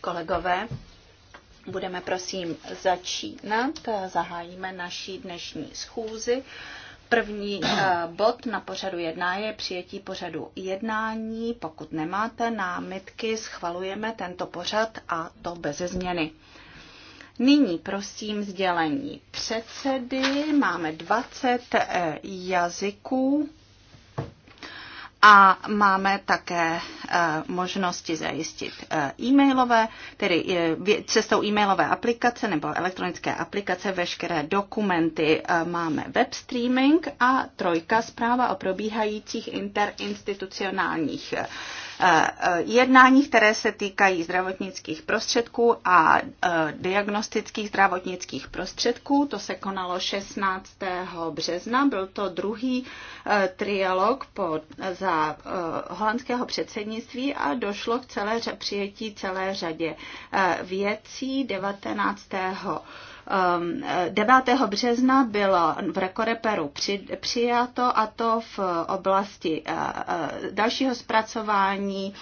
kolegové, budeme prosím začínat. Zahájíme naší dnešní schůzi. První eh, bod na pořadu jednání je přijetí pořadu jednání. Pokud nemáte námitky, schvalujeme tento pořad a to bez změny. Nyní prosím sdělení předsedy. Máme 20 eh, jazyků a máme také eh, možnosti zajistit eh, e-mailové, tedy eh, cestou e-mailové aplikace nebo elektronické aplikace veškeré dokumenty. Máme web streaming a trojka zpráva o probíhajících interinstitucionálních Eh, eh, jednání, které se týkají zdravotnických prostředků a eh, diagnostických zdravotnických prostředků. To se konalo 16. března. Byl to druhý trialog za holandského předsednictví a došlo k celé přijetí celé řadě věcí 19 9. Ehm, března bylo v Rekoreperu při, přijato a to v oblasti eh, eh, dalšího zpracování,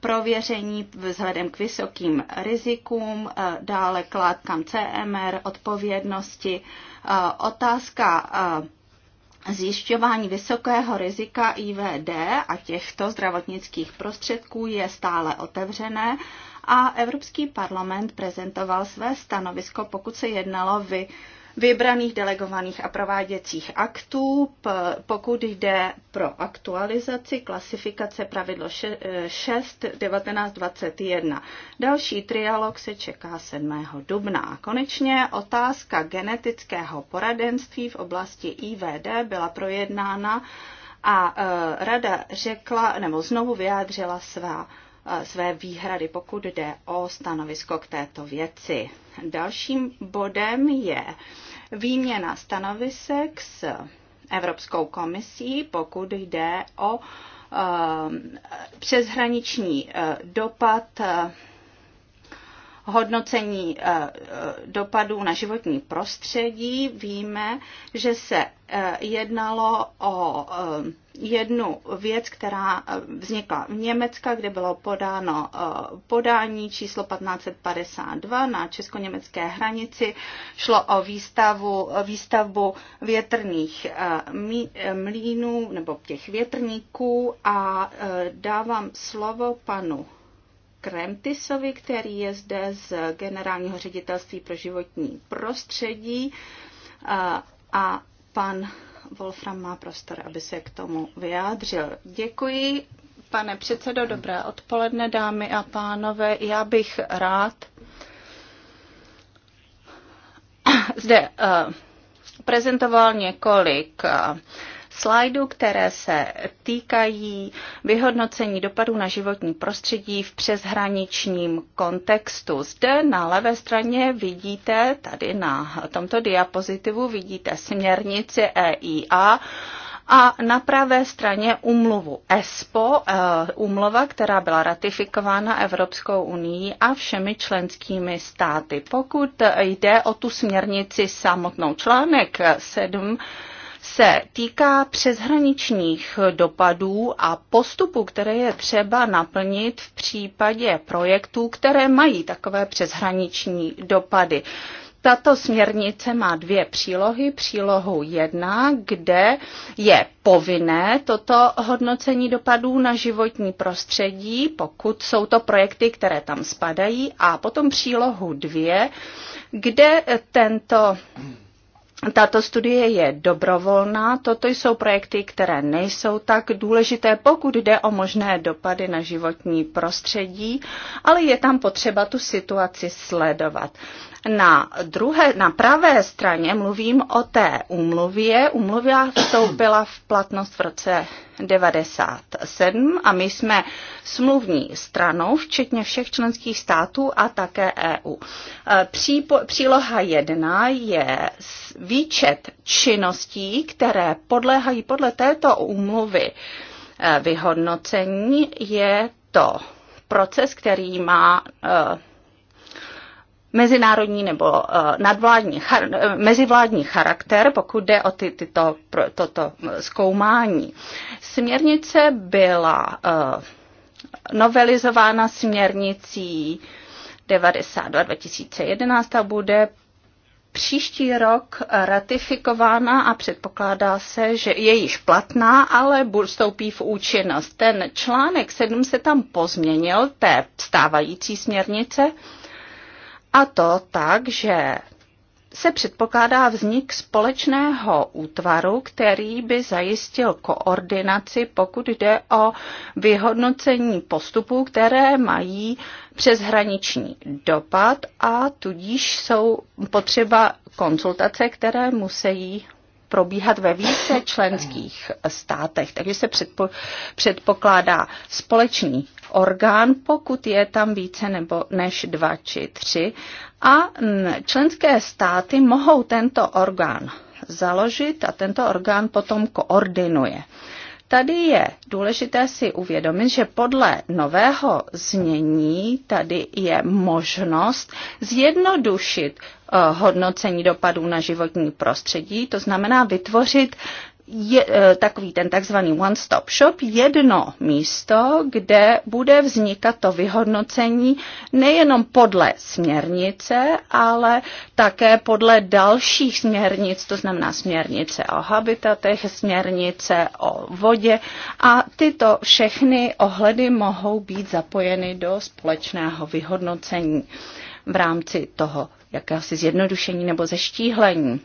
prověření vzhledem k vysokým rizikům, eh, dále k látkám CMR, odpovědnosti, otázka Zjišťování vysokého rizika IVD a těchto zdravotnických prostředků je stále otevřené a Evropský parlament prezentoval své stanovisko, pokud se jednalo vy vybraných delegovaných a prováděcích aktů, pokud jde pro aktualizaci klasifikace pravidlo 6 1921. Další trialog se čeká 7. dubna. A konečně otázka genetického poradenství v oblasti IVD byla projednána a e, rada řekla, nebo znovu vyjádřila svá své výhrady, pokud jde o stanovisko k této věci. Dalším bodem je výměna stanovisek s Evropskou komisí, pokud jde o eh, přeshraniční eh, dopad eh, hodnocení eh, eh, dopadů na životní prostředí víme, že se eh, jednalo o jednu věc, která vznikla v Německu, kde bylo podáno podání číslo 1552 na česko-německé hranici. Šlo o výstavu, výstavbu větrných mlínů nebo těch větrníků a dávám slovo panu Kremtisovi, který je zde z Generálního ředitelství pro životní prostředí a pan Wolfram má prostor, aby se k tomu vyjádřil. Děkuji, pane předsedo, dobré odpoledne, dámy a pánové. Já bych rád zde eh, prezentoval několik eh, slajdů, které se týkají vyhodnocení dopadů na životní prostředí v přeshraničním kontextu. Zde na levé straně vidíte, tady na tomto diapozitivu vidíte směrnici EIA, a na pravé straně umluvu ESPO, eh, umlova, která byla ratifikována Evropskou unii a všemi členskými státy. Pokud jde o tu směrnici samotnou, článek 7 se týká přeshraničních dopadů a postupu, které je třeba naplnit v případě projektů, které mají takové přeshraniční dopady. Tato směrnice má dvě přílohy. Přílohu jedna, kde je povinné toto hodnocení dopadů na životní prostředí, pokud jsou to projekty, které tam spadají, a potom přílohu dvě, kde tento tato studie je dobrovolná, toto jsou projekty, které nejsou tak důležité, pokud jde o možné dopady na životní prostředí, ale je tam potřeba tu situaci sledovat. Na, druhé, na pravé straně mluvím o té úmluvě. Úmluvě vstoupila v platnost v roce 97 a my jsme smluvní stranou, včetně všech členských států a také EU. E, přípo, příloha 1 je výčet činností, které podléhají podle této úmluvy e, vyhodnocení. Je to proces, který má e, mezinárodní nebo eh, nadvládní, eh, mezivládní charakter, pokud jde o ty, tyto, toto eh, zkoumání. Směrnice byla novelizována směrnicí 92-2011 a bude příští rok ratifikována a předpokládá se, že je již platná, ale vstoupí v účinnost. Ten článek 7 se tam pozměnil té stávající směrnice a to tak, že se předpokládá vznik společného útvaru, který by zajistil koordinaci, pokud jde o vyhodnocení postupů, které mají přeshraniční dopad a tudíž jsou potřeba konzultace, které musí probíhat ve více členských státech. Takže se předpo, předpokládá společný orgán, pokud je tam více nebo než dva či tři. A členské státy mohou tento orgán založit a tento orgán potom koordinuje. Tady je důležité si uvědomit, že podle nového znění tady je možnost zjednodušit eh, hodnocení dopadů na životní prostředí, to znamená vytvořit je, eh, takový ten takzvaný one-stop shop, jedno místo, kde bude vznikat to vyhodnocení nejenom podle směrnice, ale také podle dalších směrnic, to znamená směrnice o habitatech, směrnice o vodě a tyto všechny ohledy mohou být zapojeny do společného vyhodnocení v rámci toho jakéhosi zjednodušení nebo zeštíhlení.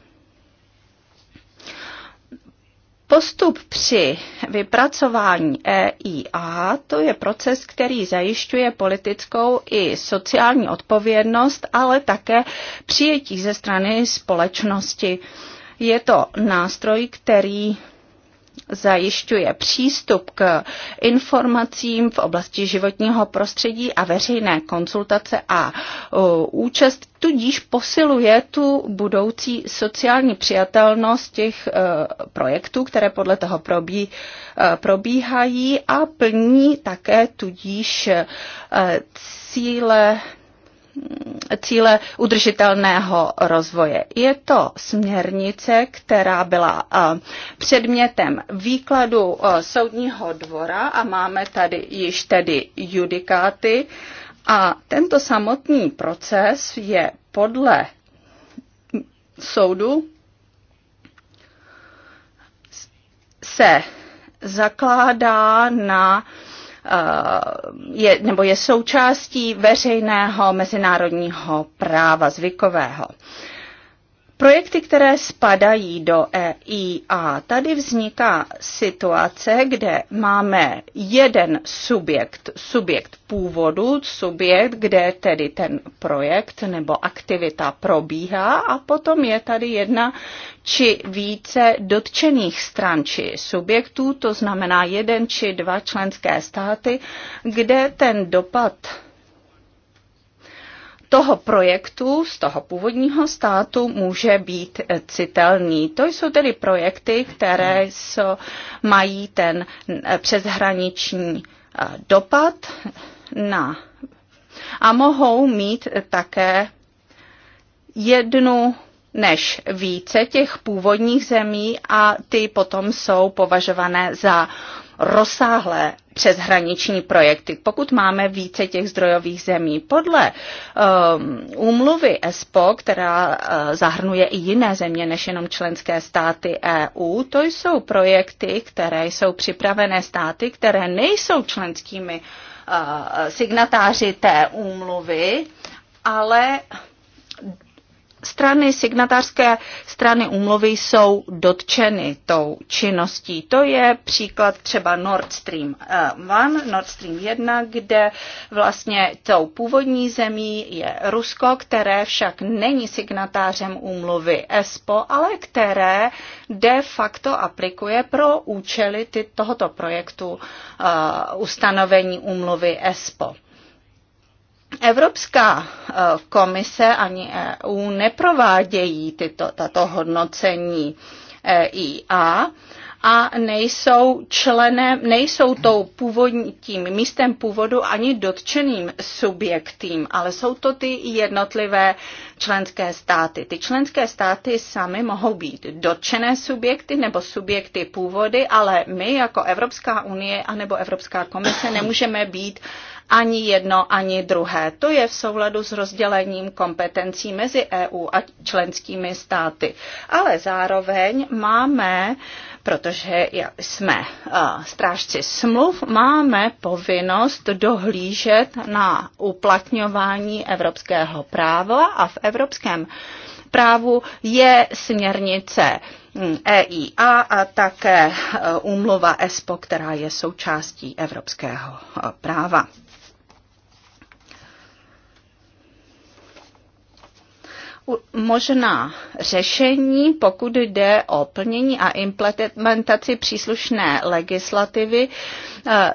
Postup při vypracování EIA to je proces, který zajišťuje politickou i sociální odpovědnost, ale také přijetí ze strany společnosti. Je to nástroj, který zajišťuje přístup k informacím v oblasti životního prostředí a veřejné konzultace a e, účast, tudíž posiluje tu budoucí sociální přijatelnost těch e, projektů, které podle toho probí, e, probíhají a plní také tudíž cíle cíle udržitelného rozvoje. Je to směrnice, která byla předmětem výkladu soudního dvora a máme tady již tedy judikáty. A tento samotný proces je podle soudu se zakládá na uh, Eh, je, nebo je součástí veřejného mezinárodního práva zvykového. Projekty, které spadají do EIA, tady vzniká situace, kde máme jeden subjekt, subjekt původu, subjekt, kde tedy ten projekt nebo aktivita probíhá a potom je tady jedna či více dotčených stran či subjektů, to znamená jeden či dva členské státy, kde ten dopad toho projektu z toho původního státu může být eh, citelný. To jsou tedy projekty, které jsou, mají ten eh, přeshraniční eh, dopad na a mohou mít také jednu než více těch původních zemí a ty potom jsou považované za rozsáhlé přeshraniční projekty, pokud máme více těch zdrojových zemí. Podle ehm, úmluvy um, ESPO, která uh, zahrnuje i jiné země než jenom členské státy EU, to jsou projekty, které jsou připravené státy, které nejsou členskými uh, signatáři té úmluvy, ale strany, signatářské strany úmluvy jsou dotčeny tou činností. To je příklad třeba Nord Stream 1, eh, Nord Stream 1, kde vlastně tou původní zemí je Rusko, které však není signatářem úmluvy ESPO, ale které de facto aplikuje pro účely ty, tohoto projektu uh, ustanovení úmluvy ESPO. Evropská eh, komise ani EU neprovádějí tyto, tato hodnocení EIA a nejsou členem, nejsou tou původní, tím místem původu ani dotčeným subjektem, ale jsou to ty jednotlivé členské státy. Ty členské státy sami mohou být dotčené subjekty nebo subjekty původy, ale my jako Evropská unie anebo Evropská komise nemůžeme být uh, ani jedno, ani druhé. To je v souladu s rozdělením kompetencí mezi EU a členskými státy. Ale zároveň máme protože jsme strážci smluv, máme povinnost dohlížet na uplatňování evropského práva a v evropském právu je směrnice hm, EIA a také e, úmluva ESPO, která je součástí evropského e, práva. možná řešení, pokud jde o plnění a implementaci příslušné legislativy eh,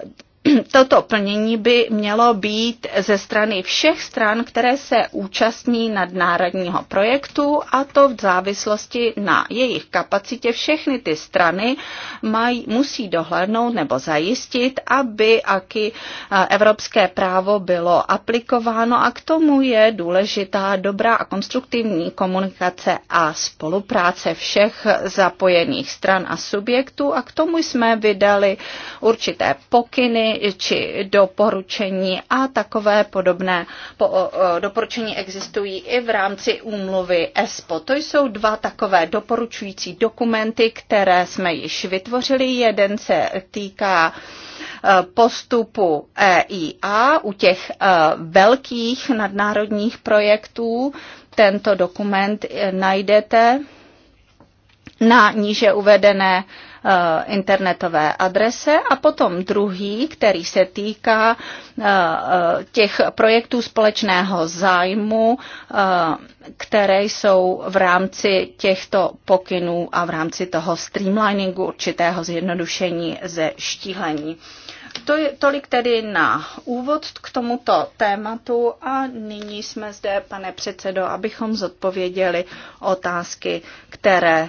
toto plnění by mělo být ze strany všech stran, které se účastní nadnárodního projektu a to v závislosti na jejich kapacitě. Všechny ty strany mají, musí dohlednout nebo zajistit, aby aky evropské právo bylo aplikováno a k tomu je důležitá dobrá a konstruktivní komunikace a spolupráce všech zapojených stran a subjektů a k tomu jsme vydali určité pokyny, či doporučení a takové podobné po, doporučení existují i v rámci úmluvy ESPO. To jsou dva takové doporučující dokumenty, které jsme již vytvořili. Jeden se týká e, postupu EIA u těch e, velkých nadnárodních projektů. Tento dokument e, najdete na níže uvedené Eh, internetové adrese a potom druhý, který se týká eh, eh, těch projektů společného zájmu, které jsou v rámci těchto pokynů a v rámci toho streamliningu určitého zjednodušení ze štíhlení. To je tolik tedy na úvod k tomuto tématu a nyní jsme zde, pane předsedo, abychom zodpověděli otázky, které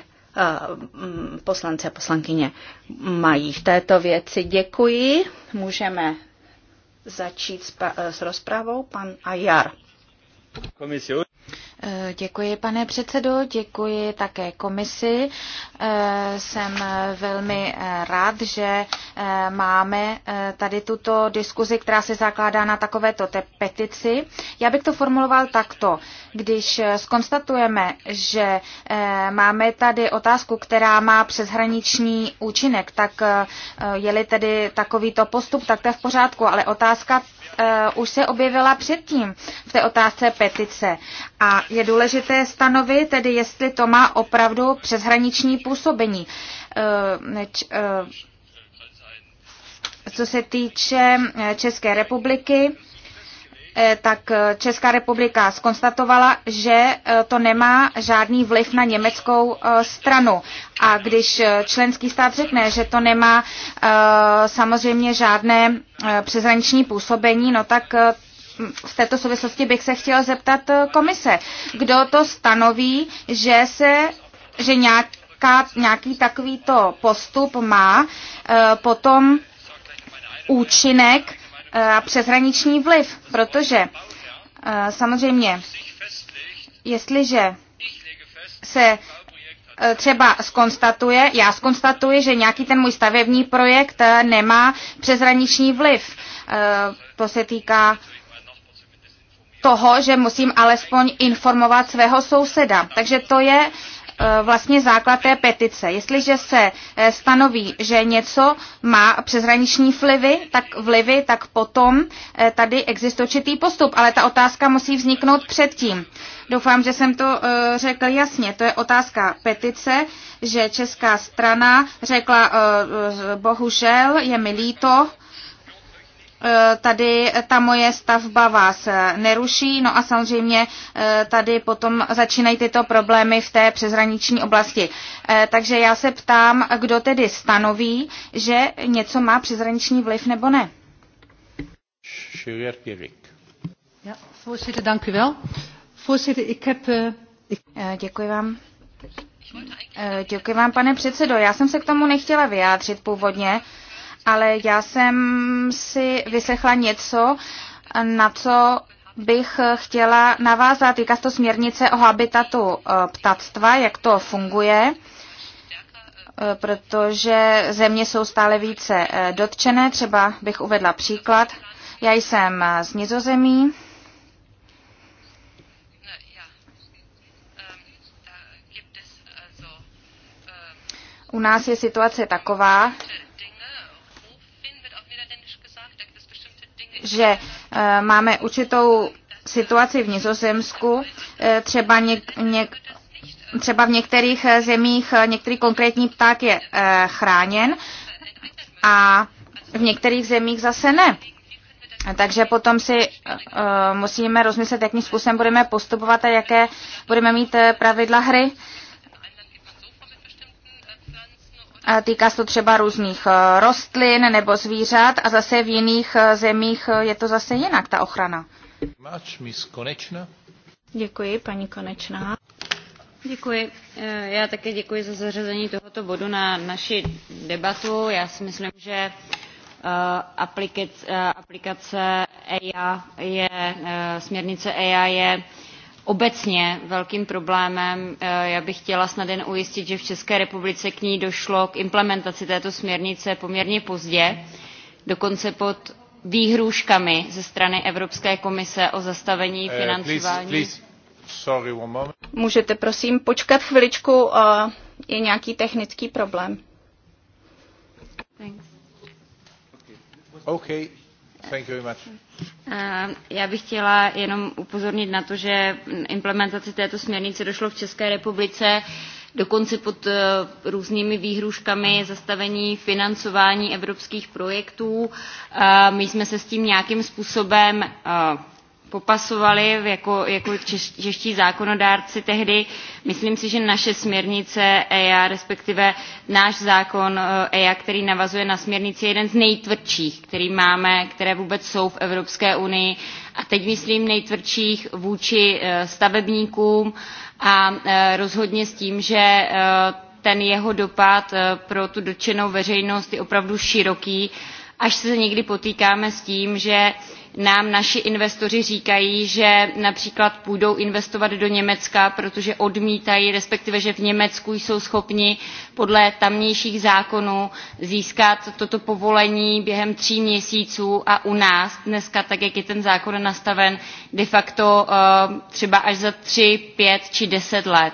Mm, poslanci a poslankyně mají v této věci. Děkuji. Můžeme začít s, s rozpravou. Pan Ajar. Komisiu. Děkuji, pane předsedo, děkuji také komisi. Eh, jsem velmi eh, rád, že eh, máme tady tuto diskuzi, která se zakládá na takovéto té petici. Já bych to formuloval takto. Když skonstatujeme, že máme tady otázku, která má přeshraniční účinek, tak je-li tedy takovýto postup, tak to je v pořádku, ale otázka Eh, už se objevila předtím v té otázce petice. A je důležité stanovit, tedy jestli to má opravdu přeshraniční působení. Eh, eh, co se týče České republiky, Eh, tak eh, Česká republika skonstatovala, že eh, to nemá žádný vliv na německou stranu. A když členský stát řekne, že to nemá samozřejmě žádné přezraniční působení, no tak v této souvislosti bych se chtěla zeptat komise, kdo to stanoví, že se, že nějaká, nějaký takovýto postup má potom účinek Eh, přeshraniční vliv, protože eh, samozřejmě, jestliže se eh, třeba skonstatuje, já skonstatuji, že nějaký ten můj stavební projekt nemá přeshraniční vliv. To se týká toho, že musím alespoň informovat svého souseda. Takže to je e, vlastně základ té petice. Jestliže se e, stanoví, že něco má přeshraniční vlivy, tak vlivy, tak potom e, tady existuje určitý postup, ale ta otázka musí vzniknout předtím. Doufám, že jsem to řekl jasně. To je otázka petice, že česká strana řekla, bohužel, je mi líto, Eh, tady ta moje stavba vás eh, neruší, no a samozřejmě eh, tady potom začínají tyto problémy v té přeshraniční oblasti. Takže já se ptám, kdo tedy stanoví, že něco má přeshraniční vliv nebo ne. Děkuji vám. Děkuji vám, pane předsedo. Já jsem se k tomu nechtěla vyjádřit původně, ale já jsem si vyslechla něco, na co bych chtěla navázat. Týká se to směrnice o habitatu e, ptactva, jak to funguje e, protože země jsou stále více e, dotčené. Třeba bych uvedla příklad. Já jsem z Nizozemí. U nás je situace taková, že eh, máme určitou situaci v Nizozemsku, eh, třeba něk, něk, třeba v některých eh, zemích některý konkrétní pták je chráněn a v některých zemích zase ne. Takže potom si musíme rozmyslet, jakým způsobem budeme postupovat a jaké budeme mít pravidla hry. Týká se to třeba různých eh, rostlin nebo zvířat a zase v jiných eh, zemích eh, je to zase jinak, ta ochrana. Děkuji, paní Konečná. Děkuji. Já také děkuji za zařazení tohoto bodu na naši debatu. Já si myslím, že aplikace EIA e je, směrnice EIA je obecně velkým problémem. Eh, já bych chtěla snad jen ujistit, že v České republice k ní došlo k implementaci této směrnice poměrně pozdě, dokonce pod výhrůžkami ze strany Evropské komise o zastavení eh, financování. please, please. Sorry, Můžete prosím počkat chviličku, je nějaký technický problém. Thanks. Okay. Thank you very much. Eh, já bych chtěla jenom upozornit na to, že implementaci této směrnice došlo v České republice dokonce pod eh, různými výhruškami zastavení financování evropských projektů. Eh, my jsme se s tím nějakým způsobem popasovali jako, jako čeští zákonodárci tehdy. Myslím si, že naše směrnice EIA, respektive náš zákon EIA, eh, e který navazuje na směrnici, je jeden z nejtvrdších, který máme, které vůbec jsou v Evropské unii. A teď myslím nejtvrdších vůči eh, stavebníkům a eh, rozhodně s tím, že ten jeho dopad pro tu dotčenou veřejnost je opravdu široký, až se někdy potýkáme s tím, že uh, nám naši investoři říkají, že například půjdou investovat do Německa, protože odmítají, respektive že v Německu jsou schopni podle tamnějších zákonů získat toto povolení během tří měsíců a u nás dneska, tak jak je ten zákon nastaven, de facto eh, třeba až za tři, pět či deset let.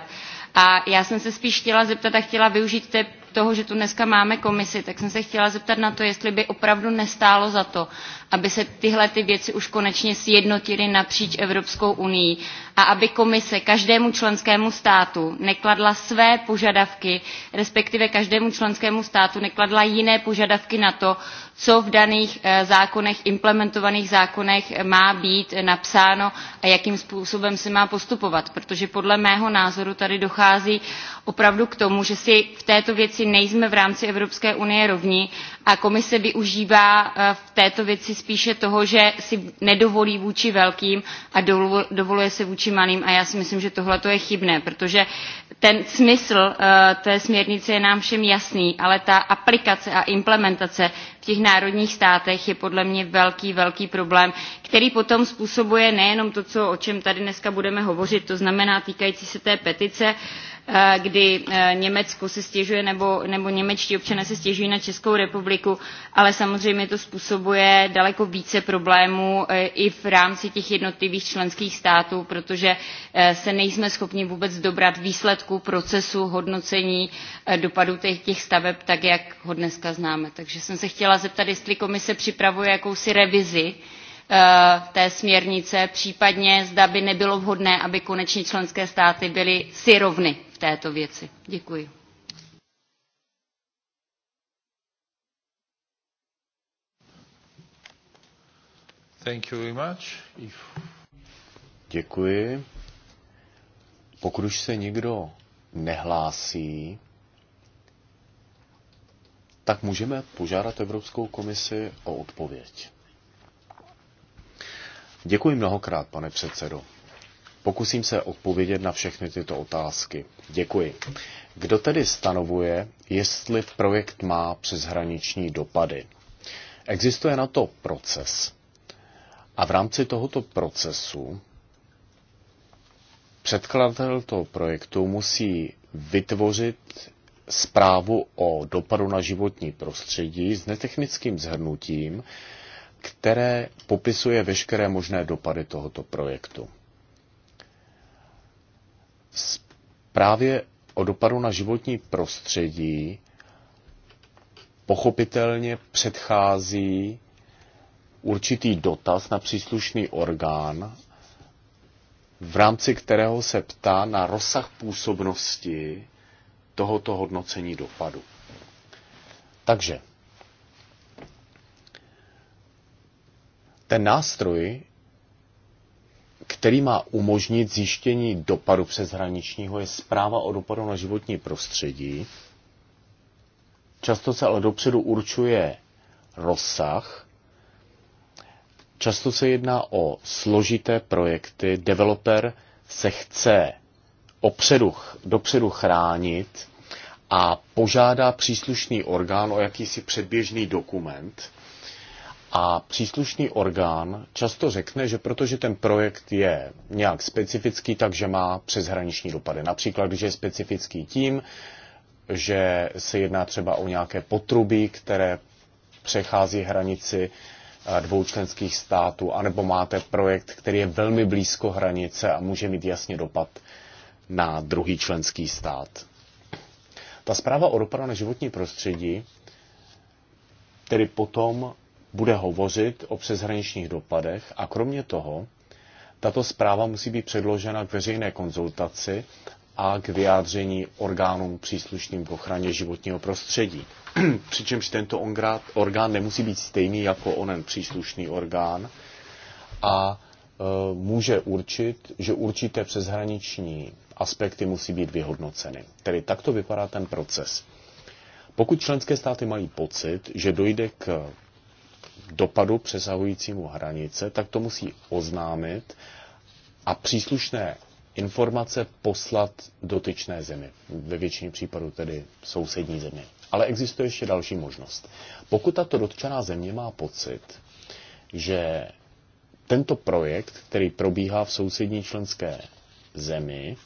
A já jsem se spíš chtěla zeptat a chtěla využít té toho, že tu dneska máme komisi, tak jsem se chtěla zeptat na to, jestli by opravdu nestálo za to, aby se tyhle ty věci už konečně sjednotily napříč Evropskou unii a aby komise každému členskému státu nekladla své požadavky, respektive každému členskému státu nekladla jiné požadavky na to, co v daných eh, zákonech, implementovaných zákonech eh, má být napsáno a jakým způsobem se má postupovat. Protože podle mého názoru tady dochází opravdu k tomu, že si v této věci nejsme v rámci Evropské unie rovni a komise využívá eh, v této věci spíše toho, že si nedovolí vůči velkým a dovoluje se vůči malým a já si myslím, že tohle je chybné, protože ten smysl eh, té směrnice je nám všem jasný, ale ta aplikace a implementace těch národních státech je podle mě velký, velký problém, který potom způsobuje nejenom to, co, o čem tady dneska budeme hovořit, to znamená týkající se té petice, eh, kdy eh, Německo se stěžuje nebo, nebo němečtí občané se stěžují na Českou republiku, ale samozřejmě to způsobuje daleko více problémů eh, i v rámci těch jednotlivých členských států, protože se nejsme schopni vůbec dobrat výsledku procesu hodnocení dopadu těch, těch staveb tak, jak ho dneska známe. Takže jsem se chtěla chtěla zeptat, jestli komise připravuje jakousi revizi eh, té směrnice, případně zda by nebylo vhodné, aby konečně členské státy byly si rovny v této věci. Děkuji. Thank you very much. If... Děkuji. Pokud už se nikdo nehlásí, tak můžeme požádat Evropskou komisi o odpověď. Děkuji mnohokrát, pane předsedo. Pokusím se odpovědět na všechny tyto otázky. Děkuji. Kdo tedy stanovuje, jestli projekt má přeshraniční dopady? Existuje na to proces. A v rámci tohoto procesu předkladatel toho projektu musí vytvořit zprávu o dopadu na životní prostředí s netechnickým zhrnutím, které popisuje veškeré možné dopady tohoto projektu. Právě o dopadu na životní prostředí pochopitelně předchází určitý dotaz na příslušný orgán, v rámci kterého se ptá na rozsah působnosti tohoto hodnocení dopadu. Takže ten nástroj, který má umožnit zjištění dopadu přeshraničního, je zpráva o dopadu na životní prostředí. Často se ale dopředu určuje rozsah. Často se jedná o složité projekty. Developer se chce opředu, dopředu chránit a požádá příslušný orgán o jakýsi předběžný dokument. A příslušný orgán často řekne, že protože ten projekt je nějak specifický, takže má přeshraniční dopady. Například, když je specifický tím, že se jedná třeba o nějaké potrubí, které přechází hranici eh, dvou členských států, anebo máte projekt, který je velmi blízko hranice a může mít jasně dopad na druhý členský stát. Ta zpráva o dopadu na životní prostředí tedy potom bude hovořit o přeshraničních dopadech a kromě toho tato zpráva musí být předložena k veřejné konzultaci a k vyjádření orgánům příslušným k ochraně životního prostředí. Přičemž tento orgán nemusí být stejný jako onen příslušný orgán a e, může určit, že určité přeshraniční aspekty musí být vyhodnoceny. Tedy takto vypadá ten proces. Pokud členské státy mají pocit, že dojde k dopadu přesahujícímu hranice, tak to musí oznámit a příslušné informace poslat dotyčné zemi, ve většině případů tedy sousední zemi. Ale existuje ještě další možnost. Pokud tato dotčená země má pocit, že tento projekt, který probíhá v sousední členské zemi,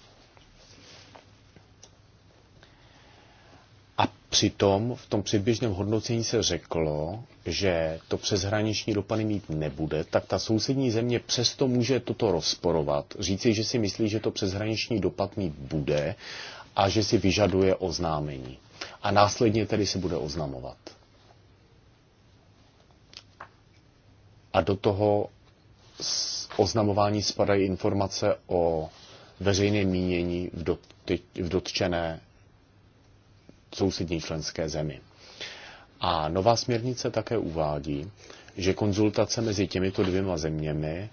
Přitom v tom předběžném hodnocení se řeklo, že to přeshraniční dopady mít nebude, tak ta sousední země přesto může toto rozporovat, říci, že si myslí, že to přeshraniční dopad mít bude a že si vyžaduje oznámení. A následně tedy se bude oznamovat. A do toho oznamování spadají informace o veřejné mínění v, dot, v dotčené sousední členské zemi. A nová směrnice také uvádí, že konzultace mezi těmito dvěma zeměmi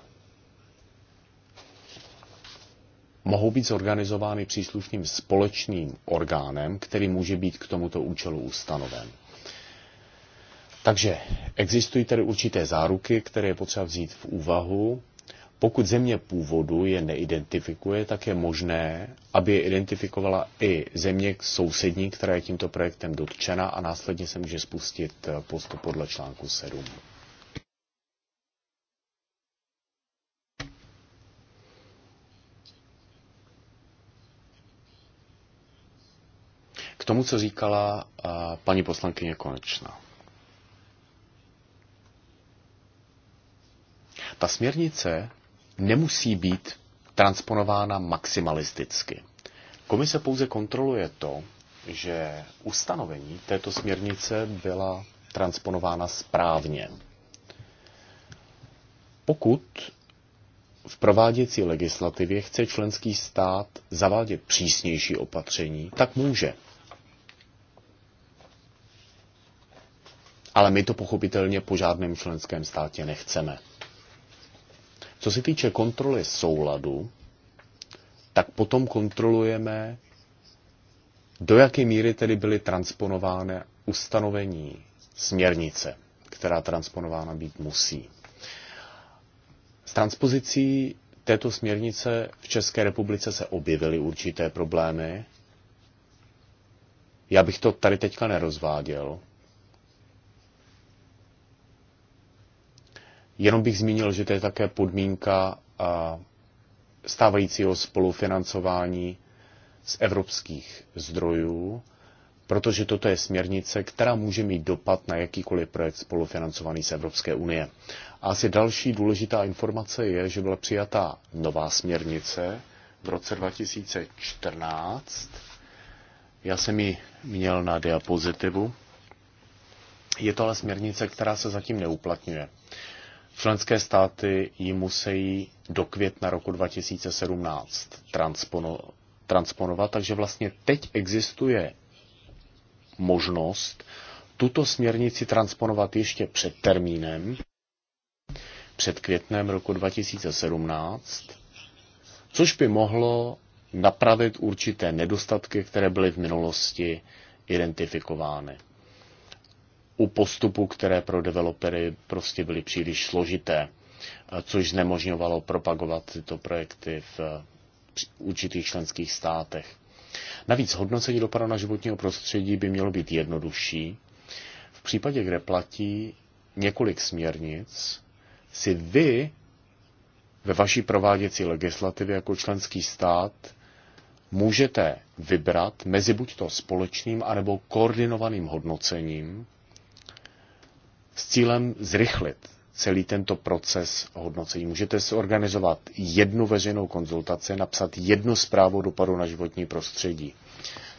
mohou být zorganizovány příslušným společným orgánem, který může být k tomuto účelu ustanoven. Takže existují tedy určité záruky, které je potřeba vzít v úvahu pokud země původu je neidentifikuje, tak je možné, aby je identifikovala i země sousední, která je tímto projektem dotčena a následně se může spustit eh, postup podle článku 7. K tomu, co říkala eh, paní poslankyně Konečná. Ta směrnice nemusí být transponována maximalisticky. Komise pouze kontroluje to, že ustanovení této směrnice byla transponována správně. Pokud v prováděcí legislativě chce členský stát zavádět přísnější opatření, tak může. Ale my to pochopitelně po žádném členském státě nechceme. Co se týče kontroly souladu, tak potom kontrolujeme, do jaké míry tedy byly transponovány ustanovení směrnice, která transponována být musí. S transpozicí této směrnice v České republice se objevily určité problémy. Já bych to tady teďka nerozváděl, Jenom bych zmínil, že to je také podmínka stávajícího spolufinancování z evropských zdrojů, protože toto je směrnice, která může mít dopad na jakýkoliv projekt spolufinancovaný z Evropské unie. A asi další důležitá informace je, že byla přijatá nová směrnice v roce 2014. Já jsem ji měl na diapozitivu. Je to ale směrnice, která se zatím neuplatňuje. Členské státy ji musí do května roku 2017 transpono, transponovat, takže vlastně teď existuje možnost tuto směrnici transponovat ještě před termínem, před květnem roku 2017, což by mohlo napravit určité nedostatky, které byly v minulosti identifikovány u postupů, které pro developery prostě byly příliš složité, což znemožňovalo propagovat tyto projekty v eh, určitých členských státech. Navíc hodnocení dopadu na životního prostředí by mělo být jednodušší. V případě, kde platí několik směrnic, si vy ve vaší prováděcí legislativě jako členský stát můžete vybrat mezi buď to společným anebo koordinovaným hodnocením s cílem zrychlit celý tento proces hodnocení. Můžete si organizovat jednu veřejnou konzultaci, napsat jednu zprávu dopadu na životní prostředí.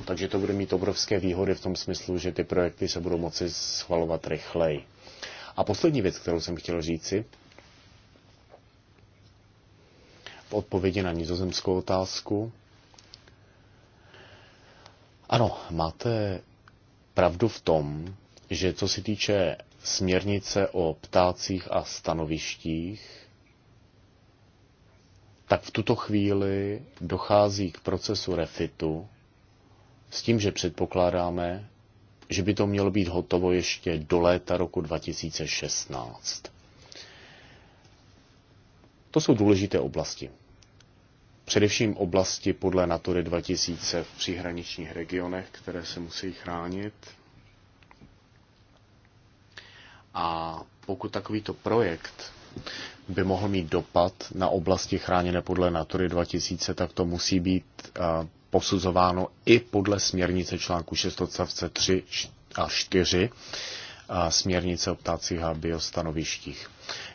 Takže to bude mít obrovské výhody v tom smyslu, že ty projekty se budou moci schvalovat rychleji. A poslední věc, kterou jsem chtěl říci, v odpovědi na nizozemskou otázku. Ano, máte pravdu v tom, že co se týče směrnice o ptácích a stanovištích, tak v tuto chvíli dochází k procesu refitu s tím, že předpokládáme, že by to mělo být hotovo ještě do léta roku 2016. To jsou důležité oblasti. Především oblasti podle Natury 2000 v příhraničních regionech, které se musí chránit, a pokud takovýto projekt by mohl mít dopad na oblasti chráněné podle Natury 2000, tak to musí být eh, posuzováno i podle směrnice článku 6 odstavce 3 a 4, směrnice o ptácích a biostanovištích.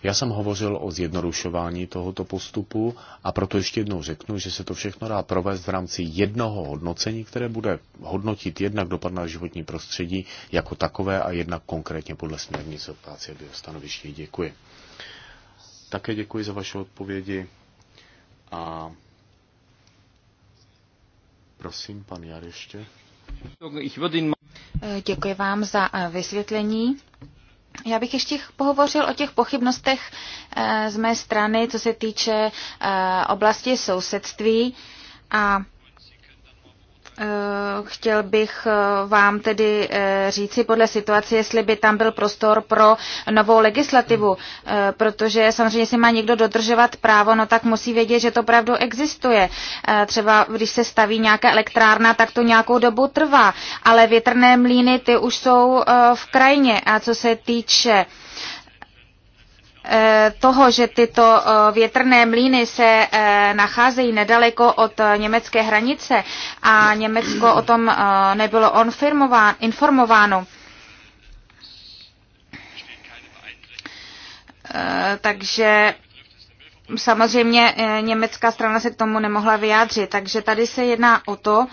Já jsem hovořil o zjednodušování tohoto postupu a proto ještě jednou řeknu, že se to všechno dá provést v rámci jednoho hodnocení, které bude hodnotit jednak dopad na životní prostředí jako takové a jednak konkrétně podle směrnice o ptácích a biostanovištích. Děkuji. Také děkuji za vaše odpovědi a prosím, pan Jar ještě. Eh, děkuji vám za eh, vysvětlení. Já bych ještě pohovořil o těch pochybnostech eh, z mé strany, co se týče oblasti sousedství a Eh, chtěl bych eh, vám tedy eh, říci podle situace, jestli by tam byl prostor pro novou legislativu, protože samozřejmě, jestli má někdo dodržovat právo, no tak musí vědět, že to opravdu existuje. Třeba když se staví nějaká elektrárna, tak to nějakou dobu trvá, ale větrné mlíny ty už jsou v krajině. A co se týče Eh, toho, že tyto eh, větrné mlýny se eh, nacházejí nedaleko od německé hranice a Německo o tom nebylo informováno, takže samozřejmě německá strana se k tomu nemohla vyjádřit. Takže tady se jedná o to,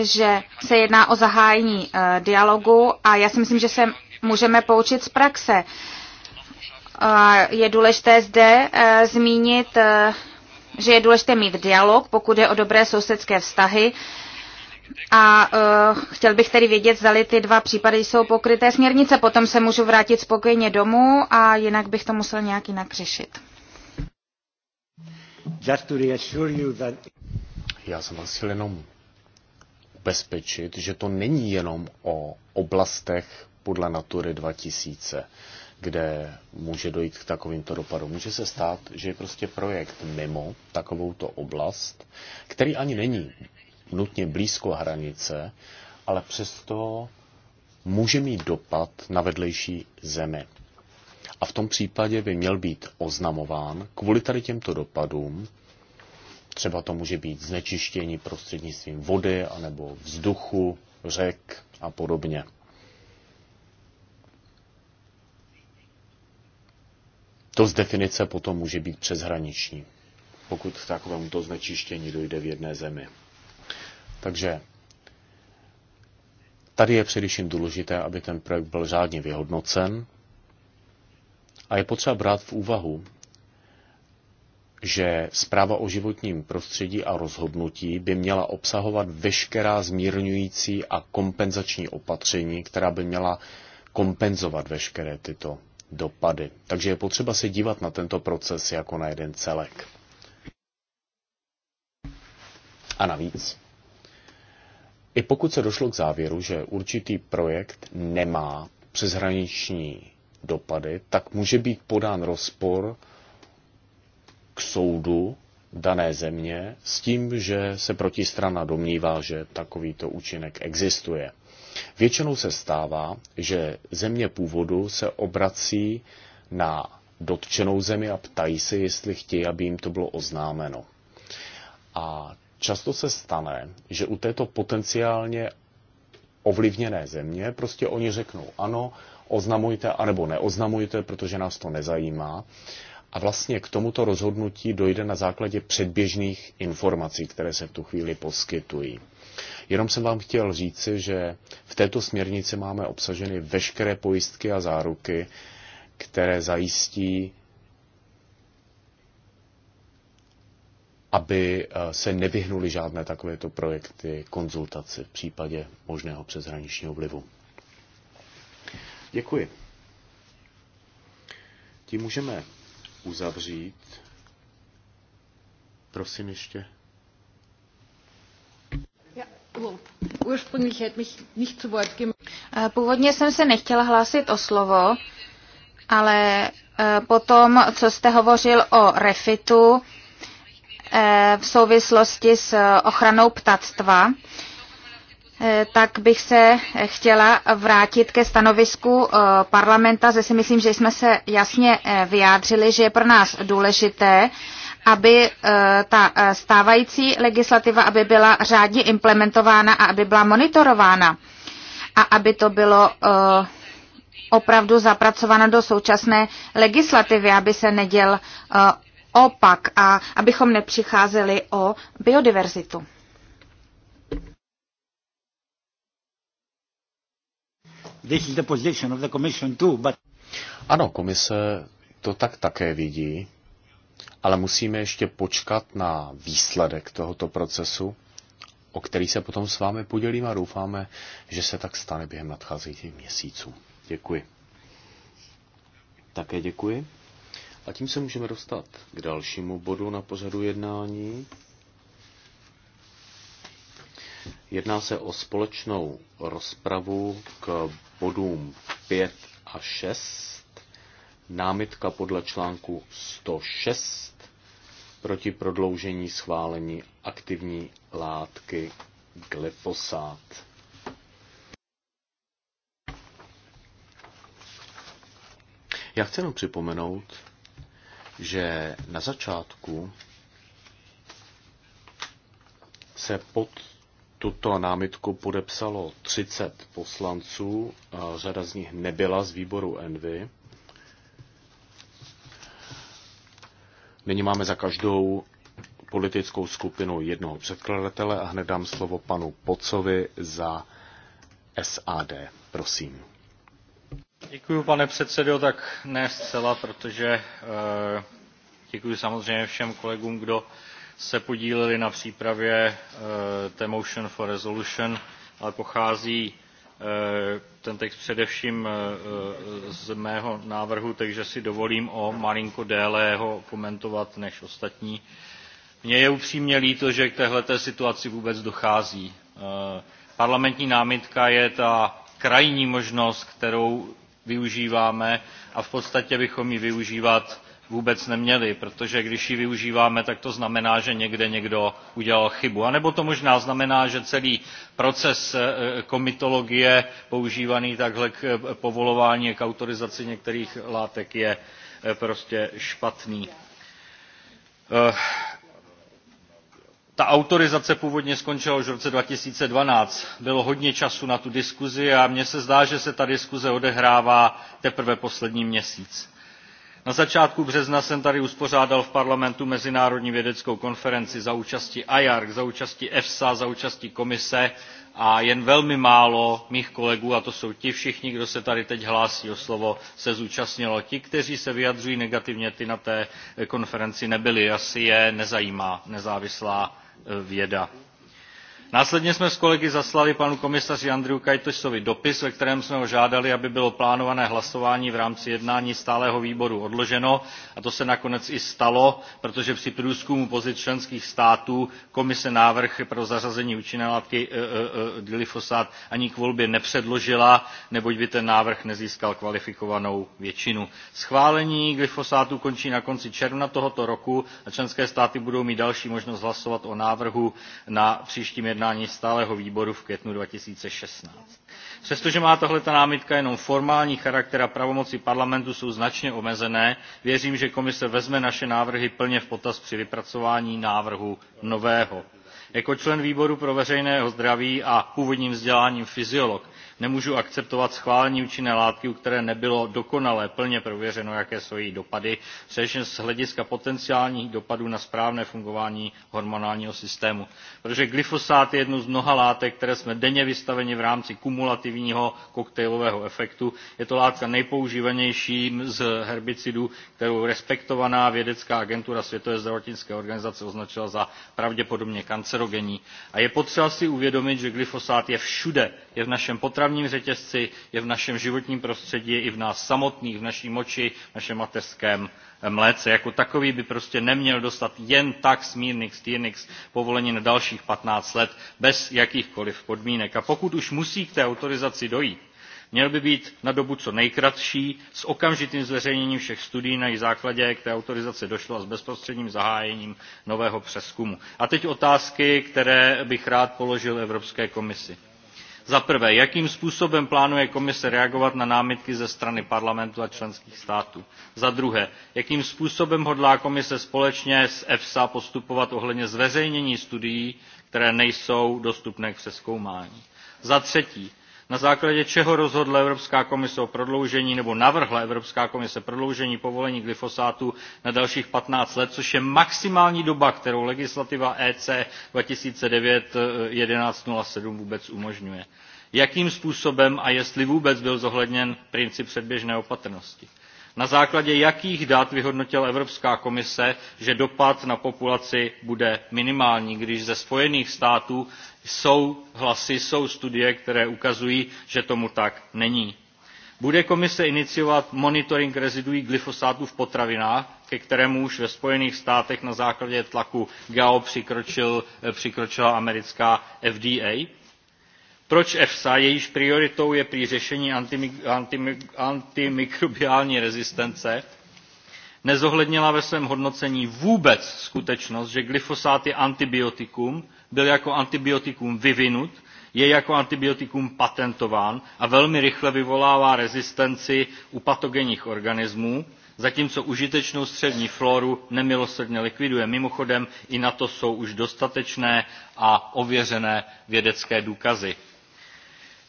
že se jedná o zahájení dialogu a já si myslím, že se můžeme poučit z praxe. Uh, je důležité zde eh, zmínit, eh, že je důležité mít dialog, pokud je o dobré sousedské vztahy. A eh, chtěl bych tedy vědět, zda ty dva případy jsou pokryté směrnice, potom se můžu vrátit spokojeně domů a jinak bych to musel nějak jinak řešit. Já jsem vás chtěl jenom ubezpečit, že to není jenom o oblastech podle Natury 2000 kde může dojít k takovýmto dopadům. Může se stát, že je prostě projekt mimo takovouto oblast, který ani není nutně blízko hranice, ale přesto může mít dopad na vedlejší zemi. A v tom případě by měl být oznamován kvůli tady těmto dopadům, třeba to může být znečištění prostřednictvím vody anebo vzduchu, řek a podobně. to z definice potom může být přeshraniční, pokud k takovému to znečištění dojde v jedné zemi. Takže tady je především důležité, aby ten projekt byl řádně vyhodnocen a je potřeba brát v úvahu, že zpráva o životním prostředí a rozhodnutí by měla obsahovat veškerá zmírňující a kompenzační opatření, která by měla kompenzovat veškeré tyto dopady. Takže je potřeba se dívat na tento proces jako na jeden celek. A navíc, i pokud se došlo k závěru, že určitý projekt nemá přeshraniční dopady, tak může být podán rozpor k soudu dané země s tím, že se protistrana domnívá, že takovýto účinek existuje. Většinou se stává, že země původu se obrací na dotčenou zemi a ptají se, jestli chtějí, aby jim to bylo oznámeno. A často se stane, že u této potenciálně ovlivněné země prostě oni řeknou ano, oznamujte, anebo neoznamujte, protože nás to nezajímá. A vlastně k tomuto rozhodnutí dojde na základě předběžných informací, které se v tu chvíli poskytují. Jenom jsem vám chtěl říci, že v této směrnici máme obsaženy veškeré pojistky a záruky, které zajistí, aby eh, se nevyhnuli žádné takovéto projekty konzultaci v případě možného přeshraničního vlivu. Děkuji. Tím můžeme uzavřít. Prosím ještě. Eh, původně jsem se nechtěla hlásit o slovo, ale eh, potom, co jste hovořil o refitu eh, v souvislosti s ochranou ptactva, tak bych se chtěla vrátit ke stanovisku parlamenta, že si myslím, že jsme se jasně vyjádřili, že je pro nás důležité, aby eh, ta eh, stávající legislativa aby byla řádně implementována a aby byla monitorována a aby to bylo eh, opravdu zapracováno do současné legislativy, aby se neděl opak a abychom nepřicházeli o biodiverzitu. This is the position of the commission too, but... Ano, komise to tak také vidí, ale musíme ještě počkat na výsledek tohoto procesu, o který se potom s vámi podělím a doufáme, že se tak stane během nadcházejících měsíců. Děkuji. Také děkuji. A tím se můžeme dostat k dalšímu bodu na pořadu jednání. Jedná se o společnou rozpravu k bodům 5 a 6 námitka podle článku 106 proti prodloužení schválení aktivní látky glyfosát. Já chci jenom připomenout, že na začátku se pod tuto námitku podepsalo 30 poslanců, řada z nich nebyla z výboru Envy. Nyní máme za každou politickou skupinu jednoho předkladatele a hned dám slovo panu Pocovi za SAD. Prosím. Děkuji, pane předsedo, tak ne zcela, protože eh, děkuji samozřejmě všem kolegům, kdo se podíleli na přípravě eh, té motion for resolution, ale pochází Eh, ten text především eh, z mého návrhu, takže si dovolím o malinko déle ho komentovat než ostatní. Mně je upřímně líto, že k této situaci vůbec dochází. Eh, parlamentní námitka je ta krajní možnost, kterou využíváme a v podstatě bychom ji využívat vůbec neměli protože když ji využíváme tak to znamená že někde někdo udělal chybu a nebo to možná znamená že celý proces eh, eh, komitologie používaný takhle k eh, povolování k autorizaci některých látek je prostě špatný. ta autorizace původně skončila už v roce 2012. bylo hodně času na tu diskuzi a mně se zdá že se ta diskuze odehrává teprve poslední měsíc na začátku března jsem tady uspořádal v parlamentu mezinárodní vědeckou konferenci za účasti iarc za účasti efsa za účasti komise a jen velmi málo mých kolegů a to jsou ti všichni kdo se tady teď hlásí o slovo se zúčastnilo. ti kteří se vyjadřují negativně ti na té konferenci nebyli asi je nezajímá nezávislá eh, věda následně jsme s kolegy zaslali panu komisaři andriukaitisovi dopis ve kterém jsme ho žádali aby bylo plánované hlasování v rámci jednání stálého výboru odloženo a to se nakonec i stalo protože při průzkumu pozic členských států komise návrh pro zařazení účinné látky e, e, e, glyfosát ani k volbě nepředložila neboť by ten návrh nezískal kvalifikovanou většinu. schválení glyfosátu končí na konci června tohoto roku a členské státy budou mít další možnost hlasovat o návrhu na příštím jednání stálého výboru v květnu. two thousand and sixteen přestože má tato námitka jenom formální charakter a pravomoci parlamentu jsou značně omezené věřím že komise vezme naše návrhy plně v potaz při vypracování návrhu nového. jako člen výboru pro veřejné zdraví a původním vzděláním fyziolog nemůžu akceptovat schválení účinné látky u které nebylo dokonale plně prověřeno jaké jsou její dopady především z hlediska potenciálních dopadů na správné fungování hormonálního systému protože glyfosát je jednou z mnoha látek které jsme denně vystaveni v rámci kumulativního koktejlového efektu. je to látka nejpoužívanější z herbicidů kterou respektovaná vědecká agentura světové zdravotnické organizace označila za pravděpodobně kancerogenní. a je potřeba si uvědomit že glyfosát je všude je v našem potravinovém dopravním řetězci je v našem životním prostředí je i v nás samotných v naší moči v našem mateřském eh, mléce. jako takový by prostě neměl dostat jen tak smírnix tyrnix povolení na dalších fifteen let bez jakýchkoliv podmínek. a pokud už musí k té autorizaci dojít měl by být na dobu co nejkratší s okamžitým zveřejněním všech studií na jejich základě k té autorizaci došlo a s bezprostředním zahájením nového přezkumu. a teď otázky které bych rád položil evropské komisi za prvé jakým způsobem plánuje komise reagovat na námitky ze strany parlamentu a členských států za druhé jakým způsobem hodlá komise společně s efsa postupovat ohledně zveřejnění studií které nejsou dostupné k přezkoumání za třetí na základě čeho rozhodla Evropská komise o prodloužení nebo navrhla Evropská komise prodloužení povolení glyfosátu na dalších 15 let, což je maximální doba, kterou legislativa EC 2009-1107 eh, vůbec umožňuje. Jakým způsobem a jestli vůbec byl zohledněn princip předběžné opatrnosti? na základě jakých dat vyhodnotila evropská komise že dopad na populaci bude minimální když ze spojených států jsou hlasy jsou studie které ukazují že tomu tak není? bude komise iniciovat monitoring reziduí glyfosátu v potravinách ke kterému už ve spojených státech na základě tlaku gao eh, přikročila americká fda? proč efsa jejíž prioritou je prý řešení antimikrobiální rezistence nezohlednila ve svém hodnocení vůbec skutečnost že glyfosát je antibiotikum byl jako antibiotikum vyvinut je jako antibiotikum patentován a velmi rychle vyvolává rezistenci u patogenních organismů zatímco užitečnou střevní floru nemilosrdně likviduje. mimochodem i na to jsou už dostatečné a ověřené vědecké důkazy.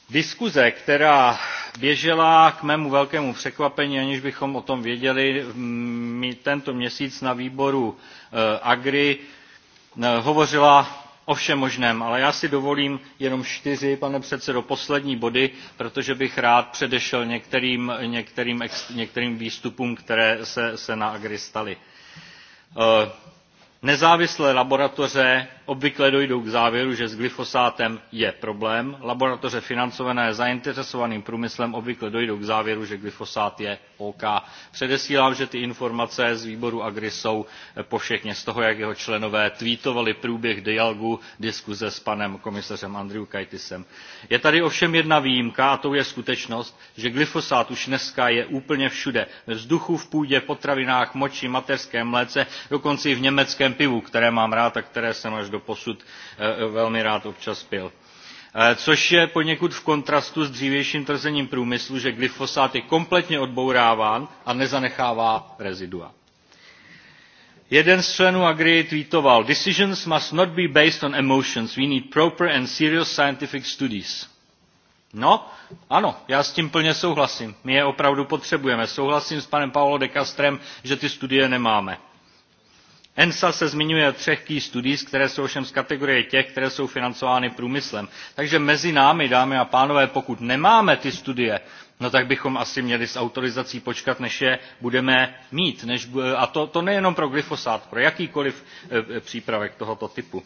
Diskuze, která běžela k mému velkému překvapení, aniž bychom o tom věděli, mm, mi tento měsíc na výboru eh, Agri eh, hovořila o všem možném, ale já si dovolím jenom čtyři, pane předsedo, poslední body, protože bych rád předešel některým, některým, některým výstupům, které se, se na Agri staly. Eh, nezávislé laboratoře obvykle dojdou k závěru že s glyfosátem je problém laboratoře financované zainteresovaným průmyslem obvykle dojdou k závěru že glyfosát je ok. předesílám že ty informace z výboru agri jsou eh, povšechně z toho jak jeho členové tweetovali průběh dialogu diskuze s panem komisařem andriukaitisem. je tady ovšem jedna výjimka a tou je skutečnost že glyfosát už dneska je úplně všude ve vzduchu v půdě potravinách moči mateřském mléce dokonce i v německém pivu které mám rád a které jsem až do doposud eh, velmi rád občas pil eh, což je poněkud v kontrastu s dřívějším tvrzením průmyslu že glyfosát je kompletně odbouráván a nezanechává rezidua. jeden z členů agri tweetoval decisions must not be based on emotions we need proper and serious scientific studies. No, ano, já s tím plně souhlasím. My je opravdu potřebujeme. Souhlasím s panem Paolo de Castrem, že ty studie nemáme ensa se zmiňuje o třech key studies které jsou ovšem z kategorie těch které jsou financovány průmyslem. takže mezi námi dámy a pánové pokud nemáme ty studie no tak bychom asi měli s autorizací počkat než je budeme mít než, a to, to nejenom pro glyfosát pro jakýkoliv e, e, přípravek tohoto typu.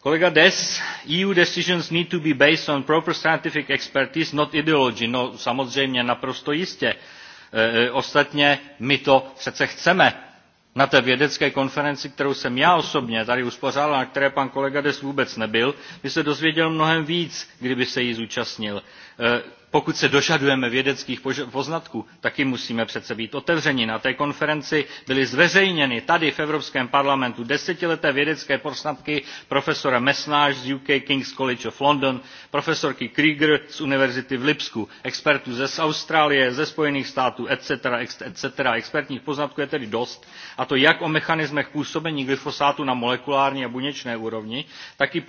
Kolega Des, EU decisions need to be based on proper scientific expertise, not ideology. No samozřejmě, naprosto jistě. E, e ostatně my to přece chceme na té vědecké konferenci kterou jsem já osobně tady uspořádal a na které pan kolega dess vůbec nebyl by se dozvěděl mnohem víc kdyby se jí zúčastnil. Eh, pokud se dožadujeme vědeckých poznatků taky musíme přece být otevřeni. na té konferenci byly zveřejněny tady v evropském parlamentu desetileté vědecké poznatky profesora mesnage z uk kings college of london profesorky krieger z univerzity v lipsku expertů z austrálie ze spojených států etc. etc. expertních poznatků je tedy dost a to jak o mechanismech působení glyfosátu na molekulární a buněčné úrovni tak i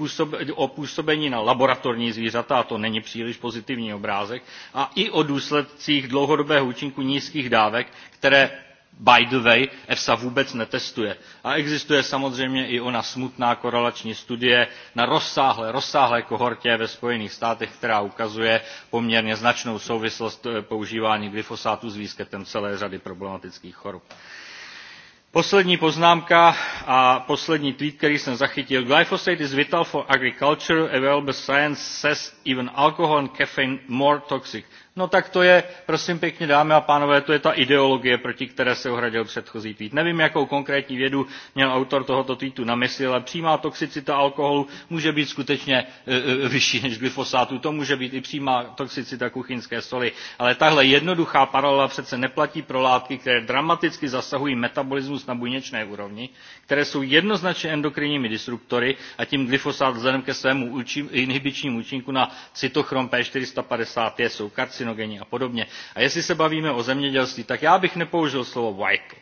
o působení na laboratorní zvířata a to není příliš pozitivní obrázek dávek a i o důsledcích dlouhodobého účinku nízkých dávek, které by the way, EFSA vůbec netestuje. A existuje samozřejmě i ona smutná korelační studie na rozsáhlé, rozsáhlé kohortě ve Spojených státech, která ukazuje poměrně značnou souvislost eh, používání glyfosátu s výskytem celé řady problematických chorob. Poslední poznámka a poslední tweet, který jsem zachytil. Glyphosate is vital for agriculture. Available science says even alcohol and caffeine more toxic. No tak to je, prosím pěkně, dámy a pánové, to je ta ideologie, proti které se ohradil předchozí tweet. Nevím, jakou konkrétní vědu měl autor tohoto tweetu na mysli, ale přímá toxicita alkoholu může být skutečně e, e, vyšší než glyfosátu. To může být i přímá toxicita kuchyňské soli. Ale tahle jednoduchá paralela přece neplatí pro látky, které dramaticky zasahují metabolismus na buněčné úrovni, které jsou jednoznačně endokrinními disruptory a tím glyfosát vzhledem ke svému inhibičnímu účinku na cytochrom P450 je, jsou karci karcinogenní a podobně. A jestli se bavíme o zemědělství, tak já bych nepoužil slovo vital.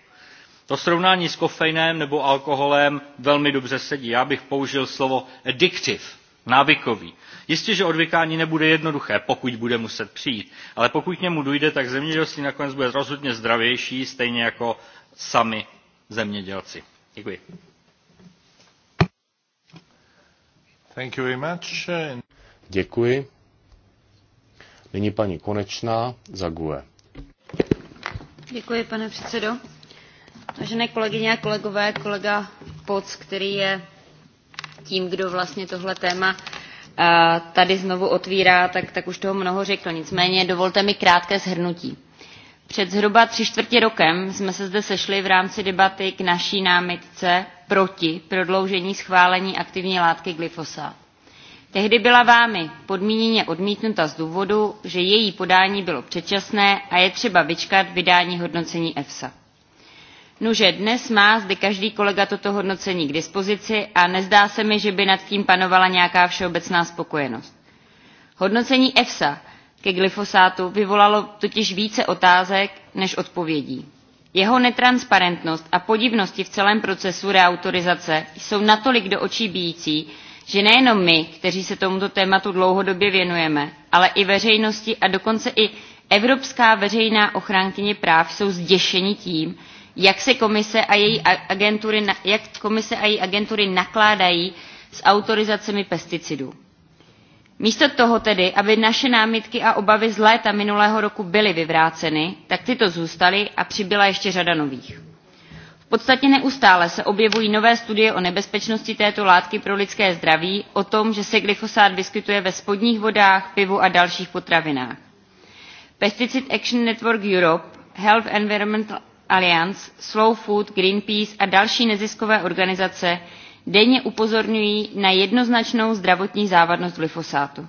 To srovnání s kofeinem nebo alkoholem velmi dobře sedí. Já bych použil slovo addictive, návykový. Jistě, že odvykání nebude jednoduché, pokud bude muset přijít, ale pokud k němu dojde, tak zemědělství nakonec bude rozhodně zdravější, stejně jako sami zemědělci. Děkuji. Thank you very much. Děkuji. Nyní paní Konečná za GUE. Děkuji, pane předsedo. Vážené kolegyně a kolegové, kolega Poc, který je tím, kdo vlastně tohle téma eh, tady znovu otvírá, tak, tak už toho mnoho řekl. Nicméně dovolte mi krátké shrnutí. Před zhruba tři čtvrtě rokem jsme se zde sešli v rámci debaty k naší námitce proti prodloužení schválení aktivní látky glyfosát Tehdy byla vámi podmíněně odmítnuta z důvodu, že její podání bylo předčasné a je třeba vyčkat vydání hodnocení EFSA. Nuže dnes má zde každý kolega toto hodnocení k dispozici a nezdá se mi, že by nad tím panovala nějaká všeobecná spokojenost. Hodnocení EFSA ke glyfosátu vyvolalo totiž více otázek než odpovědí. Jeho netransparentnost a podivnosti v celém procesu reautorizace jsou natolik do očí bíjící, že nejenom my, kteří se tomuto tématu dlouhodobě věnujeme, ale i veřejnosti a dokonce i Evropská veřejná ochránkyně práv jsou zděšeni tím, jak se komise a její agentury, jak komise a její agentury nakládají s autorizacemi pesticidů. Místo toho tedy, aby naše námitky a obavy z léta minulého roku byly vyvráceny, tak tyto zůstaly a přibyla ještě řada nových. V podstatě neustále se objevují nové studie o nebezpečnosti této látky pro lidské zdraví, o tom, že se glyfosát vyskytuje ve spodních vodách, pivu a dalších potravinách. Pesticide Action Network Europe, Health Environmental Alliance, Slow Food, Greenpeace a další neziskové organizace denně upozorňují na jednoznačnou zdravotní závadnost glyfosátu.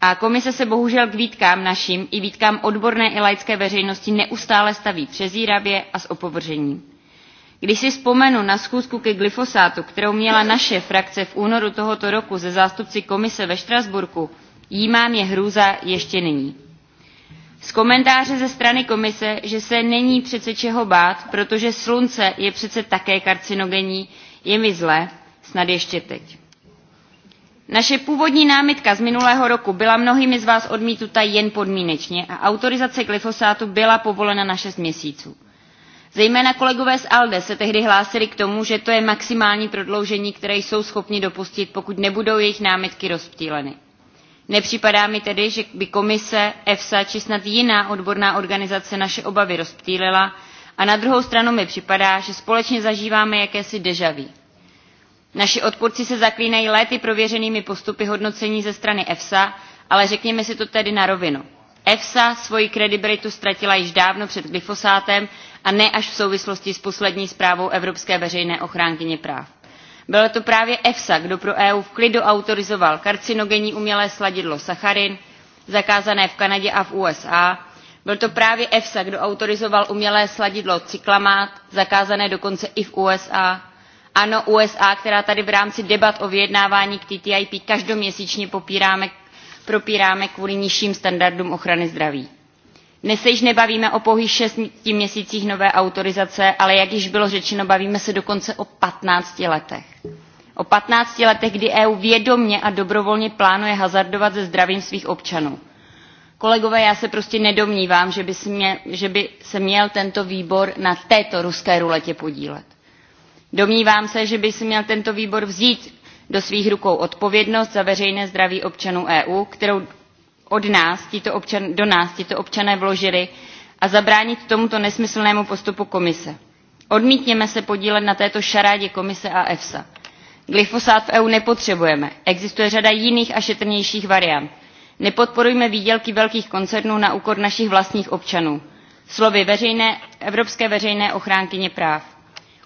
A komise se bohužel k výtkám našim i výtkám odborné i laické veřejnosti neustále staví přezíravě a s opovržením když si vzpomenu na schůzku ke glyfosátu, kterou měla naše frakce v únoru tohoto roku ze zástupci komise ve Štrasburku, mám je hrůza ještě nyní. Z komentáře ze strany komise, že se není přece čeho bát, protože slunce je přece také karcinogenní, je mi zlé, snad ještě teď. Naše původní námitka z minulého roku byla mnohými z vás odmítuta jen podmínečně a autorizace glyfosátu byla povolena na 6 měsíců. Zejména kolegové z ALDE se tehdy hlásili k tomu, že to je maximální prodloužení, které jsou schopni dopustit, pokud nebudou jejich námitky rozptýleny. Nepřipadá mi tedy, že by komise, EFSA či snad jiná odborná organizace naše obavy rozptýlila a na druhou stranu mi připadá, že společně zažíváme jakési dejaví. Naši odpůrci se zaklínají léty prověřenými postupy hodnocení ze strany EFSA, ale řekněme si to tedy na rovinu. EFSA svoji kredibilitu ztratila již dávno před glyfosátem a ne až v souvislosti s poslední zprávou Evropské veřejné ochránkyně práv. Bylo to právě EFSA, kdo pro EU v klidu autorizoval karcinogenní umělé sladidlo sacharin, zakázané v Kanadě a v USA. Byl to právě EFSA, kdo autorizoval umělé sladidlo cyklamát, zakázané dokonce i v USA. Ano, USA, která tady v rámci debat o vyjednávání k TTIP každoměsíčně popíráme, propíráme kvůli nižším standardům ochrany zdraví. Dnes se již nebavíme o pouhých šesti měsících nové autorizace, ale jak již bylo řečeno, bavíme se dokonce o 15 letech. O 15 letech, kdy EU vědomně a dobrovolně plánuje hazardovat se zdravím svých občanů. Kolegové, já se prostě nedomnívám, že by, smě, že by se měl tento výbor na této ruské ruletě podílet. Domnívám se, že by si měl tento výbor vzít do svých rukou odpovědnost za veřejné zdraví občanů EU, kterou od nás tito občan, do nás tito občané vložili a zabránit tomuto nesmyslnému postupu komise. Odmítněme se podílet na této šarádě komise a EFSA. Glyfosát v EU nepotřebujeme. Existuje řada jiných a šetrnějších variant. Nepodporujme výdělky velkých koncernů na úkor našich vlastních občanů. Slovy veřejné, Evropské veřejné ochránkyně práv.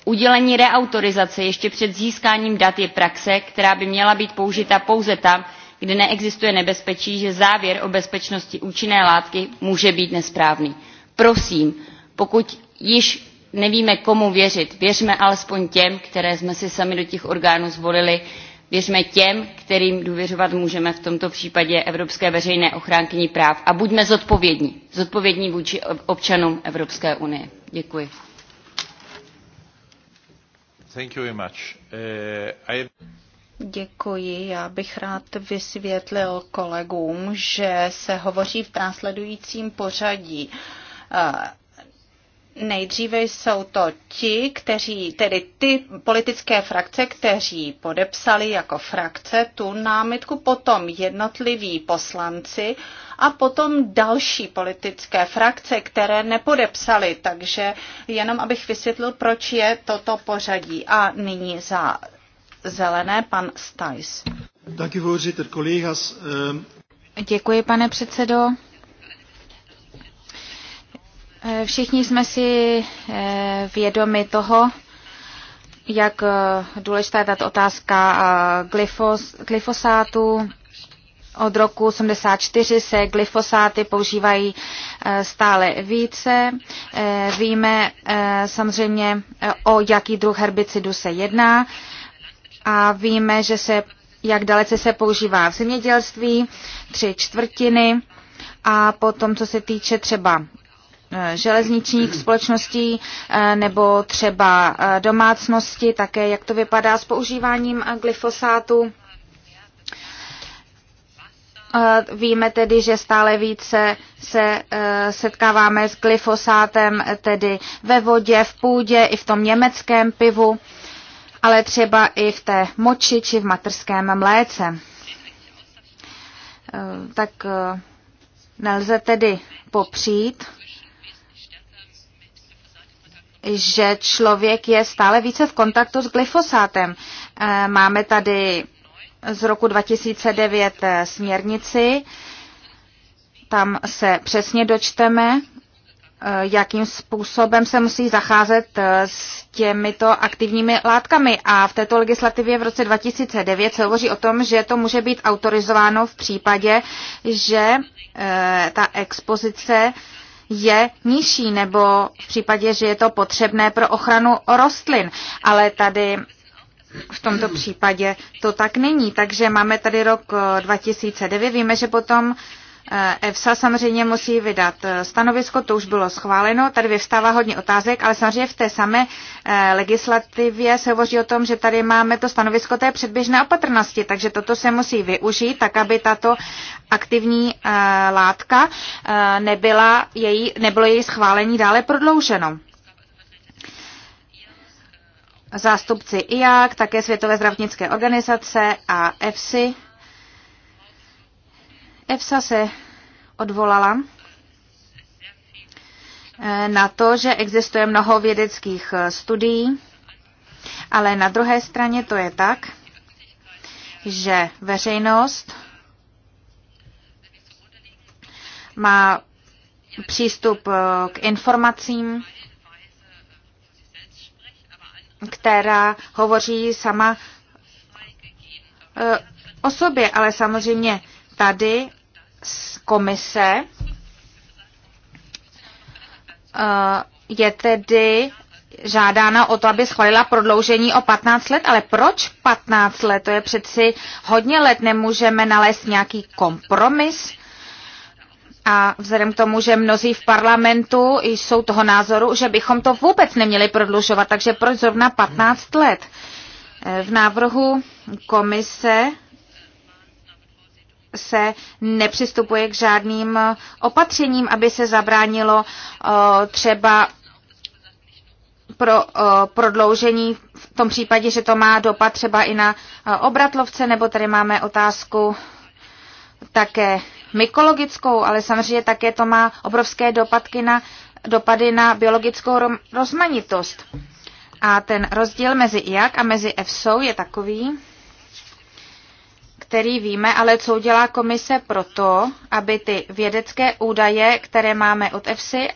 Udělení reautorizace ještě před získáním dat je praxe, která by měla být použita pouze tam, kde neexistuje nebezpečí, že závěr o bezpečnosti účinné látky může být nesprávný. Prosím, pokud již nevíme, komu věřit, věřme alespoň těm, které jsme si sami do těch orgánů zvolili, věřme těm, kterým důvěřovat můžeme, v tomto případě Evropské veřejné ochránkyni práv. A buďme zodpovědní, zodpovědní vůči občanům Evropské unie. Děkuji. Děkuji. Já bych rád vysvětlil kolegům, že se hovoří v následujícím pořadí. Eh, nejdříve jsou to ti, kteří, tedy ty politické frakce, kteří podepsali jako frakce tu námitku, potom jednotliví poslanci a potom další politické frakce, které nepodepsali. Takže jenom abych vysvětlil, proč je toto pořadí. A nyní za zelené, pan Stajs. Ehm. Děkuji, pane předsedo. Eh, všichni jsme si eh, vědomi toho, jak eh, důležitá je tato otázka glyfos, glyfosátu. Od roku 84 se glyfosáty používají stále více. Víme samozřejmě, o jaký druh herbicidu se jedná a víme, že se, jak dalece se používá v zemědělství, tři čtvrtiny a potom, co se týče třeba eh, železničních společností eh, nebo třeba eh, domácnosti, také jak to vypadá s používáním glyfosátu. Víme tedy, že stále více se setkáváme s glyfosátem, tedy ve vodě, v půdě i v tom německém pivu ale třeba i v té moči či v materském mléce. Eh, tak eh, nelze tedy popřít, že člověk je stále více v kontaktu s glyfosátem. Eh, máme tady z roku 2009 směrnici, tam se přesně dočteme, Eh, jakým způsobem se musí zacházet eh, s těmito aktivními látkami. A v této legislativě v roce 2009 se hovoří o tom, že to může být autorizováno v případě, že eh, ta expozice je nižší nebo v případě, že je to potřebné pro ochranu rostlin. Ale tady v tomto případě to tak není. Takže máme tady rok 2009. Víme, že potom Eh, EFSA samozřejmě musí vydat eh, stanovisko, to už bylo schváleno, tady vyvstává hodně otázek, ale samozřejmě v té samé eh, legislativě se hovoří o tom, že tady máme to stanovisko té předběžné opatrnosti, takže toto se musí využít, tak aby tato aktivní látka nebyla její, nebylo její schválení dále prodlouženo zástupci IAC, také Světové zdravotnické organizace a EFSI EFSA se odvolala eh, na to, že existuje mnoho vědeckých eh, studií, ale na druhé straně to je tak, že veřejnost má přístup eh, k informacím, která hovoří sama o sobě, ale samozřejmě tady z komise eh, je tedy žádána o to, aby schválila prodloužení o 15 let, ale proč 15 let? To je přeci hodně let, nemůžeme nalézt nějaký kompromis. A vzhledem k tomu, že mnozí v parlamentu jsou toho názoru, že bychom to vůbec neměli prodlužovat, takže proč zrovna 15 let? Eh, v návrhu komise se nepřistupuje k žádným opatřením, aby se zabránilo eh, třeba pro eh, prodloužení v tom případě, že to má dopad třeba i na eh, obratlovce, nebo tady máme otázku také mykologickou, ale samozřejmě také to má obrovské dopadky na, dopady na biologickou rozmanitost. A ten rozdíl mezi IAK a mezi EFSO je takový, který víme, ale co udělá komise proto, aby ty vědecké údaje, které máme od EFSI,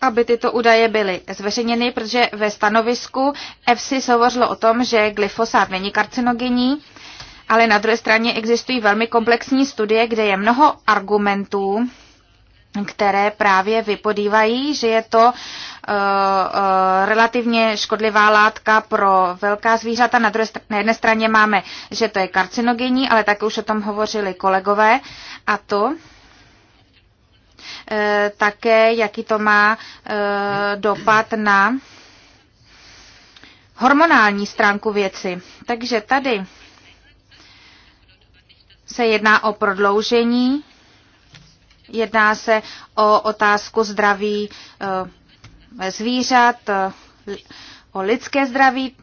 aby tyto údaje byly zveřejněny, protože ve stanovisku EFSI se hovořilo o tom, že glyfosát není karcinogenní, ale na druhé straně existují velmi komplexní studie, kde je mnoho argumentů, které právě vypodívají, že je to Eh, eh, relativně škodlivá látka pro velká zvířata. Na, druhé, na jedné straně máme, že to je karcinogenní, ale také už o tom hovořili kolegové. A to eh, také, jaký to má dopad na hormonální stránku věci. Takže tady se jedná o prodloužení, jedná se o otázku zdraví zvířat, eh, o lidské zdraví.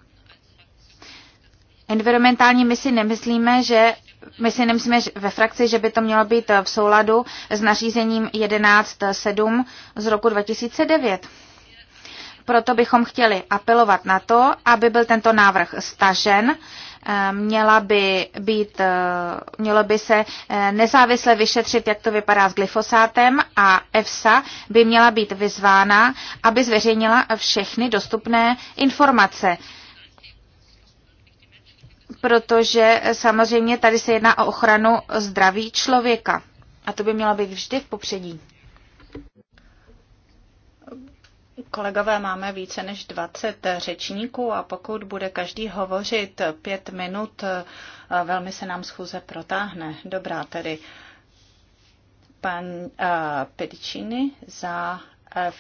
Environmentální my si nemyslíme, že my si nemyslíme ve frakci, že by to mělo být eh, v souladu s nařízením 11.7 z roku 2009. Proto bychom chtěli apelovat na to, aby byl tento návrh stažen Eh, měla by být, eh, mělo by se eh, nezávisle vyšetřit, jak to vypadá s glyfosátem a EFSA by měla být vyzvána, aby zveřejnila všechny dostupné informace protože samozřejmě tady se jedná o ochranu zdraví člověka. A to by mělo být vždy v popředí. Kolegové, máme více než 20 řečníků a pokud bude každý hovořit pět minut, eh, velmi se nám schůze protáhne. Dobrá, tedy pan uh, Pedicini za F,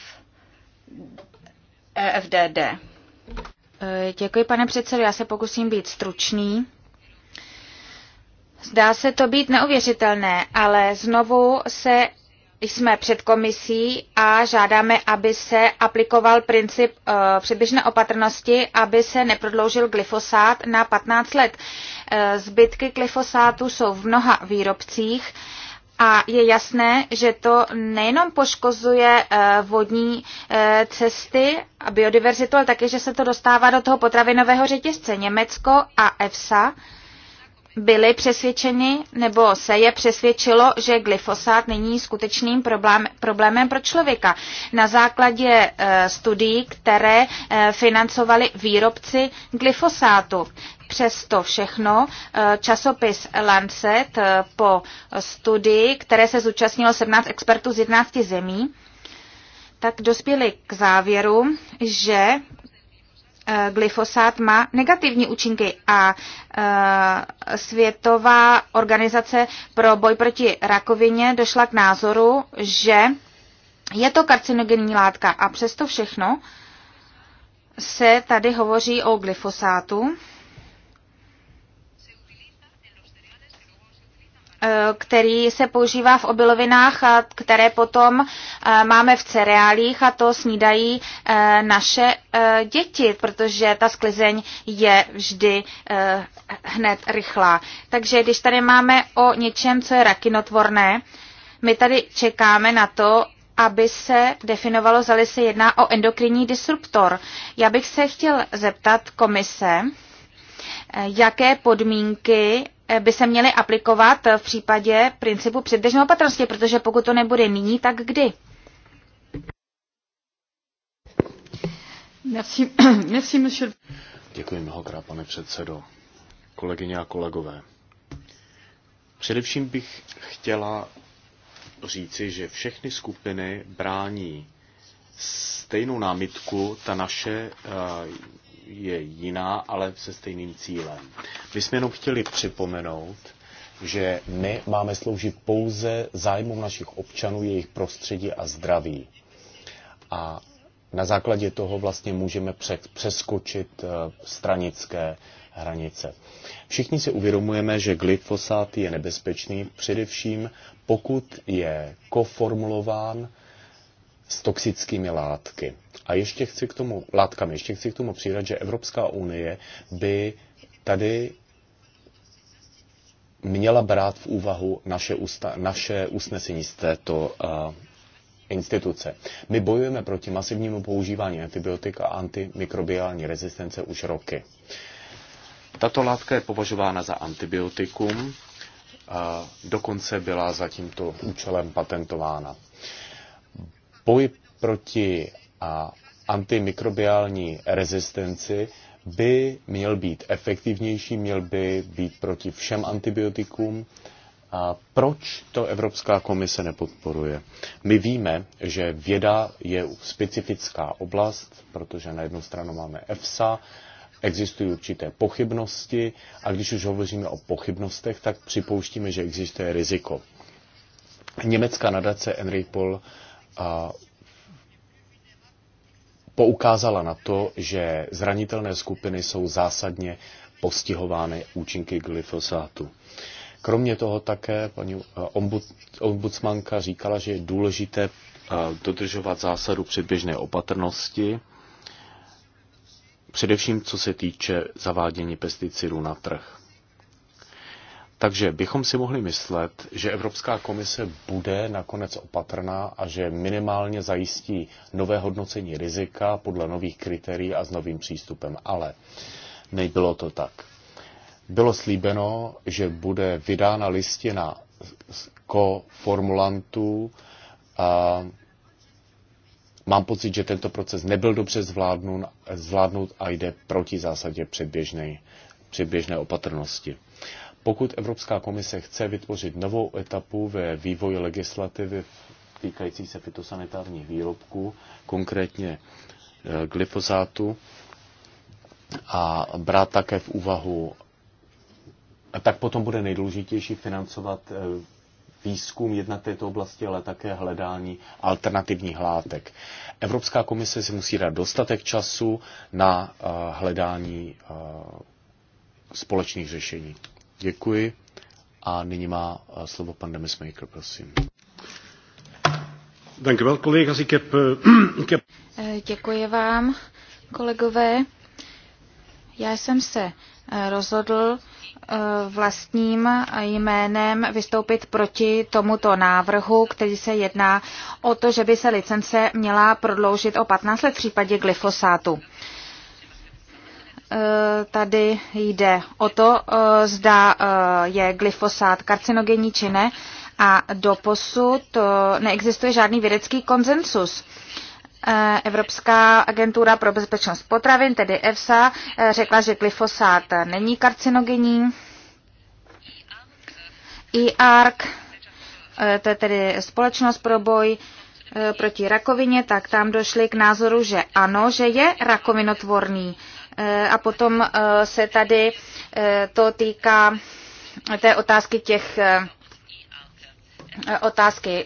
EFDD. Eh, děkuji, pane předsedo. Já se pokusím být stručný. Zdá se to být neuvěřitelné, ale znovu se jsme před komisí a žádáme, aby se aplikoval princip uh, eh, předběžné opatrnosti, aby se neprodloužil glyfosát na 15 let. Uh, zbytky glyfosátu jsou v mnoha výrobcích a je jasné, že to nejenom poškozuje uh, vodní uh, cesty a biodiverzitu, ale také, že se to dostává do toho potravinového řetězce. Německo a EFSA uh, byli přesvědčeni nebo se je přesvědčilo, že glyfosát není skutečným problém, problémem pro člověka. Na základě e, studií, které e, financovali výrobci glyfosátu. Přesto všechno e, časopis Lancet e, po studii, které se zúčastnilo 17 expertů z 11 zemí, tak dospěli k závěru, že Eh, glyfosát má negativní účinky a eh, Světová organizace pro boj proti rakovině došla k názoru, že je to karcinogenní látka a přesto všechno se tady hovoří o glyfosátu Eh, který se používá v obilovinách, a které potom eh, máme v cereálích a to snídají eh, naše děti, protože ta sklizeň je vždy hned rychlá. Takže když tady máme o něčem, co je rakinotvorné, my tady čekáme na to, aby se definovalo, zali se jedná o endokrinní disruptor. Já bych se chtěl zeptat komise, jaké podmínky Eh, by se měly aplikovat v případě principu předběžné opatrnosti, protože pokud to nebude nyní, tak kdy? Merci, merci, monsieur. Děkuji mnohokrát, pane předsedo. Kolegyně a kolegové, především bych chtěla říci, že všechny skupiny brání stejnou námitku, ta naše eh, je jiná, ale se stejným cílem. My jsme jenom chtěli připomenout, že my máme sloužit pouze zájmům našich občanů, jejich prostředí a zdraví. A na základě toho vlastně můžeme přeskočit eh, stranické hranice. Všichni si uvědomujeme, že glyfosát je nebezpečný, především pokud je koformulován s toxickými látky. A ještě chci k tomu, látkami, ještě chci k tomu přidat, že Evropská unie by tady měla brát v úvahu naše, usta, naše usnesení z této uh, instituce. My bojujeme proti masivnímu používání antibiotik a antimikrobiální rezistence už roky. Tato látka je považována za antibiotikum, uh, dokonce byla za tímto účelem patentována boj proti a antimikrobiální rezistenci by měl být efektivnější, měl by být proti všem antibiotikům. A proč to Evropská komise nepodporuje? My víme, že věda je specifická oblast, protože na jednu stranu máme EFSA, existují určité pochybnosti a když už hovoříme o pochybnostech, tak připouštíme, že existuje riziko. Německá nadace Henry poukázala na to, že zranitelné skupiny jsou zásadně postihovány účinky glyfosátu. Kromě toho také paní eh, ombudsmanka říkala, že je důležité eh, dodržovat zásadu předběžné opatrnosti, především co se týče zavádění pesticidů na trh. Takže bychom si mohli myslet, že Evropská komise bude nakonec opatrná a že minimálně zajistí nové hodnocení rizika podle nových kritérií a s novým přístupem. Ale nebylo to tak. Bylo slíbeno, že bude vydána listina koformulantů. A mám pocit, že tento proces nebyl dobře zvládnut, zvládnut a jde proti zásadě předběžné, předběžné opatrnosti. Pokud Evropská komise chce vytvořit novou etapu ve vývoji legislativy týkající se fitosanitárních výrobků, konkrétně e, glyfozátu, a brát také v úvahu, tak potom bude nejdůležitější financovat e, výzkum jedna této oblasti, ale také hledání alternativních látek. Evropská komise si musí dát dostatek času na e, hledání společných řešení. Děkuji. A nyní má eh, slovo pan Demesmaker, prosím. Eh, eh, děkuji vám, kolegové. Já jsem se rozhodl vlastním jménem vystoupit proti tomuto návrhu, který se jedná o to, že by se licence měla prodloužit o 15 let v případě glyfosátu tady jde o to, eh, zda eh, je glyfosát karcinogenní či ne a doposud eh, neexistuje žádný vědecký konsenzus. Evropská agentura pro bezpečnost potravin, tedy EFSA, řekla, že glyfosát není karcinogenní. IARC, e to je tedy společnost pro boj proti rakovině, tak tam došli k názoru, že ano, že je rakovinotvorný Eh, a potom eh, se tady eh, to týká té otázky těch otázky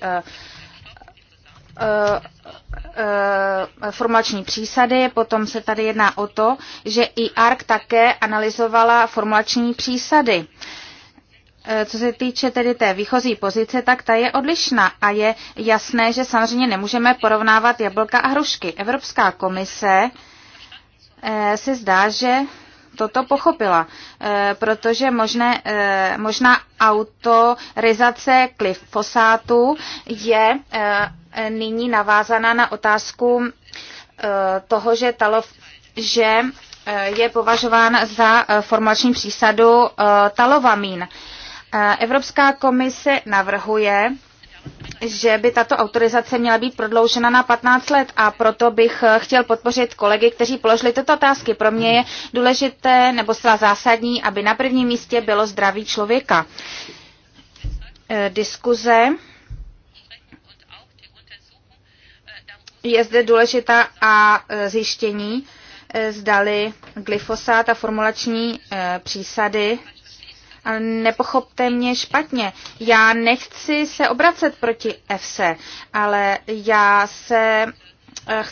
formulační přísady, potom se tady jedná o to, že i ARC také analyzovala formulační přísady. Co se týče tedy té výchozí pozice, tak ta je odlišná a je jasné, že samozřejmě nemůžeme porovnávat jablka a hrušky. Evropská komise Eh, se zdá, že toto pochopila, eh, protože možné, eh, možná autorizace glyfosátu je nyní navázaná na otázku toho, že, talov, že je považován za formulační přísadu talovamín. Evropská komise navrhuje, že by tato autorizace měla být prodloužena na 15 let a proto bych eh, chtěl podpořit kolegy, kteří položili tyto otázky. Pro mě je důležité nebo zcela zásadní, aby na prvním místě bylo zdraví člověka. Eh, diskuze je zde důležitá a eh, zjištění, zdali glyfosát a formulační přísady nepochopte mě špatně. Já nechci se obracet proti EFSE, ale já se eh,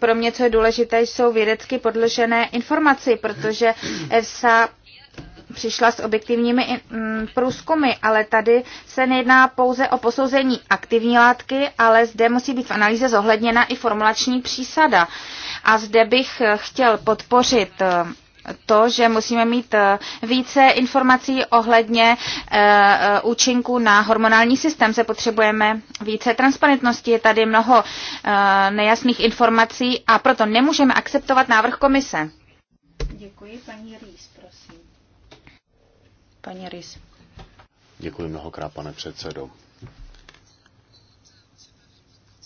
pro mě, co je důležité, jsou vědecky podložené informaci, protože EFSA přišla s objektivními mm, průzkumy, ale tady se nejedná pouze o posouzení aktivní látky, ale zde musí být v analýze zohledněna i formulační přísada. A zde bych eh, chtěl podpořit eh, to, že musíme mít eh, více informací ohledně eh, eh, účinku na hormonální systém. Se potřebujeme více transparentnosti, je tady mnoho nejasných informací a proto nemůžeme akceptovat návrh komise. Děkuji, paní Rýs, prosím. Paní Rýs. Děkuji mnohokrát, pane předsedo.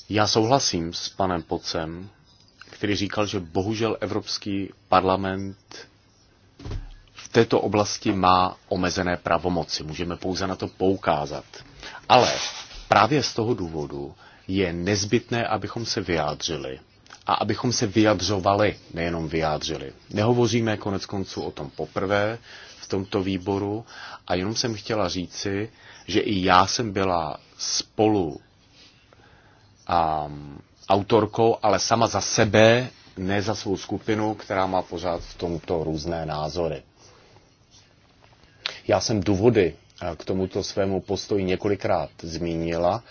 Já souhlasím s panem Pocem, který říkal, že bohužel Evropský parlament této oblasti má omezené pravomoci. Můžeme pouze na to poukázat. Ale právě z toho důvodu je nezbytné, abychom se vyjádřili a abychom se vyjadřovali, nejenom vyjádřili. Nehovoříme konec konců o tom poprvé v tomto výboru a jenom jsem chtěla říci, že i já jsem byla spolu um, autorkou, ale sama za sebe, ne za svou skupinu, která má pořád v tomto různé názory. Já jsem důvody eh, k tomuto svému postoji několikrát zmínila.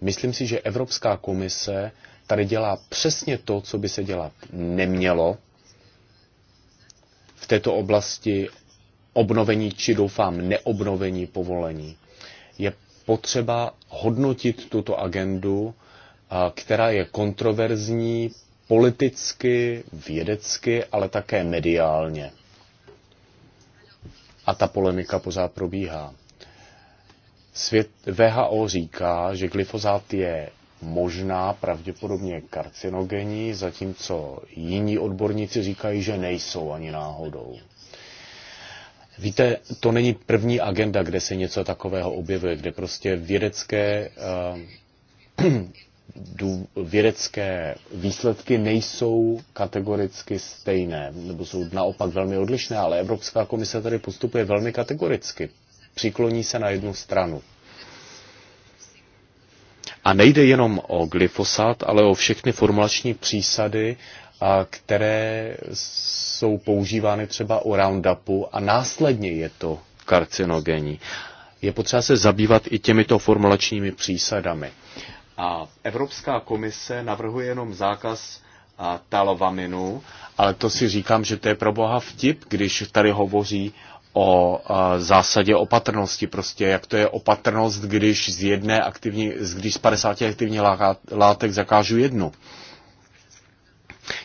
Myslím si, že Evropská komise tady dělá přesně to, co by se dělat nemělo v této oblasti obnovení či doufám neobnovení povolení. Je potřeba hodnotit tuto agendu, eh, která je kontroverzní politicky, vědecky, ale také mediálně a ta polemika pořád probíhá. Svět VHO říká, že glyfozát je možná pravděpodobně karcinogenní, zatímco jiní odborníci říkají, že nejsou ani náhodou. Víte, to není první agenda, kde se něco takového objevuje, kde prostě vědecké uh, vědecké výsledky nejsou kategoricky stejné, nebo jsou naopak velmi odlišné, ale Evropská komise tady postupuje velmi kategoricky. Přikloní se na jednu stranu. A nejde jenom o glyfosát, ale o všechny formulační přísady, které jsou používány třeba u Roundupu a následně je to karcinogenní. Je potřeba se zabývat i těmito formulačními přísadami. A Evropská komise navrhuje jenom zákaz talovaminu, ale to si říkám, že to je pro boha vtip, když tady hovoří o zásadě opatrnosti, prostě jak to je opatrnost, když z jedné aktivní, když z 50 aktivních látek zakážu jednu.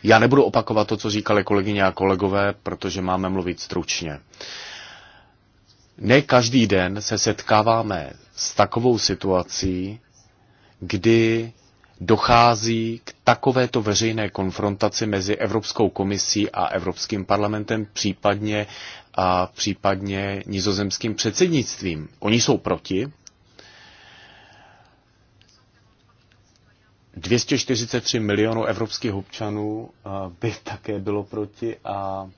Já nebudu opakovat to, co říkali kolegyně a kolegové, protože máme mluvit stručně. Ne každý den se setkáváme s takovou situací, kdy dochází k takovéto veřejné konfrontaci mezi Evropskou komisí a Evropským parlamentem, případně, a případně nizozemským předsednictvím. Oni jsou proti. 243 milionů evropských občanů by také bylo proti a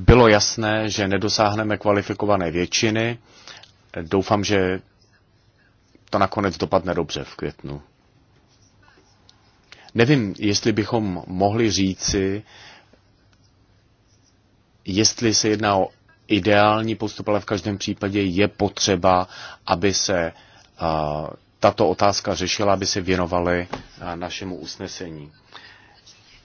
Bylo jasné, že nedosáhneme kvalifikované většiny. Doufám, že to nakonec dopadne dobře v květnu. Nevím, jestli bychom mohli říci, jestli se jedná o ideální postup, ale v každém případě je potřeba, aby se uh, tato otázka řešila, aby se věnovali uh, našemu usnesení.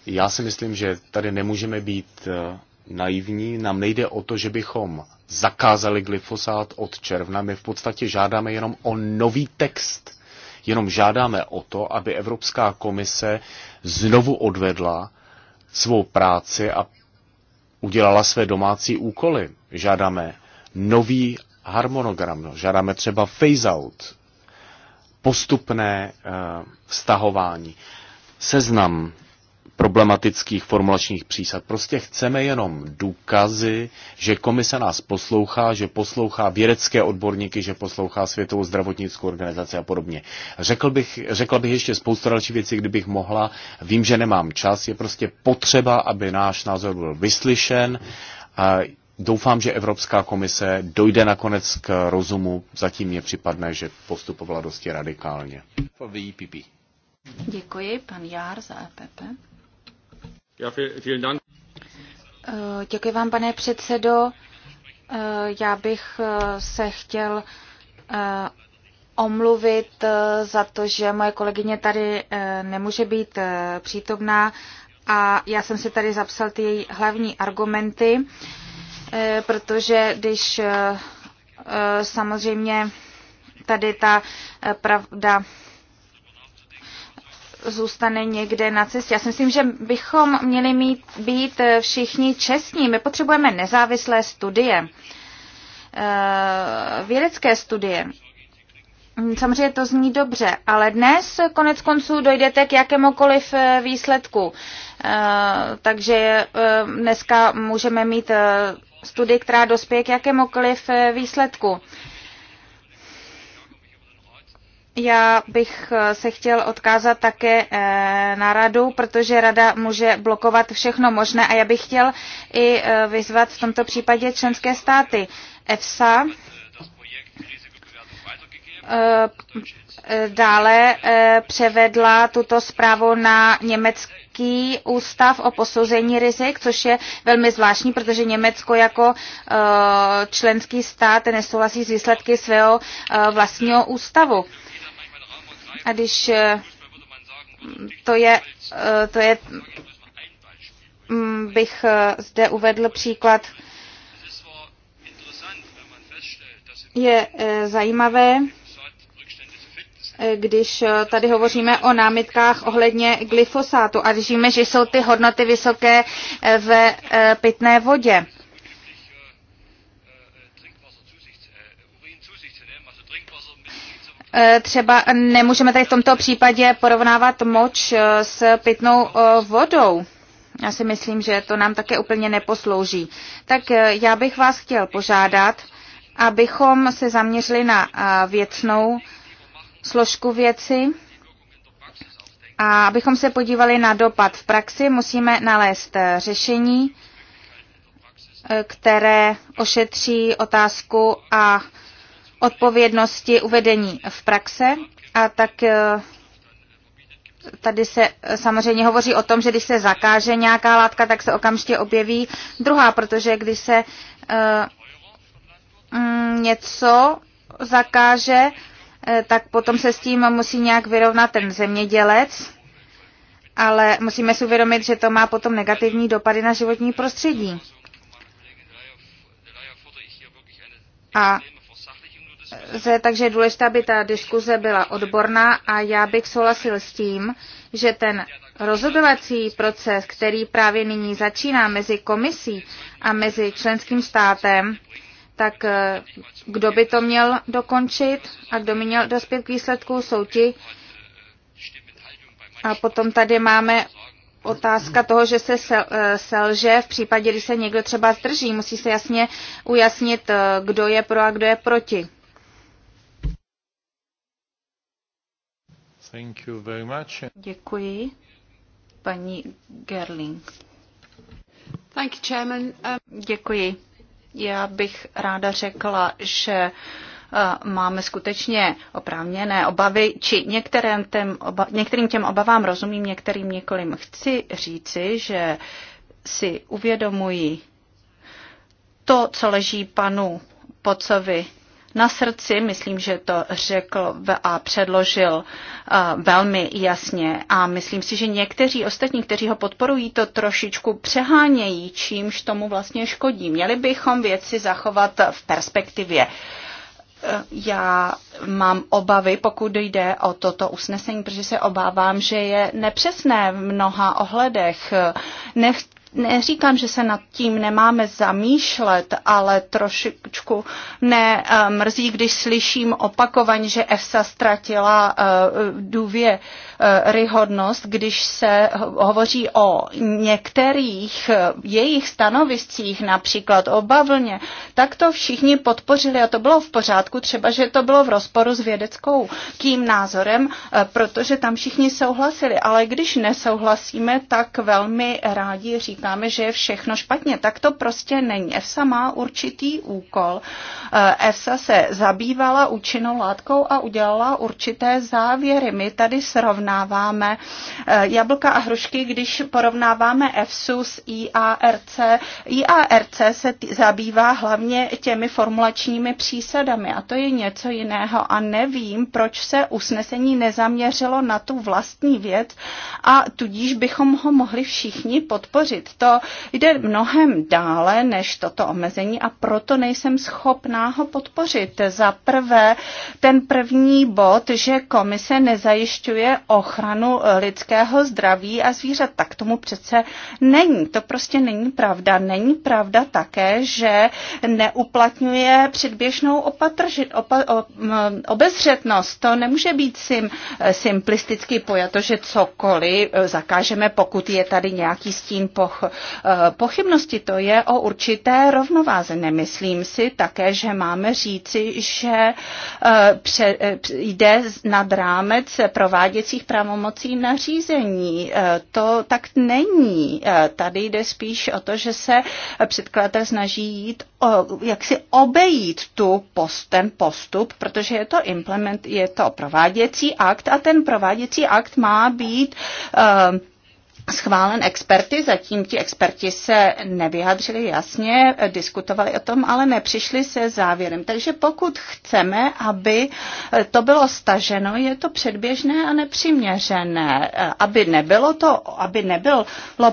Já si myslím, že tady nemůžeme být uh, naivní. Nám nejde o to, že bychom zakázali glyfosát od června. My v podstatě žádáme jenom o nový text. Jenom žádáme o to, aby Evropská komise znovu odvedla svou práci a udělala své domácí úkoly. Žádáme nový harmonogram, žádáme třeba phase-out, postupné uh, stahování, seznam problematických formulačních přísad. Prostě chceme jenom důkazy, že komise nás poslouchá, že poslouchá vědecké odborníky, že poslouchá Světovou zdravotnickou organizaci a podobně. Řekl bych, řekla bych ještě spoustu další věcí, kdybych mohla. Vím, že nemám čas. Je prostě potřeba, aby náš názor byl vyslyšen. A doufám, že Evropská komise dojde nakonec k rozumu. Zatím mě připadne, že postupovala dosti radikálně. Děkuji, pan Jár za EPP. Eh, děkuji vám, pane předsedo. Eh, já bych eh, se chtěl omluvit za to, že moje kolegyně tady nemůže být přítomná a já jsem si tady zapsal ty její hlavní argumenty, protože když samozřejmě tady ta pravda zůstane někde na cestě. Já si myslím, že bychom měli mít, být eh, všichni čestní. My potřebujeme nezávislé studie, eh, vědecké studie. Samozřejmě to zní dobře, ale dnes konec konců dojdete k jakémukoliv eh, výsledku. Takže dneska můžeme mít studii, která dospěje k jakémukoliv výsledku. Já bych eh, se chtěl odkázat také eh, na radu, protože rada může blokovat všechno možné a já bych chtěl i eh, vyzvat v tomto případě členské státy. EFSA dále převedla tuto zprávu na německý ústav o posouzení rizik, což je velmi zvláštní, protože Německo jako členský stát nesouhlasí s výsledky svého vlastního ústavu. A když eh, to je, eh, to je, mm, bych eh, zde uvedl příklad, je zajímavé, když tady hovoříme o námitkách ohledně glyfosátu a říme, že jsou ty hodnoty vysoké ve pitné vodě. Eh, třeba nemůžeme tady v tomto případě porovnávat moč eh, s pitnou eh, vodou. Já si myslím, že to nám také úplně neposlouží. Tak já bych vás chtěl požádat, abychom se zaměřili na věcnou složku věci a abychom se podívali na dopad v praxi, musíme nalézt řešení, které ošetří otázku a odpovědnosti uvedení v praxe a tak eh, tady se samozřejmě hovoří o tom, že když se zakáže nějaká látka, tak se okamžitě objeví druhá, protože když se eh, mm, něco zakáže, eh, tak potom se s tím musí nějak vyrovnat ten zemědělec, ale musíme si uvědomit, že to má potom negativní dopady na životní prostředí. A diskuze, takže je důležité, aby ta diskuze byla odborná a já bych souhlasil s tím, že ten rozhodovací proces, který právě nyní začíná mezi komisí a mezi členským státem, tak eh, kdo by to měl dokončit a kdo by měl dospět k výsledku, jsou ti. A potom tady máme otázka toho, že se eh, selže v případě, když se někdo třeba zdrží. Musí se jasně ujasnit, eh, kdo je pro a kdo je proti. Thank you very much. Děkuji. Paní Gerling. Thank you, Chairman. Um... Děkuji. Já bych ráda řekla, že uh, máme skutečně oprávněné obavy, či některým, těm oba, některým těm obavám rozumím, některým několim. Chci říci, že si uvědomuji to, co leží panu Pocovi na srdci, myslím, že to řekl a předložil eh, velmi jasně. A myslím si, že někteří ostatní, kteří ho podporují, to trošičku přehánějí, čímž tomu vlastně škodí. Měli bychom věci zachovat v perspektivě. Eh, já mám obavy, pokud jde o toto usnesení, protože se obávám, že je nepřesné v mnoha ohledech. Nech, Neříkám, že se nad tím nemáme zamýšlet, ale trošičku ne eh, mrzí, když slyším opakovaně, že EFSA ztratila eh, důvěryhodnost, eh, když se hovoří o některých jejich stanoviscích, například o bavlně, tak to všichni podpořili a to bylo v pořádku, třeba, že to bylo v rozporu s vědeckou kým názorem, protože tam všichni souhlasili, ale když nesouhlasíme, tak velmi rádi říkáme, říkáme, že je všechno špatně. Tak to prostě není. EFSA má určitý úkol. Eh, EFSA se zabývala účinnou látkou a udělala určité závěry. My tady srovnáváme eh, jablka a hrušky, když porovnáváme EFSU s IARC. IARC se zabývá hlavně těmi formulačními přísadami a to je něco jiného a nevím, proč se usnesení nezaměřilo na tu vlastní věc a tudíž bychom ho mohli všichni podpořit to jde mnohem dále než toto omezení a proto nejsem schopná ho podpořit. Za prvé ten první bod, že komise nezajišťuje ochranu lidského zdraví a zvířat. Tak tomu přece není. To prostě není pravda. Není pravda také, že neuplatňuje předběžnou opatrži, opa, o, obezřetnost. To nemůže být sim, simplisticky pojato, že cokoliv zakážeme, pokud je tady nějaký stín poch, Eh, pochybnosti To je o určité rovnováze. Nemyslím si také, že máme říci, že eh, eh, pře, jde nad rámec prováděcích pravomocí nařízení. To tak není. Tady jde spíš o to, že se předkladatel snaží jít, jak si obejít tu post, ten postup, protože je to implement, je to prováděcí akt a ten prováděcí akt má být uh, schválen experty, zatím ti experti se nevyjádřili jasně, diskutovali o tom, ale nepřišli se závěrem. Takže pokud chceme, aby to bylo staženo, je to předběžné a nepřiměřené, aby nebylo to, aby nebylo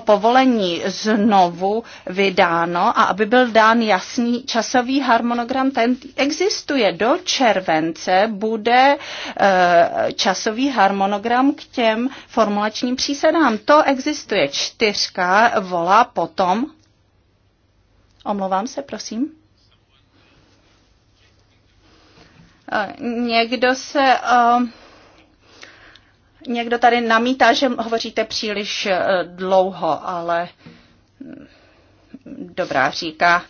povolení znovu vydáno a aby byl dán jasný časový harmonogram, ten existuje do července, bude eh, časový harmonogram k těm formulačním přísadám. To existuje existuje. Čtyřka volá potom. Omlouvám se, prosím. Eh, někdo se. Eh, někdo tady namítá, že hovoříte příliš eh, dlouho, ale mm, dobrá, říká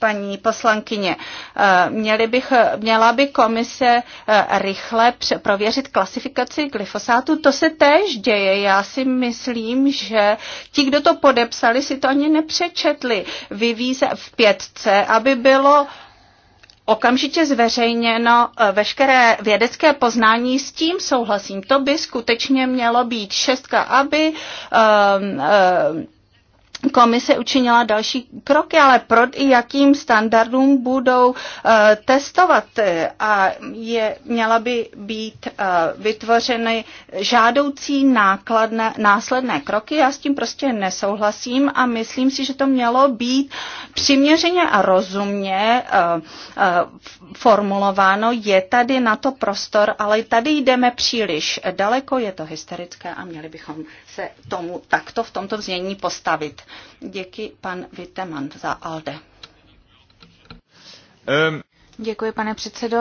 paní poslankyně. Eh, měli bych, měla by komise eh, rychle prověřit klasifikaci glyfosátu. To se též děje. Já si myslím, že ti, kdo to podepsali, si to ani nepřečetli. Vyvíjí se v pětce, aby bylo okamžitě zveřejněno eh, veškeré vědecké poznání, s tím souhlasím. To by skutečně mělo být šestka, aby um, um, komise učinila další kroky, ale pro jakým standardům budou uh, testovat eh, a je, měla by být uh, vytvořeny žádoucí nákladné, následné kroky. Já s tím prostě nesouhlasím a myslím si, že to mělo být přiměřeně a rozumně uh, uh, formulováno. Je tady na to prostor, ale tady jdeme příliš daleko, je to hysterické a měli bychom se tomu takto v tomto vznění postavit. Děkuji pan Viteman za ALDE. Um. Děkuji, pane předsedo.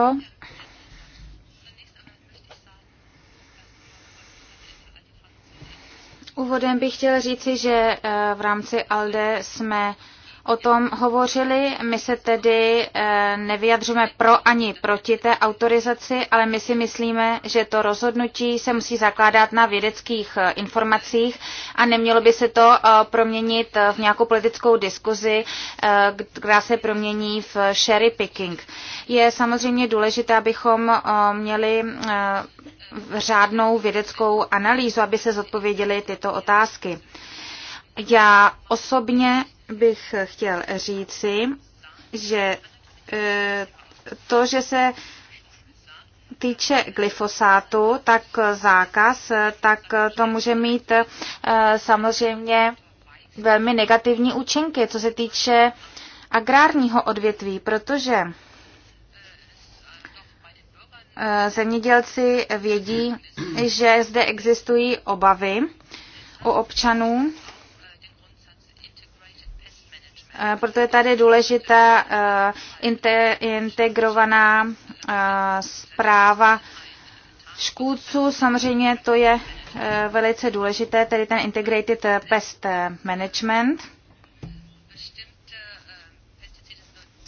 Úvodem bych chtěl říci, že eh, v rámci ALDE jsme o tom hovořili. My se tedy eh, nevyjadřujeme pro ani proti té autorizaci, ale my si myslíme, že to rozhodnutí se musí zakládat na vědeckých eh, informacích a nemělo by se to eh, proměnit v nějakou politickou diskuzi, která se promění v sherry picking. Je samozřejmě důležité, abychom měli řádnou vědeckou analýzu, aby se zodpověděly tyto otázky. Já osobně bych chtěl říci, že e, to, že se týče glyfosátu, tak zákaz, tak to může mít e, samozřejmě velmi negativní účinky, co se týče agrárního odvětví, protože e, zemědělci vědí, že zde existují obavy u občanů Eh, proto je tady důležitá eh, integrovaná eh, zpráva škůdců. Samozřejmě to je velice důležité, tedy ten Integrated Pest Management.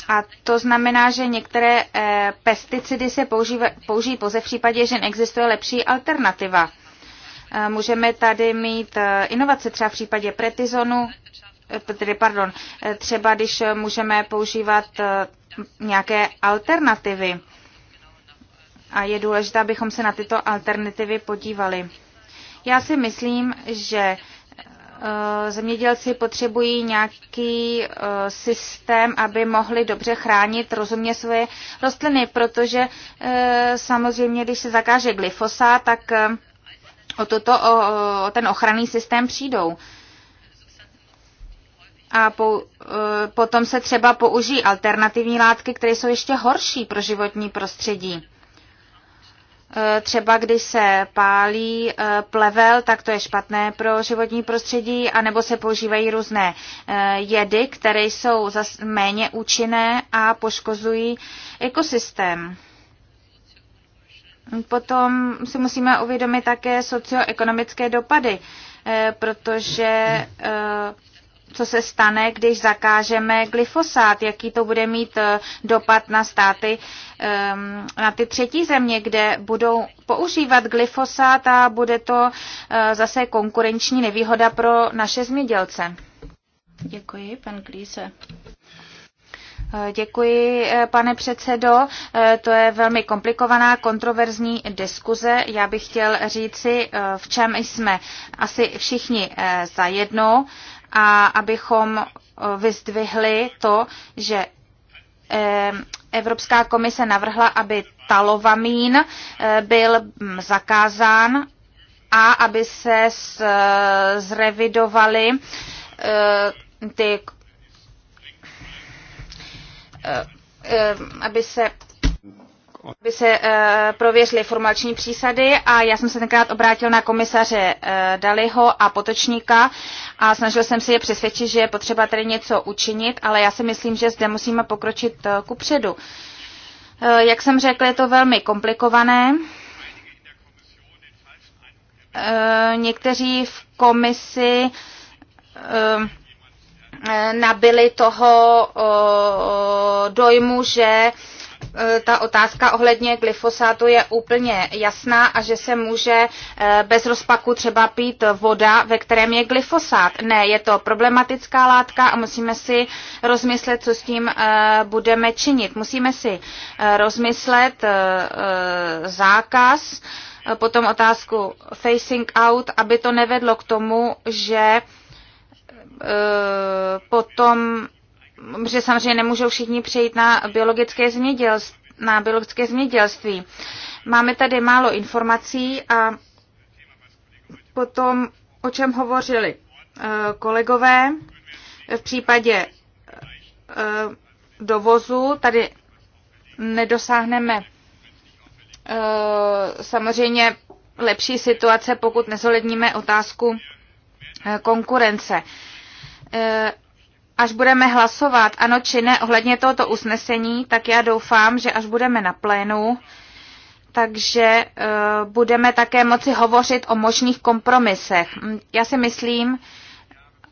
A to znamená, že některé pesticidy se použijí pouze v případě, že neexistuje lepší alternativa. Můžeme tady mít inovace třeba v případě pretizonu tedy pardon, třeba když můžeme používat eh, nějaké alternativy. A je důležité, abychom se na tyto alternativy podívali. Já si myslím, že eh, zemědělci potřebují nějaký eh, systém, aby mohli dobře chránit rozumně svoje rostliny, protože samozřejmě, když se zakáže glyfosát, tak o, toto, o, o ten ochranný systém přijdou a po, eh, potom se třeba použijí alternativní látky, které jsou ještě horší pro životní prostředí. Eh, třeba když se pálí eh, plevel, tak to je špatné pro životní prostředí, anebo se používají různé jedy, které jsou méně účinné a poškozují ekosystém. Potom si musíme uvědomit také socioekonomické dopady, protože co se stane, když zakážeme glyfosát, jaký to bude mít eh, dopad na státy, ehm, na ty třetí země, kde budou používat glyfosát a bude to eh, zase konkurenční nevýhoda pro naše zemědělce. Děkuji, pan Klíse. Eh, děkuji, pane předsedo. To je velmi komplikovaná, kontroverzní diskuze. Já bych chtěl říci, v čem jsme asi všichni zajedno. jedno a abychom eh, vyzdvihli to, že eh, Evropská komise navrhla, aby talovamín eh, byl mm, zakázán a aby se zrevidovaly ty aby se aby se uh, prověřily formulační přísady a já jsem se tenkrát obrátil na komisaře uh, Daliho a Potočníka a snažil jsem se je přesvědčit, že je potřeba tady něco učinit, ale já si myslím, že zde musíme pokročit uh, eh, ku předu. jak jsem řekl, je to velmi komplikované. někteří v komisi e, nabili toho dojmu, že Eh, ta otázka ohledně glyfosátu je úplně jasná a že se může eh, bez rozpaku třeba pít voda, ve kterém je glyfosát. Ne, je to problematická látka a musíme si rozmyslet, co s tím eh, budeme činit. Musíme si rozmyslet zákaz, potom otázku facing out, aby to nevedlo k tomu, že potom že samozřejmě nemůžou všichni přejít na biologické zemědělství. Na biologické zemědělství. Máme tady málo informací a potom, o čem hovořili eh, kolegové, v případě eh, dovozu tady nedosáhneme eh, samozřejmě lepší situace, pokud nezoledníme otázku konkurence až budeme hlasovat ano či ne ohledně tohoto usnesení, tak já doufám, že až budeme na plénu, takže uh, budeme také moci hovořit o možných kompromisech. Hm, já si myslím,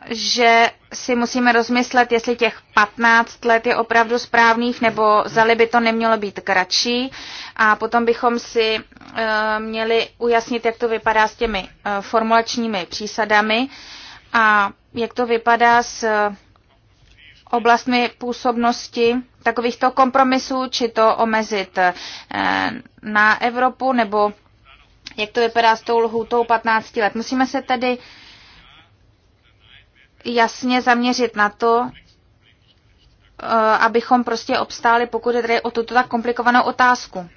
že si musíme rozmyslet, jestli těch 15 let je opravdu správných, nebo zali by to nemělo být kratší. A potom bychom si uh, měli ujasnit, jak to vypadá s těmi uh, formulačními přísadami a jak to vypadá s oblastmi působnosti takovýchto kompromisů, či to omezit eh, na Evropu, nebo jak to vypadá s tou lhůtou 15 let. Musíme se tedy jasně zaměřit na to, eh, abychom prostě obstáli, pokud je tady o tuto tak komplikovanou otázku.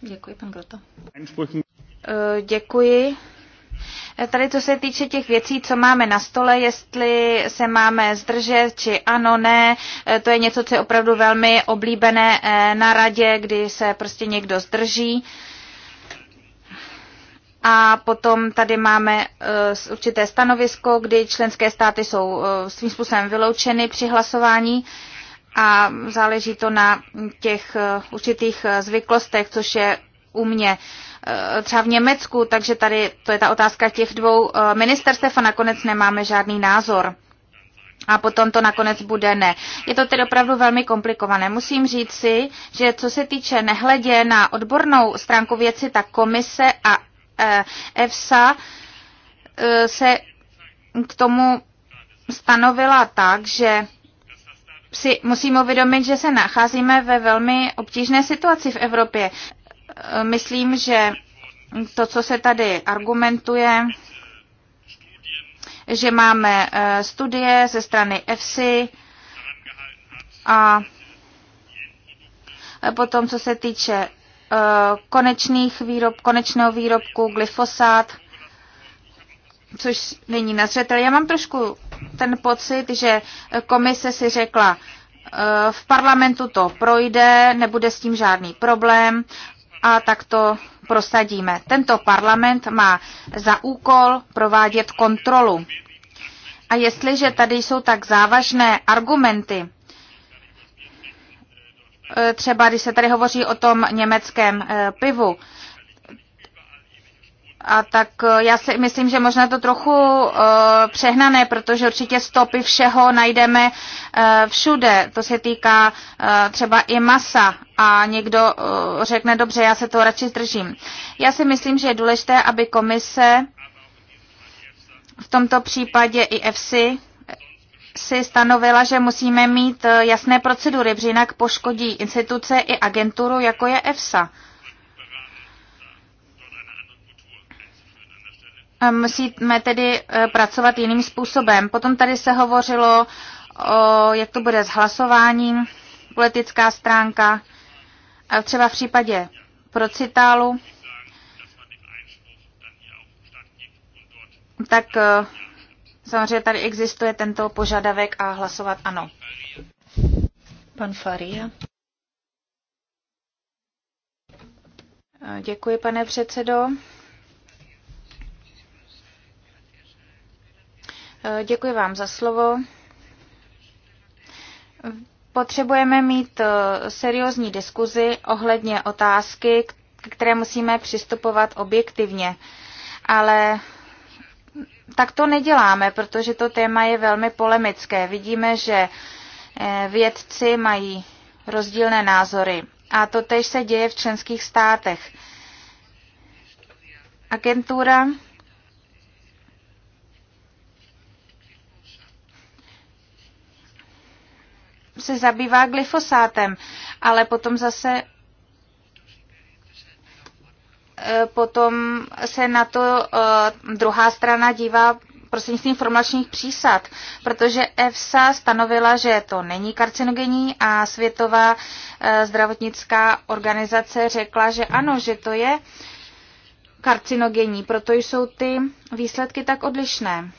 Děkuji, pan Grota. Eh, děkuji. Tady, co se týče těch věcí, co máme na stole, jestli se máme zdržet, či ano, ne, eh, to je něco, co je opravdu velmi oblíbené eh, na radě, kdy se prostě někdo zdrží. A potom tady máme eh, určité stanovisko, kdy členské státy jsou svým způsobem vyloučeny při hlasování a záleží to na těch určitých zvyklostech, což je u mě. Eh, třeba v Německu, takže tady to je ta otázka těch dvou eh, ministerstev a nakonec nemáme žádný názor. A potom to nakonec bude ne. Je to tedy opravdu velmi komplikované. Musím říct si, že co se týče nehledě na odbornou stránku věci, tak komise a eh, EFSA se k tomu stanovila tak, že si musíme uvědomit, že se nacházíme ve velmi obtížné situaci v Evropě myslím, že to, co se tady argumentuje, že máme eh, studie ze strany EFSI a eh, potom, co se týče eh, konečných výrob, konečného výrobku glyfosát, což není na zřetel. Já mám trošku ten pocit, že komise si řekla, v parlamentu to projde, nebude s tím žádný problém, a tak to prosadíme. Tento parlament má za úkol provádět kontrolu. A jestliže tady jsou tak závažné argumenty, e, třeba když se tady hovoří o tom německém e, pivu, a tak eh, já si myslím, že možná to trochu uh, přehnané, protože určitě stopy všeho najdeme uh, všude. To se týká uh, třeba i masa a někdo uh, řekne, dobře, já se to radši zdržím. Já si myslím, že je důležité, aby komise v tomto případě i EFSI si stanovila, že musíme mít jasné procedury, protože jinak poškodí instituce i agenturu, jako je EFSA. Eh, musíme tedy eh, pracovat jiným způsobem. Potom tady se hovořilo o, jak to bude s hlasováním, politická stránka, a třeba v případě procitálu, tak eh, samozřejmě tady existuje tento požadavek a hlasovat ano. Pan Faria. Děkuji, pane předsedo. Eh, děkuji vám za slovo. Potřebujeme mít eh, seriózní diskuzi ohledně otázky, které musíme přistupovat objektivně. Ale tak to neděláme, protože to téma je velmi polemické. Vidíme, že eh, vědci mají rozdílné názory. A to tež se děje v členských státech. Agentura se zabývá glyfosátem, ale potom zase e, potom se na to e, druhá strana dívá prostřednictvím informačních přísad, protože EFSA stanovila, že to není karcinogenní a Světová e, zdravotnická organizace řekla, že ano, že to je karcinogenní, proto jsou ty výsledky tak odlišné.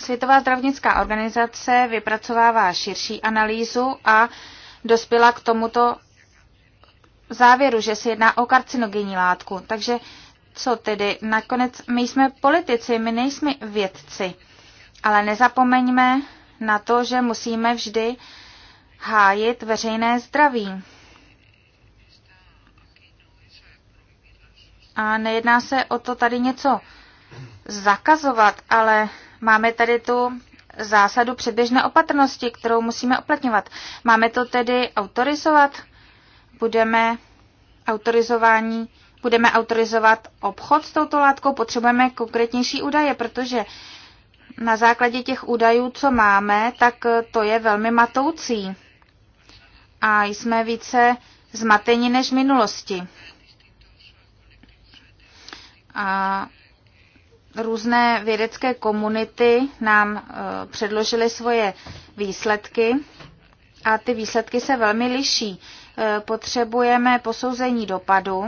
Světová zdravnická organizace vypracovává širší analýzu a dospěla k tomuto závěru, že se jedná o karcinogenní látku. Takže co tedy? Nakonec my jsme politici, my nejsme vědci. Ale nezapomeňme na to, že musíme vždy hájit veřejné zdraví. A nejedná se o to tady něco zakazovat, ale Máme tady tu zásadu předběžné opatrnosti, kterou musíme uplatňovat. Máme to tedy autorizovat? Budeme autorizování budeme autorizovat obchod s touto látkou, potřebujeme konkrétnější údaje, protože na základě těch údajů, co máme, tak to je velmi matoucí. A jsme více zmateni než v minulosti. A různé vědecké komunity nám eh, předložily svoje výsledky a ty výsledky se velmi liší. Eh, potřebujeme posouzení dopadu,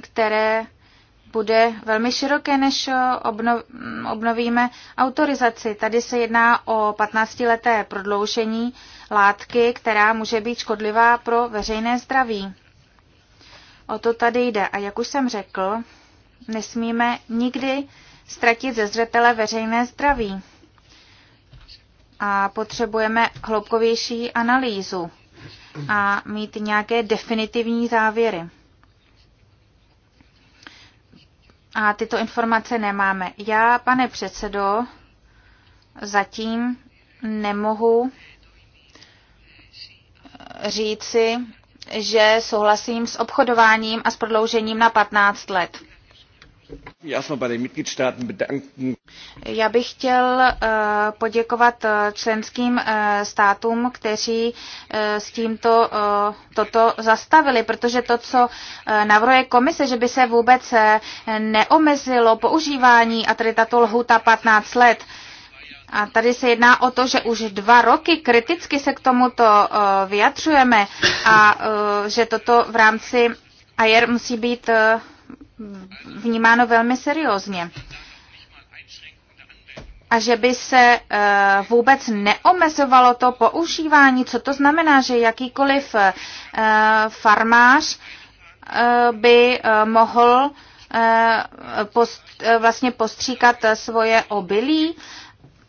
které bude velmi široké, než eh, obnovíme autorizaci. Tady se jedná o 15-leté prodloužení látky, která může být škodlivá pro veřejné zdraví. O to tady jde. A jak už jsem řekl, nesmíme nikdy ztratit ze zřetele veřejné zdraví. A potřebujeme hloubkovější analýzu a mít nějaké definitivní závěry. A tyto informace nemáme. Já, pane předsedo, zatím nemohu eh, říci, že souhlasím s obchodováním a s prodloužením na 15 let. Já bych chtěl eh, poděkovat eh, členským eh, státům, kteří s tímto toto zastavili, protože to, co navrhuje komise, že by se vůbec neomezilo používání a tady tato lhuta 15 let, a tady se jedná o to, že už dva roky kriticky se k tomuto vyjadřujeme a že toto v rámci AIR musí být vnímáno velmi seriózně. A že by se eh, vůbec neomezovalo to používání, co to znamená, že jakýkoliv eh, farmář eh, by mohl post, vlastně postříkat svoje obilí.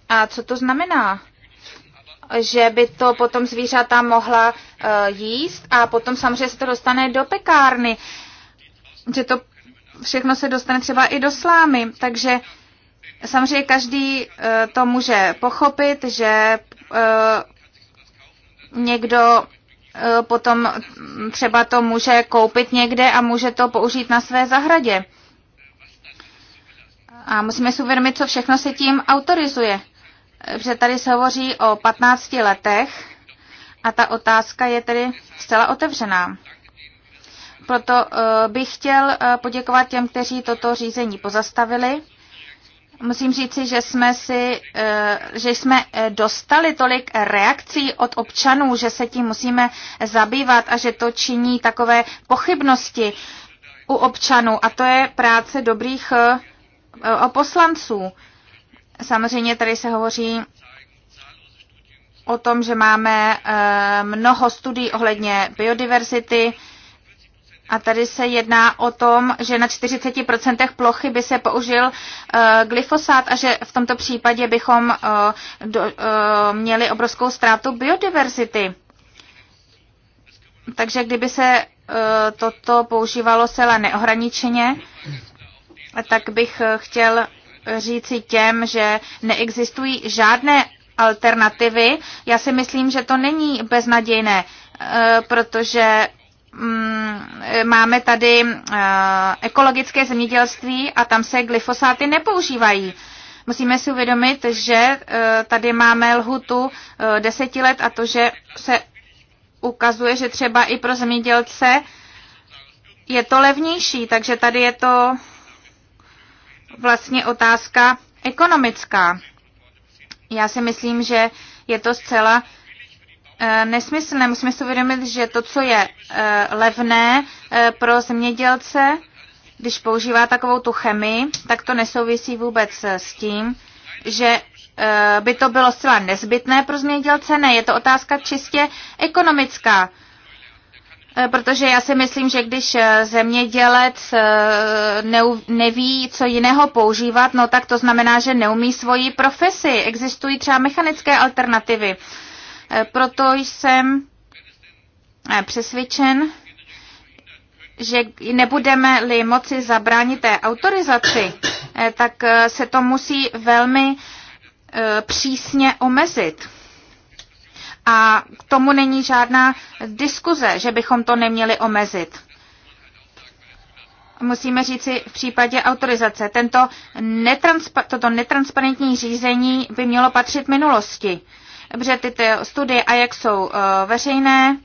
A co to znamená? Že by to potom zvířata mohla jíst a potom samozřejmě se to dostane do pekárny. Že to všechno se dostane třeba i do slámy. Takže samozřejmě každý eh, to může pochopit, že eh, někdo eh, potom třeba to může koupit někde a může to použít na své zahradě. A musíme si uvědomit, co všechno se tím autorizuje. Protože tady se hovoří o 15 letech a ta otázka je tedy zcela otevřená. Proto eh, bych chtěl eh, poděkovat těm, kteří toto řízení pozastavili. Musím říci, že jsme, si, eh, že jsme dostali tolik reakcí od občanů, že se tím musíme zabývat a že to činí takové pochybnosti u občanů. A to je práce dobrých poslanců. Samozřejmě tady se hovoří o tom, že máme mnoho studií ohledně biodiverzity, a tady se jedná o tom, že na 40% plochy by se použil uh, glyfosát a že v tomto případě bychom uh, do, uh, měli obrovskou ztrátu biodiverzity. Takže kdyby se uh, toto používalo celé neohraničeně, tak bych chtěl říci těm, že neexistují žádné alternativy. Já si myslím, že to není beznadějné, protože Mm, máme tady eh, ekologické zemědělství a tam se glyfosáty nepoužívají. Musíme si uvědomit, že eh, tady máme lhutu eh, deseti let a to, že se ukazuje, že třeba i pro zemědělce je to levnější, takže tady je to vlastně otázka ekonomická. Já si myslím, že je to zcela uh, Eh, nesmyslné. Musíme si uvědomit, že to, co je eh, levné eh, pro zemědělce, když používá takovou tu chemii, tak to nesouvisí vůbec s tím, že by to bylo zcela nezbytné pro zemědělce. Ne, je to otázka čistě ekonomická. Protože já si myslím, že když zemědělec neví, co jiného používat, no tak to znamená, že neumí svoji profesi. Existují třeba mechanické alternativy. Proto jsem eh, přesvědčen, že nebudeme-li moci zabránit té autorizaci, eh, tak eh, se to musí velmi přísně omezit. A k tomu není žádná diskuze, že bychom to neměli omezit. Musíme říci v případě autorizace, tento netranspa- toto netransparentní řízení by mělo patřit minulosti protože ty, ty studie jak jsou eh, veřejné,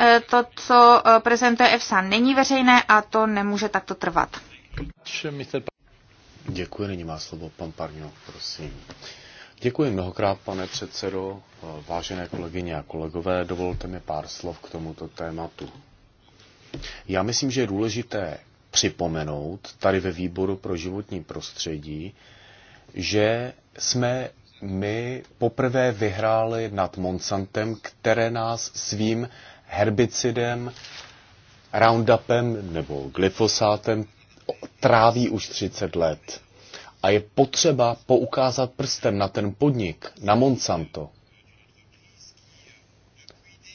eh, to, co eh, prezentuje EFSA, není veřejné a to nemůže takto trvat. Děkuji, nyní má slovo pan Parňo, prosím. Děkuji mnohokrát, pane předsedo. Vážené kolegyně a kolegové, dovolte mi pár slov k tomuto tématu. Já myslím, že je důležité připomenout tady ve výboru pro životní prostředí, že jsme my poprvé vyhráli nad Monsantem, které nás svým herbicidem, Roundupem nebo glyfosátem tráví už 30 let. A je potřeba poukázat prstem na ten podnik, na Monsanto.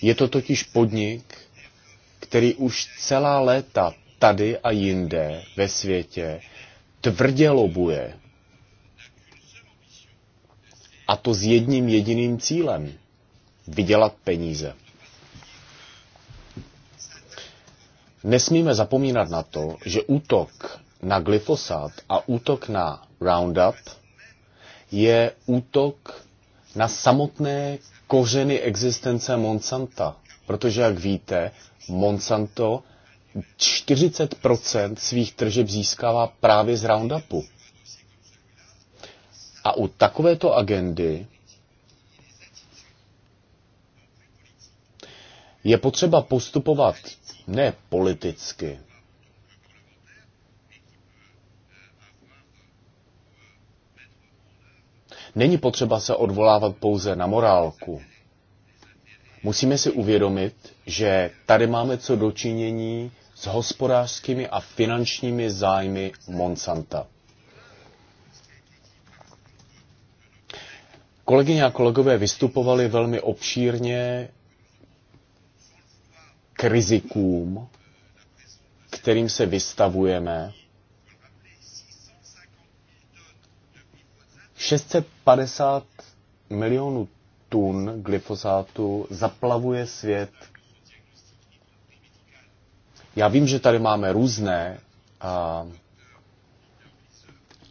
Je to totiž podnik, který už celá léta tady a jinde ve světě tvrdě lobuje a to s jedním jediným cílem. Vydělat peníze. Nesmíme zapomínat na to, že útok na glyfosát a útok na Roundup je útok na samotné kořeny existence Monsanta. Protože, jak víte, Monsanto 40% svých tržeb získává právě z Roundupu. A u takovéto agendy je potřeba postupovat ne politicky, Není potřeba se odvolávat pouze na morálku. Musíme si uvědomit, že tady máme co dočinění s hospodářskými a finančními zájmy Monsanta. Kolegyně a kolegové vystupovali velmi obšírně k rizikům, kterým se vystavujeme. 650 milionů tun glyfosátu zaplavuje svět. Já vím, že tady máme různé a,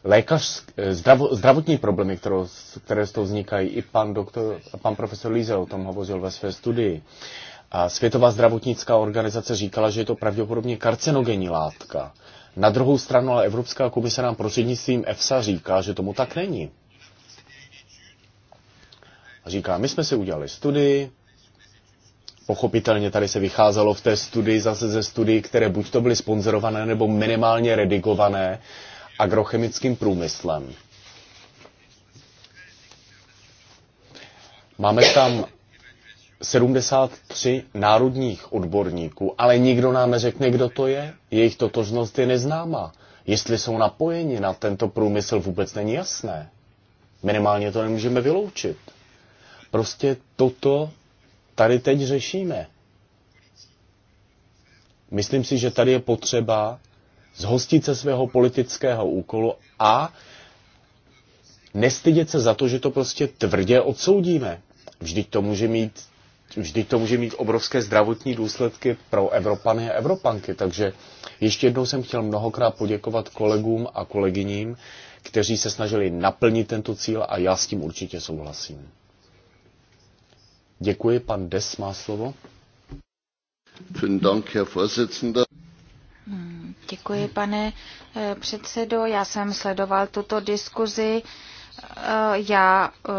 lékař, eh, zdravo, zdravotní problémy, kterou, které z toho vznikají. I pan, doktor, pan profesor Líze o tom hovořil ve své studii. A Světová zdravotnická organizace říkala, že je to pravděpodobně karcinogenní látka. Na druhou stranu ale Evropská komise nám prostřednictvím EFSA říká, že tomu tak není. A říká, my jsme si udělali studii, pochopitelně tady se vycházelo v té studii zase ze studií, které buď to byly sponzorované nebo minimálně redigované agrochemickým průmyslem. Máme tam 73 národních odborníků, ale nikdo nám neřekne, kdo to je. Jejich totožnost je neznámá. Jestli jsou napojeni na tento průmysl, vůbec není jasné. Minimálně to nemůžeme vyloučit. Prostě toto tady teď řešíme. Myslím si, že tady je potřeba zhostit se svého politického úkolu a nestydět se za to, že to prostě tvrdě odsoudíme. Vždyť to může mít, vždyť to může mít obrovské zdravotní důsledky pro Evropany a Evropanky. Takže ještě jednou jsem chtěl mnohokrát poděkovat kolegům a kolegyním, kteří se snažili naplnit tento cíl a já s tím určitě souhlasím. Děkuji, pan Des má slovo. Vielen Dank, Herr Vorsitzender. Děkuji, pane eh, předsedo. Já jsem sledoval tuto diskuzi. Eh, já eh,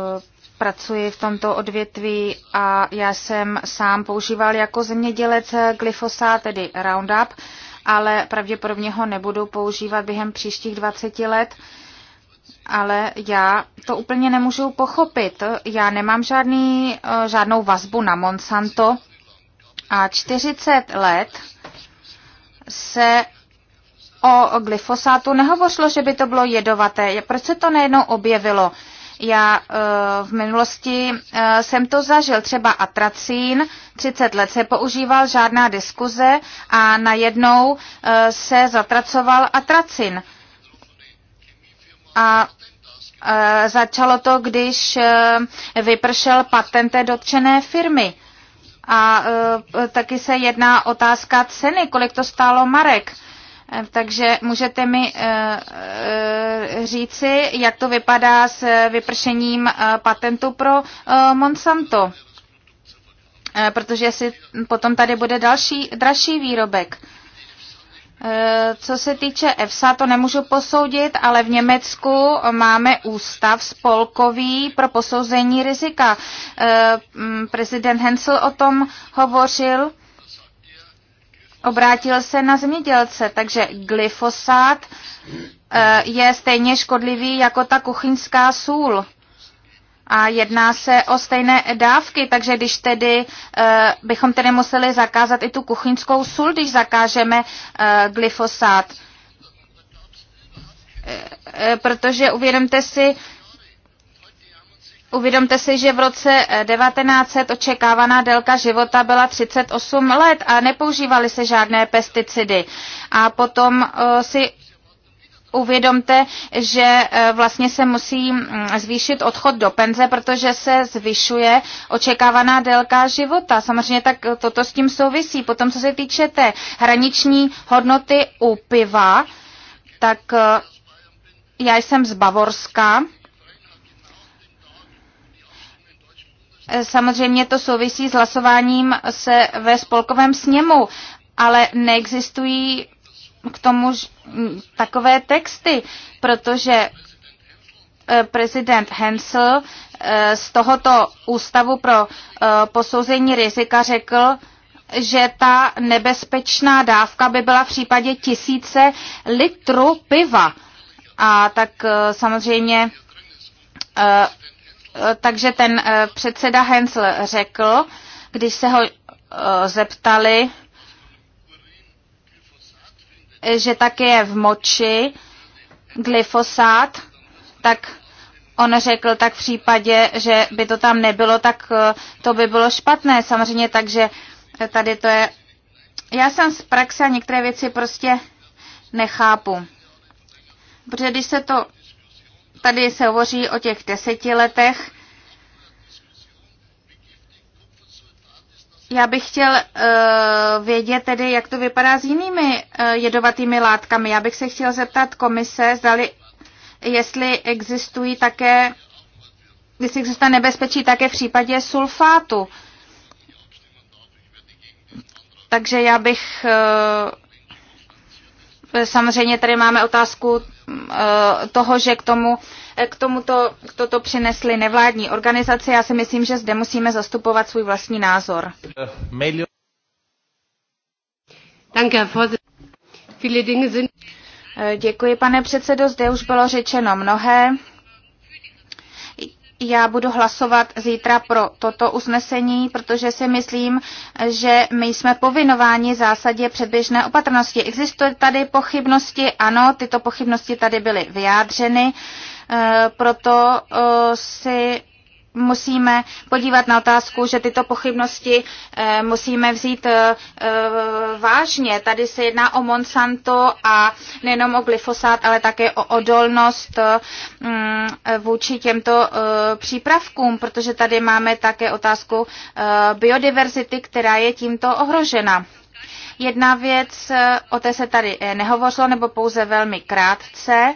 pracuji v tomto odvětví a já jsem sám používal jako zemědělec glyfosát, tedy Roundup, ale pravděpodobně ho nebudu používat během příštích 20 let. Ale já to úplně nemůžu pochopit. Já nemám žádný, žádnou vazbu na Monsanto a 40 let se o glyfosátu nehovořilo, že by to bylo jedovaté. Proč se to najednou objevilo? Já eh, v minulosti eh, jsem to zažil, třeba atracín, 30 let se používal, žádná diskuze a najednou eh, se zatracoval atracin. A začalo to, když vypršel patente dotčené firmy. A taky se jedná otázka ceny, kolik to stálo Marek. Eh, takže můžete mi eh, eh, říci, jak to vypadá s vypršením patentu pro Monsanto, protože si potom tady bude další dražší výrobek. Co se týče EFSA, to nemůžu posoudit, ale v Německu máme ústav spolkový pro posouzení rizika. Mm, prezident Hensel o tom hovořil obrátil se na zemědělce, takže glyfosát eh, je stejně škodlivý jako ta kuchyňská sůl. A jedná se o stejné dávky, takže když tedy eh, bychom tedy museli zakázat i tu kuchyňskou sůl, když zakážeme eh, glyfosát. Protože uvědomte si, Uvědomte si, že v roce 1900 eh, očekávaná délka života byla 38 let a nepoužívaly se žádné pesticidy. A potom eh, si uvědomte, že eh, vlastně se musí mm, zvýšit odchod do penze, protože se zvyšuje očekávaná délka života. Samozřejmě tak toto s tím souvisí. Potom, co se týče té hraniční hodnoty u piva, tak já jsem z Bavorska Samozřejmě to souvisí s hlasováním se ve spolkovém sněmu, ale neexistují k tomu takové texty, protože eh, prezident Hensel eh, z tohoto ústavu pro eh, posouzení rizika řekl, že ta nebezpečná dávka by byla v případě tisíce litrů piva. A tak samozřejmě Eh, takže ten eh, předseda Hensl řekl, když se ho eh, zeptali, že také je v moči glyfosát, tak on řekl, tak v případě, že by to tam nebylo, tak to by bylo špatné samozřejmě, takže tady to je... Já jsem z praxe a některé věci prostě nechápu. Protože když se to Tady se hovoří o těch deseti letech. Já bych chtěl uh, vědět tedy, jak to vypadá s jinými uh, jedovatými látkami. Já bych se chtěl zeptat komise, zdali, jestli existují také, jestli existuje nebezpečí také v případě sulfátu. Takže já bych uh, samozřejmě tady máme otázku mm, eh, toho, že k tomu eh, k tomuto, k toto přinesly nevládní organizace. Já si myslím, že zde musíme zastupovat svůj vlastní názor. Eh, děkuji, pane předsedo. Zde už bylo řečeno mnohé já budu hlasovat zítra pro toto usnesení, protože si myslím, že my jsme povinováni zásadě předběžné opatrnosti. Existují tady pochybnosti, ano, tyto pochybnosti tady byly vyjádřeny, e, proto e, si musíme podívat na otázku, že tyto pochybnosti eh, musíme vzít eh, eh, vážně. Tady se jedná o Monsanto a nejenom o glyfosát, ale také o odolnost mm, vůči těmto přípravkům, protože tady máme také otázku biodiverzity, která je tímto ohrožena. Jedna věc, o té se tady nehovořilo, nebo pouze velmi krátce,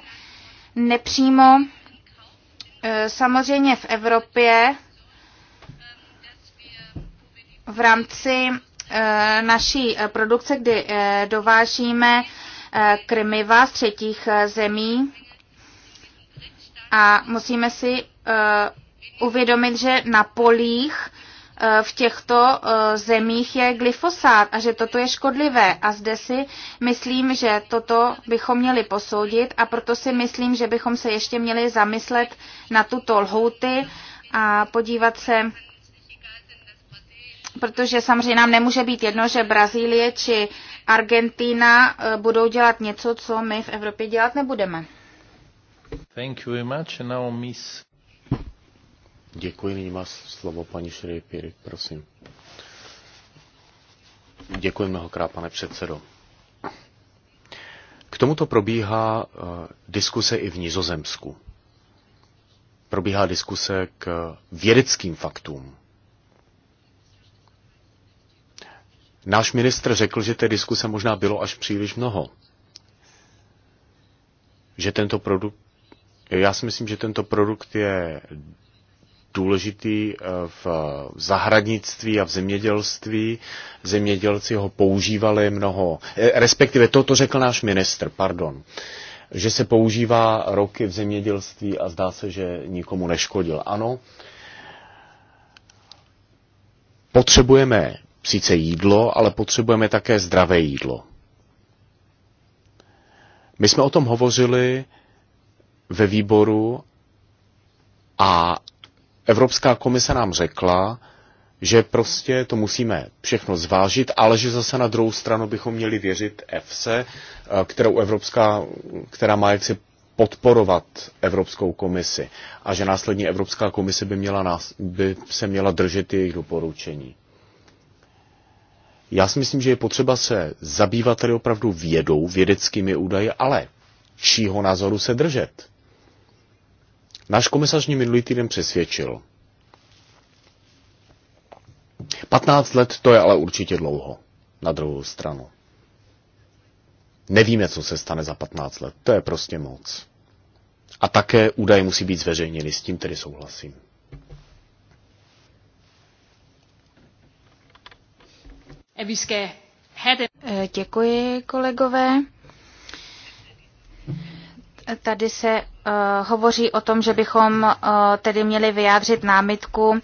nepřímo Eh, samozřejmě v Evropě v rámci eh, naší eh, produkce, kdy dovážíme krmiva z třetích zemí a musíme si uvědomit, že na polích Eh, v těchto eh, zemích je glyfosát a že toto je škodlivé. A zde si myslím, že toto bychom měli posoudit a proto si myslím, že bychom se ještě měli zamyslet na tuto lhouty a podívat se, protože samozřejmě nám nemůže být jedno, že Brazílie či Argentina eh, budou dělat něco, co my v Evropě dělat nebudeme. Thank you very much. Now miss... Děkuji, nyní má slovo paní Šerie Pírik, prosím. Děkuji mnohokrát, pane předsedo. K tomuto probíhá eh, diskuse i v Nizozemsku. Probíhá diskuse k vědeckým faktům. Náš ministr řekl, že té diskuse možná bylo až příliš mnoho. Že tento produkt, já si myslím, že tento produkt je důležitý eh, v zahradnictví a v zemědělství. Zemědělci ho používali mnoho, eh, respektive to, to řekl náš ministr, pardon, že se používá roky v zemědělství a zdá se, že nikomu neškodil. Ano, potřebujeme sice jídlo, ale potřebujeme také zdravé jídlo. My jsme o tom hovořili ve výboru a Evropská komise nám řekla, že prostě to musíme všechno zvážit, ale že zase na druhou stranu bychom měli věřit EFSE, eh, kterou Evropská, která má jaksi podporovat Evropskou komisi a že následně Evropská komise by, měla nás, by se měla držet jejich doporučení. Já si myslím, že je potřeba se zabývat tady opravdu vědou, vědeckými údaji, ale čího názoru se držet? Náš komisař mě minulý týden přesvědčil. 15 let to je ale určitě dlouho, na druhou stranu. Nevíme, co se stane za 15 let, to je prostě moc. A také údaje musí být zveřejněny, s tím tedy souhlasím. Eh, eh, děkuji, kolegové. Tady se uh, hovoří o tom, že bychom uh, tedy měli vyjádřit námitku uh,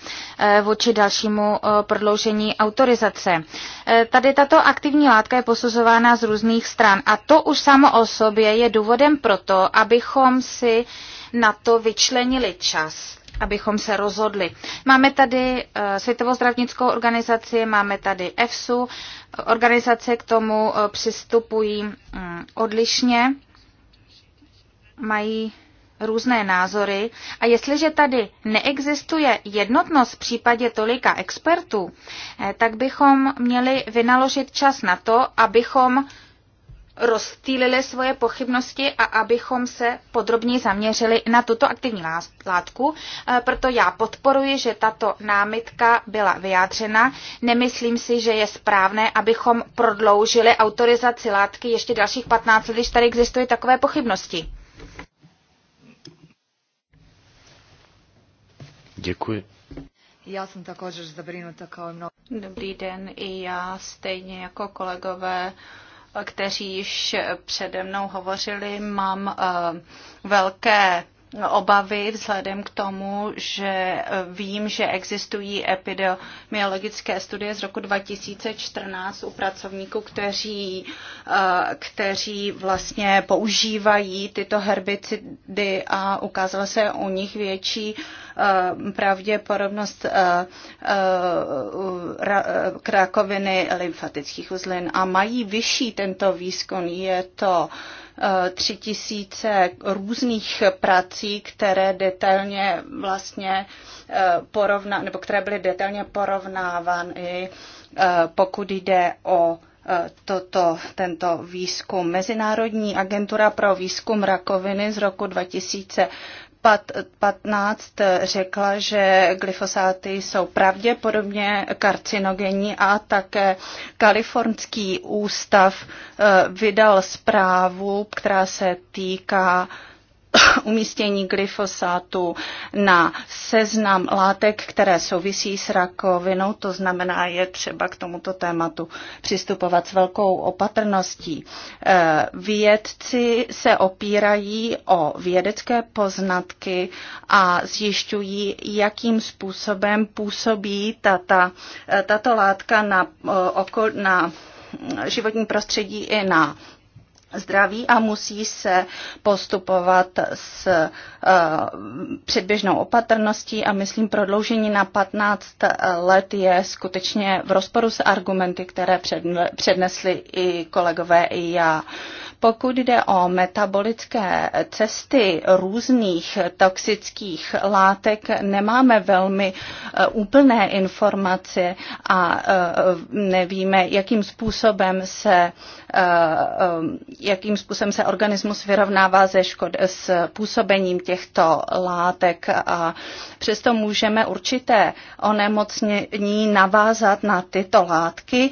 vůči dalšímu uh, prodloužení autorizace. Uh, tady tato aktivní látka je posuzována z různých stran a to už samo o sobě je důvodem pro to, abychom si na to vyčlenili čas abychom se rozhodli. Máme tady Světovou zdravnickou organizaci, máme tady EFSU, organizace k tomu přistupují mm, odlišně mají různé názory a jestliže tady neexistuje jednotnost v případě tolika expertů, eh, tak bychom měli vynaložit čas na to, abychom rozstýlili svoje pochybnosti a abychom se podrobně zaměřili na tuto aktivní látku. Eh, proto já podporuji, že tato námitka byla vyjádřena. Nemyslím si, že je správné, abychom prodloužili autorizaci látky ještě dalších 15 let, když tady existují takové pochybnosti. Děkuji. Já jsem također zabrinuta kao mnoho. Dobrý den, i já stejně jako kolegové kteří již přede mnou hovořili, mám eh, velké obavy vzhledem k tomu, že eh, vím, že existují epidemiologické studie z roku 2014 u pracovníků, kteří, eh, kteří vlastně používají tyto herbicidy a ukázala se u nich větší eh, pravděpodobnost krákoviny lymfatických uzlin a mají vyšší tento výzkum. Je to tři tisíce různých prací, které detailně vlastně eh, porovná, nebo které byly detailně porovnávány, eh, pokud jde o eh, toto, tento výzkum. Mezinárodní agentura pro výzkum rakoviny z roku 2000 15 řekla, že glyfosáty jsou pravděpodobně karcinogenní a také Kalifornský ústav eh, vydal zprávu, která se týká umístění glyfosátu na seznam látek, které souvisí s rakovinou, to znamená, je třeba k tomuto tématu přistupovat s velkou opatrností. E, vědci se opírají o vědecké poznatky a zjišťují, jakým způsobem působí tata, e, tato látka na, e, na životní prostředí i na zdraví a musí se postupovat s eh, předběžnou opatrností a myslím prodloužení na 15 let je skutečně v rozporu s argumenty, které přednesli i kolegové i já. Pokud jde o metabolické cesty různých toxických látek, nemáme velmi e, úplné informace a e, nevíme, jakým způsobem se, e, jakým způsobem se organismus vyrovnává se škod, s působením těchto látek a přesto můžeme určité onemocnění navázat na tyto látky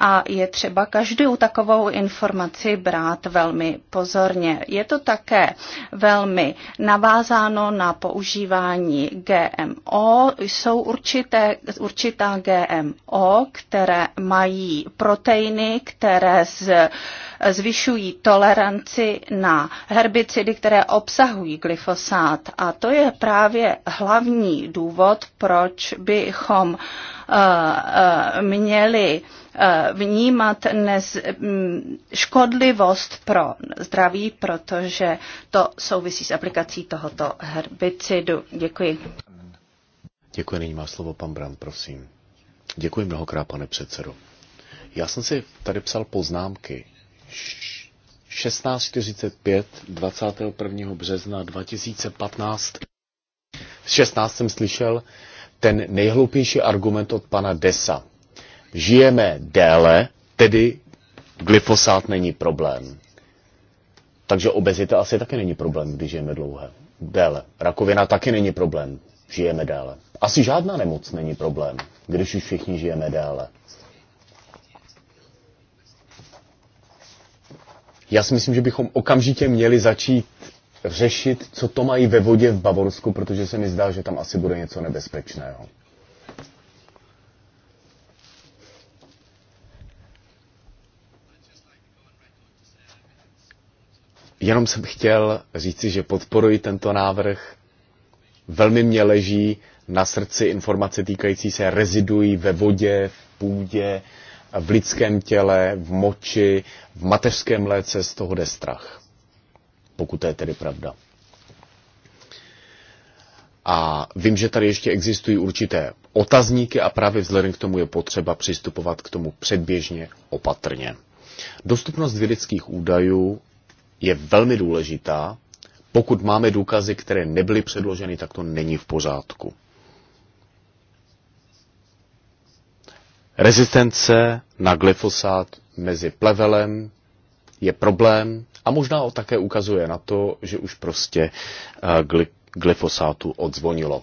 a je třeba každou takovou informaci brát velmi pozorně. Je to také velmi navázáno na používání GMO. Jsou určité, určitá GMO, které mají proteiny, které z, zvyšují toleranci na herbicidy, které obsahují glyfosát. A to je právě hlavní důvod, proč bychom uh, Eh, eh, měli eh, vnímat nez, mm, škodlivost pro zdraví, protože to souvisí s aplikací tohoto herbicidu. Děkuji. Děkuji, nyní má slovo pan Brand, prosím. Děkuji mnohokrát, pane předsedo. Já jsem si tady psal poznámky. 16.45 21. března 2015. 16 jsem slyšel, ten nejhloupější argument od pana Desa. Žijeme déle, tedy glyfosát není problém. Takže obezita asi taky není problém, když žijeme dlouhé. Déle. Rakovina taky není problém. Žijeme déle. Asi žádná nemoc není problém, když už všichni žijeme déle. Já si myslím, že bychom okamžitě měli začít řešit, co to mají ve vodě v Bavorsku, protože se mi zdá, že tam asi bude něco nebezpečného. Jenom jsem chtěl říci, že podporuji tento návrh. Velmi mě leží na srdci informace týkající se reziduí ve vodě, v půdě, v lidském těle, v moči, v mateřském léce, z toho jde strach pokud to je tedy pravda. A vím, že tady ještě existují určité otazníky a právě vzhledem k tomu je potřeba přistupovat k tomu předběžně opatrně. Dostupnost vědeckých údajů je velmi důležitá. Pokud máme důkazy, které nebyly předloženy, tak to není v pořádku. Rezistence na glyfosát mezi plevelem, je problém a možná o také ukazuje na to, že už prostě eh, glyfosátu odzvonilo.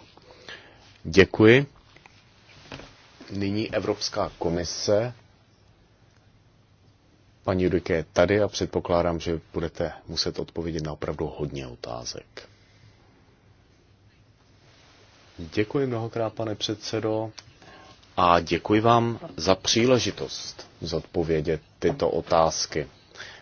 Děkuji. Nyní Evropská komise. Paní Judike je tady a předpokládám, že budete muset odpovědět na opravdu hodně otázek. Děkuji mnohokrát, pane předsedo, a děkuji vám za příležitost zodpovědět tyto otázky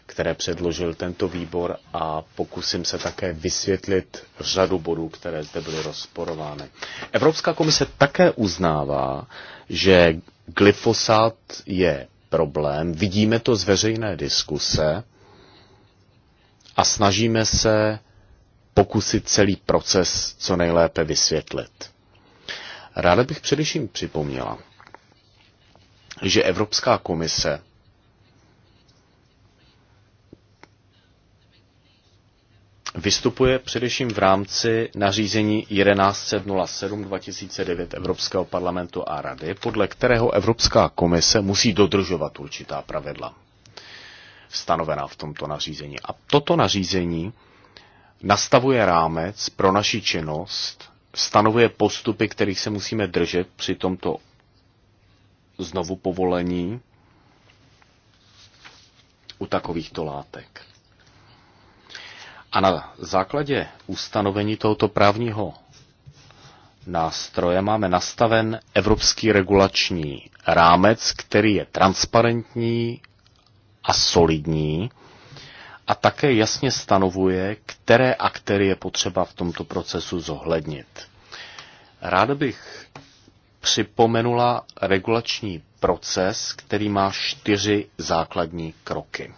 které předložil tento výbor a pokusím se také vysvětlit řadu bodů, které zde byly rozporovány. Evropská komise také uznává, že glyfosát je problém, vidíme to z veřejné diskuse a snažíme se pokusit celý proces co nejlépe vysvětlit. Ráda bych především připomněla, že Evropská komise vystupuje především v rámci nařízení 1107 2009 Evropského parlamentu a rady, podle kterého Evropská komise musí dodržovat určitá pravidla stanovená v tomto nařízení. A toto nařízení nastavuje rámec pro naši činnost, stanovuje postupy, kterých se musíme držet při tomto znovu povolení u takovýchto látek. A na základě ustanovení tohoto právního nástroje máme nastaven evropský regulační rámec, který je transparentní a solidní a také jasně stanovuje, které aktéry je potřeba v tomto procesu zohlednit. Rád bych připomenula regulační proces, který má čtyři základní kroky.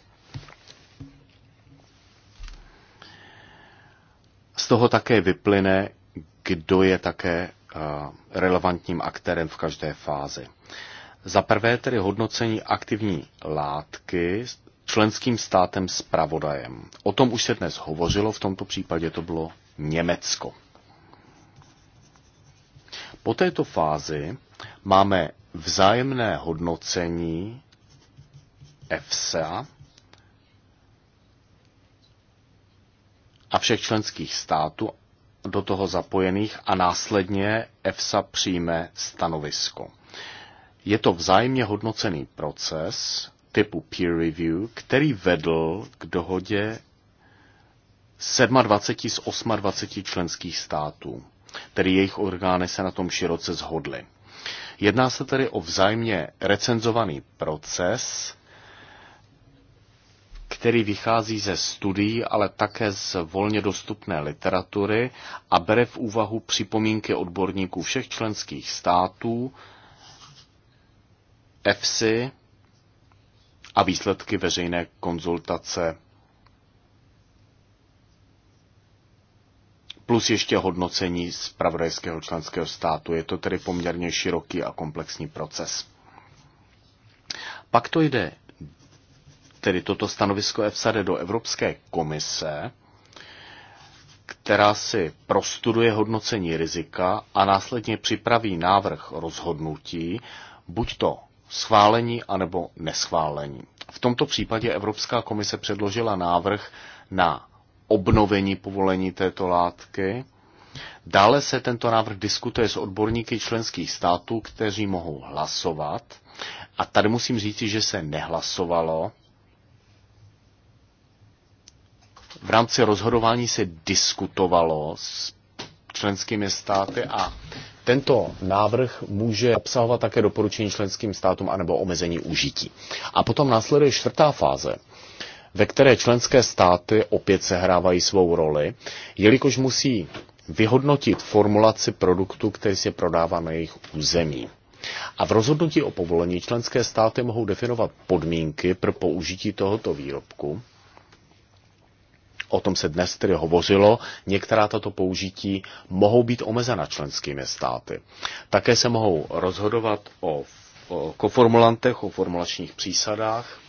Z toho také vyplyne, kdo je také eh, relevantním aktérem v každé fázi. Za prvé tedy hodnocení aktivní látky členským státem zpravodajem. O tom už se dnes hovořilo, v tomto případě to bylo Německo. Po této fázi máme vzájemné hodnocení EFSA a všech členských států do toho zapojených a následně EFSA přijme stanovisko. Je to vzájemně hodnocený proces typu peer review, který vedl k dohodě 27 z 28 členských států, tedy jejich orgány se na tom široce shodly. Jedná se tedy o vzájemně recenzovaný proces, který vychází ze studií, ale také z volně dostupné literatury a bere v úvahu připomínky odborníků všech členských států, EFSI a výsledky veřejné konzultace plus ještě hodnocení z pravodajského členského státu. Je to tedy poměrně široký a komplexní proces. Pak to jde tedy toto stanovisko EFSA jde do Evropské komise, která si prostuduje hodnocení rizika a následně připraví návrh rozhodnutí, buď to schválení anebo neschválení. V tomto případě Evropská komise předložila návrh na obnovení povolení této látky. Dále se tento návrh diskutuje s odborníky členských států, kteří mohou hlasovat. A tady musím říci, že se nehlasovalo, v rámci rozhodování se diskutovalo s členskými státy a tento návrh může obsahovat také doporučení členským státům anebo omezení užití. A potom následuje čtvrtá fáze, ve které členské státy opět sehrávají svou roli, jelikož musí vyhodnotit formulaci produktu, který se prodává na jejich území. A v rozhodnutí o povolení členské státy mohou definovat podmínky pro použití tohoto výrobku, o tom se dnes tedy hovořilo, některá tato použití mohou být omezena členskými státy. Také se mohou rozhodovat o, koformulantech, o formulačních přísadách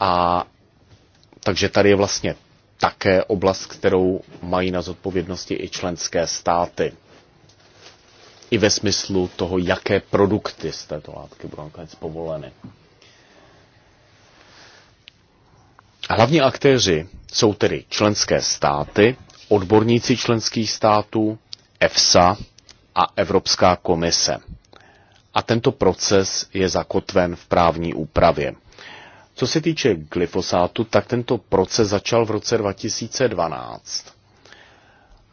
a takže tady je vlastně také oblast, kterou mají na zodpovědnosti i členské státy. I ve smyslu toho, jaké produkty z této látky budou nakonec povoleny. Hlavní aktéři jsou tedy členské státy, odborníci členských států, EFSA a Evropská komise. A tento proces je zakotven v právní úpravě. Co se týče glyfosátu, tak tento proces začal v roce 2012.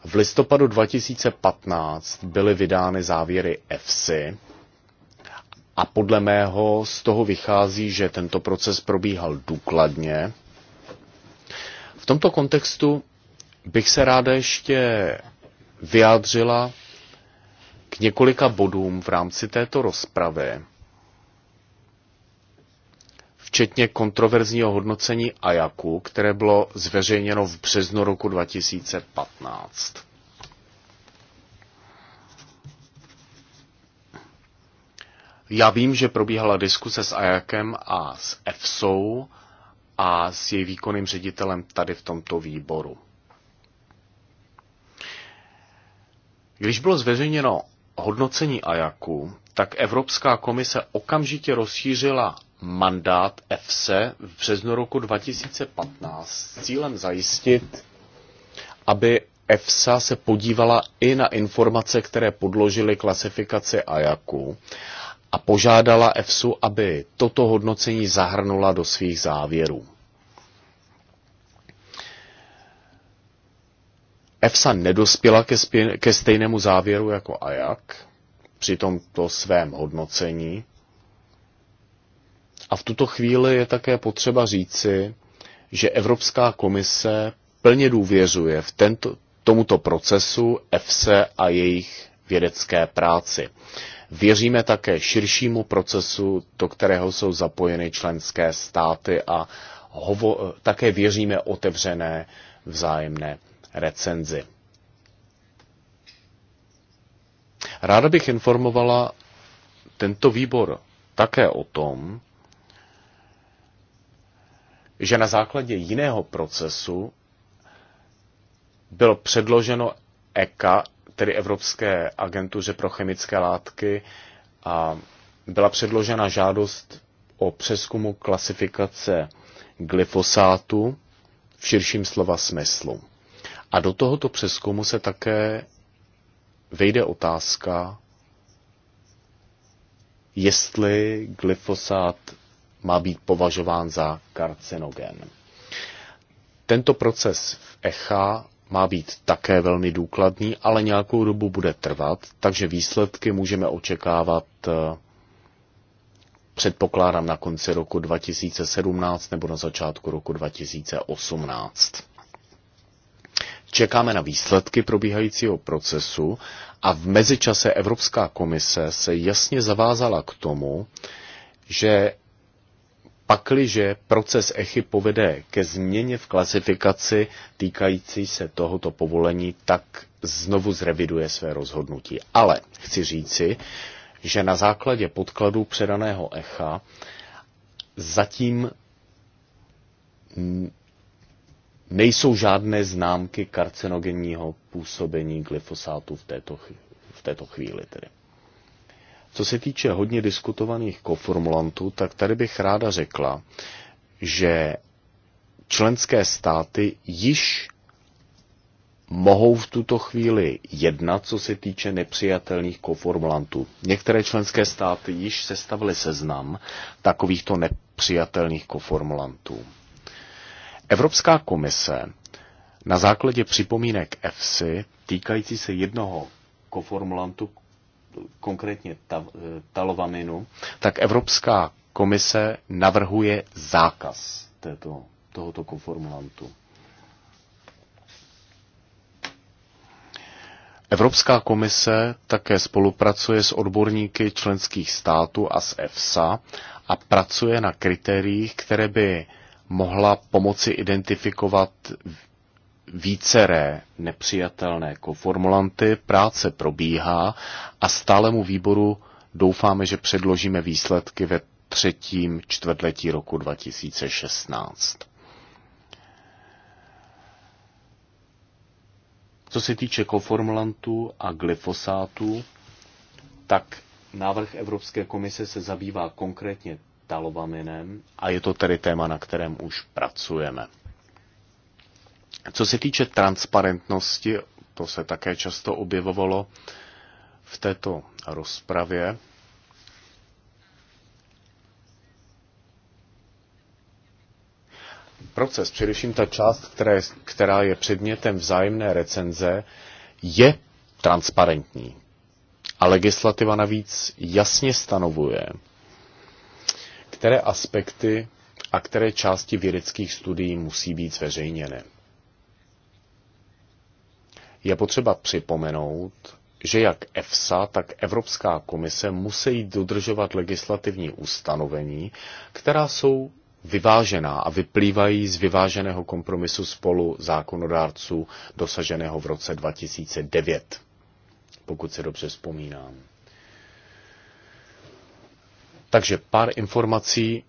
V listopadu 2015 byly vydány závěry EFSI a podle mého z toho vychází, že tento proces probíhal důkladně tomto kontextu bych se ráda ještě vyjádřila k několika bodům v rámci této rozpravy, včetně kontroverzního hodnocení Ajaku, které bylo zveřejněno v březnu roku 2015. Já vím, že probíhala diskuse s Ajakem a s EFSou a s její výkonným ředitelem tady v tomto výboru. Když bylo zveřejněno hodnocení Ajaku, tak Evropská komise okamžitě rozšířila mandát EFSE v březnu roku 2015 s cílem zajistit, aby EFSA se podívala i na informace, které podložily klasifikaci Ajaku a požádala EFSU, aby toto hodnocení zahrnula do svých závěrů. EFSA nedospěla ke, spě- ke stejnému závěru jako AJAK při tomto svém hodnocení. A v tuto chvíli je také potřeba říci, že Evropská komise plně důvěřuje v tento, tomuto procesu EFSA a jejich vědecké práci. Věříme také širšímu procesu, do kterého jsou zapojeny členské státy a hovo- také věříme otevřené vzájemné recenzi. Ráda bych informovala tento výbor také o tom, že na základě jiného procesu bylo předloženo ECA, tedy Evropské agentuře pro chemické látky, a byla předložena žádost o přeskumu klasifikace glyfosátu v širším slova smyslu. A do tohoto přeskumu se také vejde otázka, jestli glyfosát má být považován za karcinogen. Tento proces v ECHA má být také velmi důkladný, ale nějakou dobu bude trvat, takže výsledky můžeme očekávat, eh, předpokládám, na konci roku 2017 nebo na začátku roku 2018. Čekáme na výsledky probíhajícího procesu a v mezičase Evropská komise se jasně zavázala k tomu, že pakliže proces ECHY povede ke změně v klasifikaci týkající se tohoto povolení, tak znovu zreviduje své rozhodnutí. Ale chci říci, že na základě podkladu předaného ECHA zatím nejsou žádné známky karcinogenního působení glyfosátu v této, v této chvíli. Tedy. Co se týče hodně diskutovaných koformulantů, tak tady bych ráda řekla, že členské státy již mohou v tuto chvíli jednat, co se týče nepřijatelných koformulantů. Některé členské státy již sestavily seznam takovýchto nepřijatelných koformulantů. Evropská komise na základě připomínek EFSI týkající se jednoho koformulantu, konkrétně ta, eh, talovaminu, tak Evropská komise navrhuje zákaz této, tohoto koformulantu. Evropská komise také spolupracuje s odborníky členských států a s EFSA a pracuje na kritériích, které by mohla pomoci identifikovat víceré nepřijatelné koformulanty. Práce probíhá a stálemu výboru doufáme, že předložíme výsledky ve třetím čtvrtletí roku 2016. Co se týče koformulantů a glyfosátů, tak návrh Evropské komise se zabývá konkrétně dalovaminem a je to tedy téma, na kterém už pracujeme. Co se týče transparentnosti, to se také často objevovalo v této rozpravě. Proces, především ta část, které, která je předmětem vzájemné recenze, je transparentní. A legislativa navíc jasně stanovuje, které aspekty a které části vědeckých studií musí být zveřejněny. Je potřeba připomenout, že jak EFSA, tak Evropská komise musí dodržovat legislativní ustanovení, která jsou vyvážená a vyplývají z vyváženého kompromisu spolu zákonodárců dosaženého v roce 2009, pokud se dobře vzpomínám. Takže pár informací,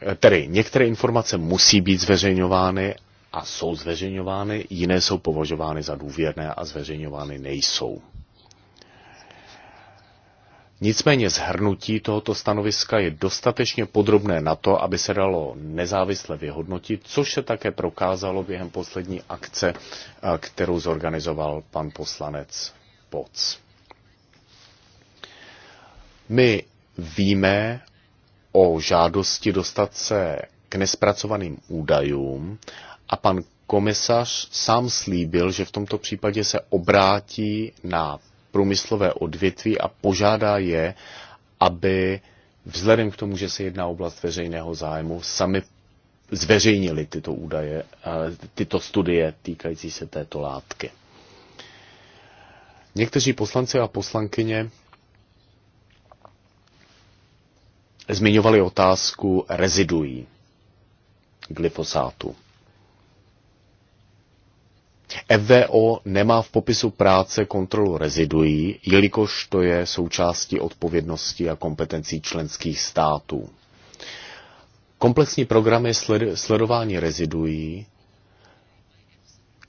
eh, tedy některé informace musí být zveřejňovány a jsou zveřejňovány, jiné jsou považovány za důvěrné a zveřejňovány nejsou. Nicméně zhrnutí tohoto stanoviska je dostatečně podrobné na to, aby se dalo nezávisle vyhodnotit, což se také prokázalo během poslední akce, eh, kterou zorganizoval pan poslanec Poc. My víme o žádosti dostat se k nespracovaným údajům a pan komisař sám slíbil, že v tomto případě se obrátí na průmyslové odvětví a požádá je, aby vzhledem k tomu, že se jedná o oblast veřejného zájmu, sami zveřejnili tyto údaje, eh, tyto studie týkající se této látky. Někteří poslanci a poslankyně zmiňovali otázku reziduí glyfosátu. FVO nemá v popisu práce kontrolu reziduí, jelikož to je součástí odpovědnosti a kompetencí členských států. Komplexní program sled- sledování reziduí,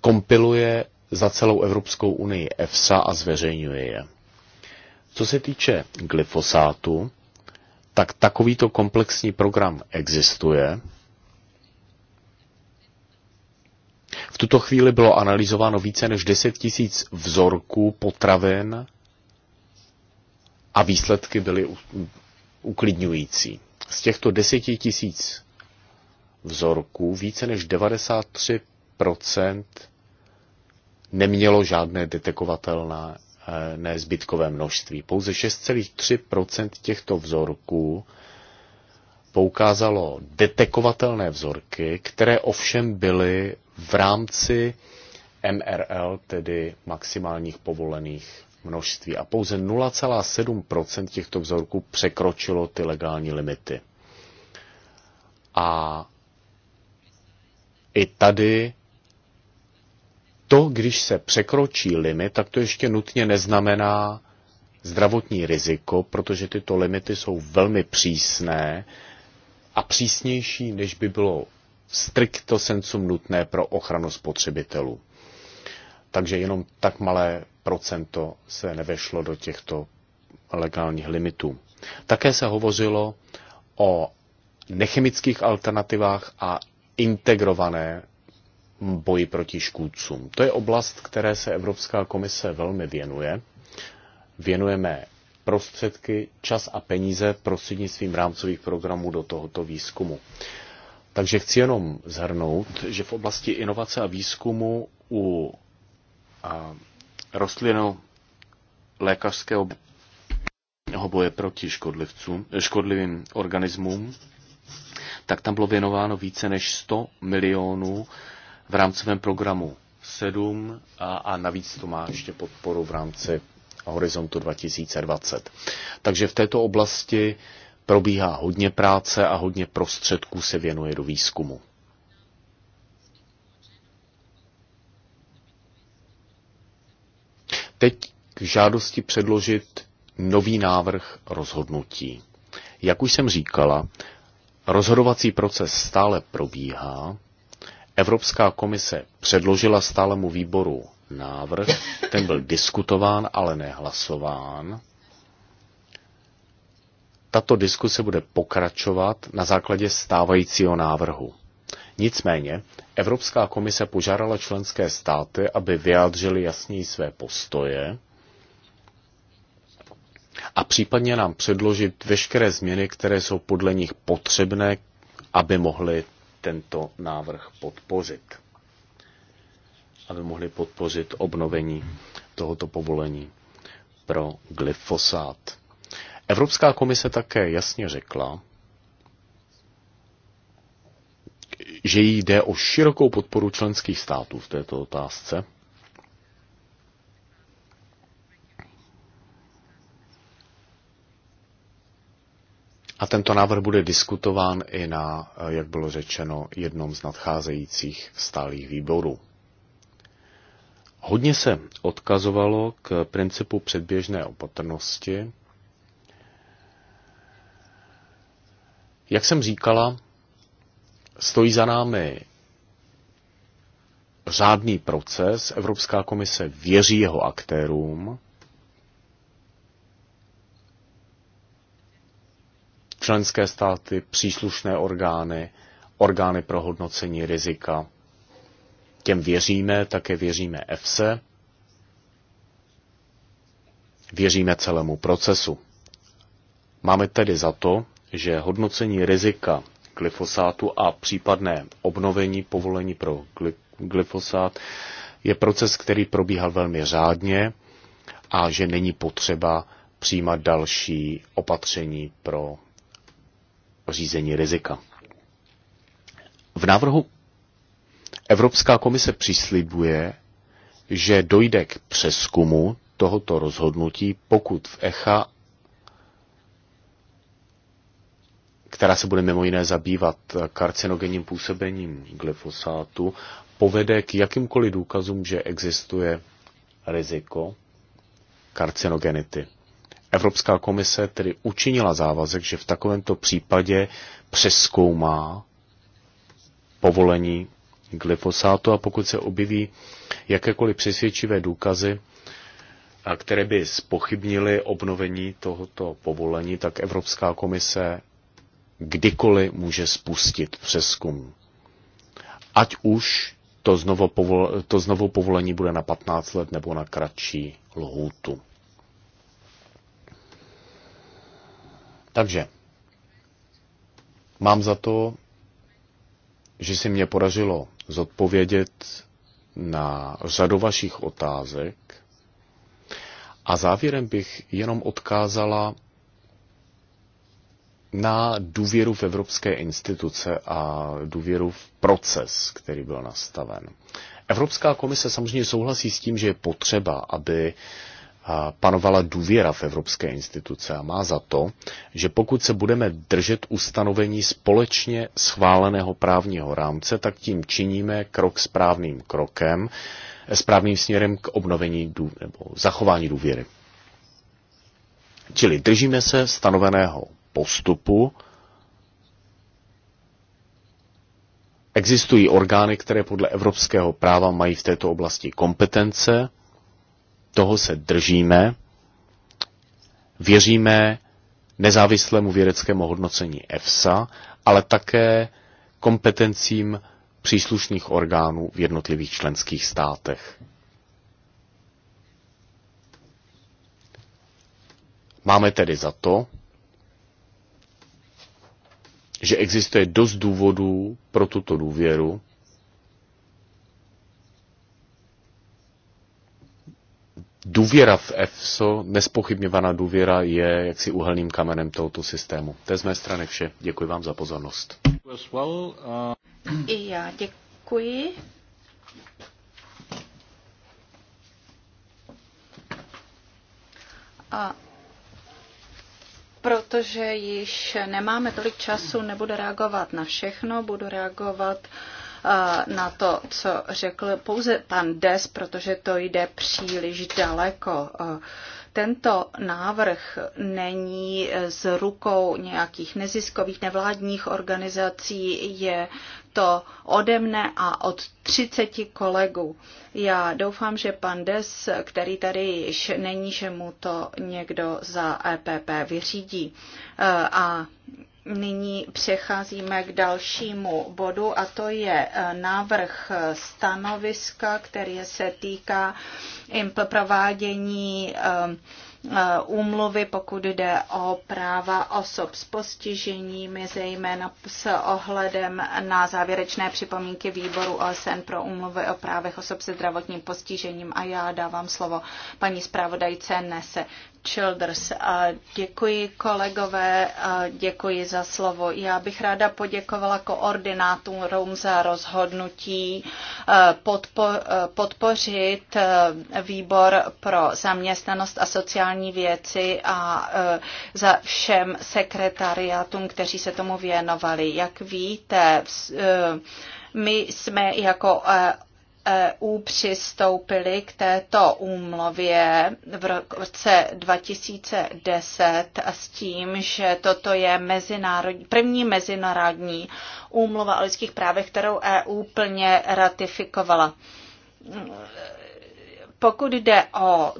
kompiluje za celou Evropskou unii EFSA a zveřejňuje je. Co se týče glyfosátu, tak takovýto komplexní program existuje. V tuto chvíli bylo analyzováno více než 10 tisíc vzorků potravin a výsledky byly uklidňující. Z těchto 10 tisíc vzorků více než 93% nemělo žádné detekovatelné Eh, ne zbytkové množství. Pouze 6,3 těchto vzorků poukázalo detekovatelné vzorky, které ovšem byly v rámci MRL, tedy maximálních povolených množství. A pouze 0,7 těchto vzorků překročilo ty legální limity. A i tady to, když se překročí limit, tak to ještě nutně neznamená zdravotní riziko, protože tyto limity jsou velmi přísné a přísnější, než by bylo strikto sensum nutné pro ochranu spotřebitelů. Takže jenom tak malé procento se nevešlo do těchto legálních limitů. Také se hovořilo o nechemických alternativách a integrované boji proti škůdcům. To je oblast, které se Evropská komise velmi věnuje. Věnujeme prostředky, čas a peníze prostřednictvím rámcových programů do tohoto výzkumu. Takže chci jenom zhrnout, že v oblasti inovace a výzkumu u a, rostlinu lékařského boje proti škodlivcům, škodlivým organismům, tak tam bylo věnováno více než 100 milionů v rámcovém programu 7 a, a navíc to má ještě podporu v rámci horizontu 2020. Takže v této oblasti probíhá hodně práce a hodně prostředků se věnuje do výzkumu. Teď k žádosti předložit nový návrh rozhodnutí. Jak už jsem říkala, rozhodovací proces stále probíhá Evropská komise předložila stálemu výboru návrh, ten byl diskutován, ale nehlasován. Tato diskuse bude pokračovat na základě stávajícího návrhu. Nicméně Evropská komise požádala členské státy, aby vyjádřili jasněji své postoje a případně nám předložit veškeré změny, které jsou podle nich potřebné, aby mohly tento návrh podpořit, aby mohli podpořit obnovení tohoto povolení pro glyfosát. Evropská komise také jasně řekla, že jí jde o širokou podporu členských států v této otázce A tento návrh bude diskutován i na, jak bylo řečeno, jednom z nadcházejících stálých výborů. Hodně se odkazovalo k principu předběžné opatrnosti. Jak jsem říkala, stojí za námi řádný proces. Evropská komise věří jeho aktérům členské státy, příslušné orgány, orgány pro hodnocení rizika. Těm věříme, také věříme EFSE, věříme celému procesu. Máme tedy za to, že hodnocení rizika glyfosátu a případné obnovení povolení pro glyfosát je proces, který probíhal velmi řádně a že není potřeba přijímat další opatření pro řízení rizika. V návrhu Evropská komise přislibuje, že dojde k přeskumu tohoto rozhodnutí, pokud v ECHA, která se bude mimo jiné zabývat karcinogenním působením glyfosátu, povede k jakýmkoliv důkazům, že existuje riziko karcinogenity. Evropská komise tedy učinila závazek, že v takovémto případě přeskoumá povolení glyfosátu a pokud se objeví jakékoliv přesvědčivé důkazy, které by spochybnily obnovení tohoto povolení, tak Evropská komise kdykoliv může spustit přeskum. Ať už to znovu, povol, to znovu povolení bude na 15 let nebo na kratší lhůtu. Takže mám za to, že se mě podařilo zodpovědět na řadu vašich otázek a závěrem bych jenom odkázala na důvěru v evropské instituce a důvěru v proces, který byl nastaven. Evropská komise samozřejmě souhlasí s tím, že je potřeba, aby uh, panovala důvěra v evropské instituce a má za to, že pokud se budeme držet ustanovení společně schváleného právního rámce, tak tím činíme krok správným krokem, správným směrem k obnovení nebo zachování důvěry. Čili držíme se stanoveného postupu, Existují orgány, které podle evropského práva mají v této oblasti kompetence, toho se držíme. Věříme nezávislému vědeckému hodnocení EFSA, ale také kompetencím příslušných orgánů v jednotlivých členských státech. Máme tedy za to, že existuje dost důvodů pro tuto důvěru důvěra v EFSO, nespochybňovaná důvěra, je jaksi uhelným kamenem tohoto systému. To je z mé strany vše. Děkuji vám za pozornost. I já děkuji. A protože již nemáme tolik času, nebudu reagovat na všechno, budu reagovat uh, Eh, na to, co řekl pouze pan Des, protože to jde příliš daleko eh, tento návrh není z rukou nějakých neziskových nevládních organizací, je to ode mne a od 30 kolegů. Já doufám, že pan Des, který tady již není, že mu to někdo za EPP vyřídí. Eh, a nyní přecházíme k dalšímu bodu a to je eh, návrh stanoviska, který se týká eh, provádění eh, úmluvy, pokud jde o práva osob s postiženími, zejména s ohledem na závěrečné připomínky výboru OSN pro úmluvy o právech osob se zdravotním postižením. A já dávám slovo paní zpravodajce Nese Childers. děkuji kolegové a děkuji za slovo. Já bych ráda poděkovala koordinátorům za rozhodnutí e, e, podpořit e, výbor pro zaměstnanost a sociální věci a za všem sekretariátům, kteří se tomu věnovali. Jak víte, my jsme jako EU přistoupili k této úmluvě v roce 2010 a s tím, že toto je mezinárodní, první mezinárodní úmluva o lidských právech, kterou EU plně ratifikovala pokud jde o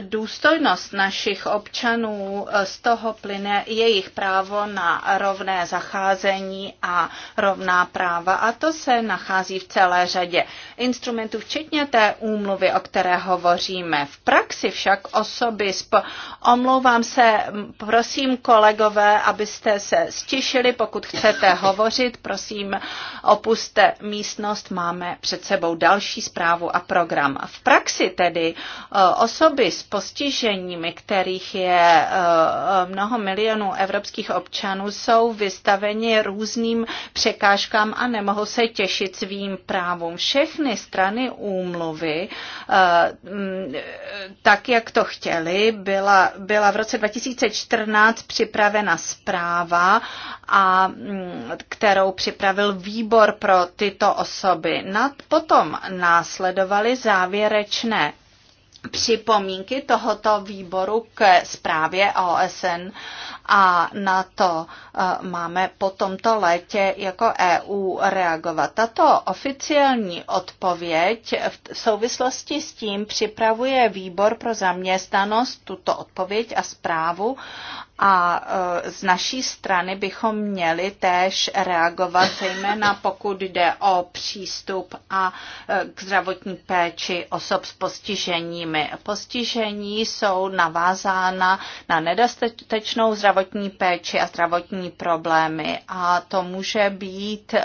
důstojnost našich občanů, eh, z toho plyne jejich právo na rovné zacházení a rovná práva. A to se nachází v celé řadě instrumentů, včetně té úmluvy, o které hovoříme. V praxi však osoby, sp- omlouvám se, prosím kolegové, abyste se stišili, pokud chcete hovořit, prosím opuste místnost, máme před sebou další zprávu a program. V praxi praxi tedy eh, osoby s postiženími, kterých je eh, mnoho milionů evropských občanů, jsou vystaveni různým překážkám a nemohou se těšit svým právům. Všechny strany úmluvy, eh, mm, tak jak to chtěli, byla, byla v roce 2014 připravena zpráva, a, mm, kterou připravil výbor pro tyto osoby. Nad, potom následovaly závěrečné závěrečné připomínky tohoto výboru k zprávě OSN a na to eh, máme po tomto létě jako EU reagovat. Tato oficiální odpověď v souvislosti s tím připravuje výbor pro zaměstnanost tuto odpověď a zprávu a e, z naší strany bychom měli též reagovat, zejména pokud jde o přístup a e, k zdravotní péči osob s postiženími. Postižení jsou navázána na nedostatečnou zdravotní péči a zdravotní problémy a to může být e,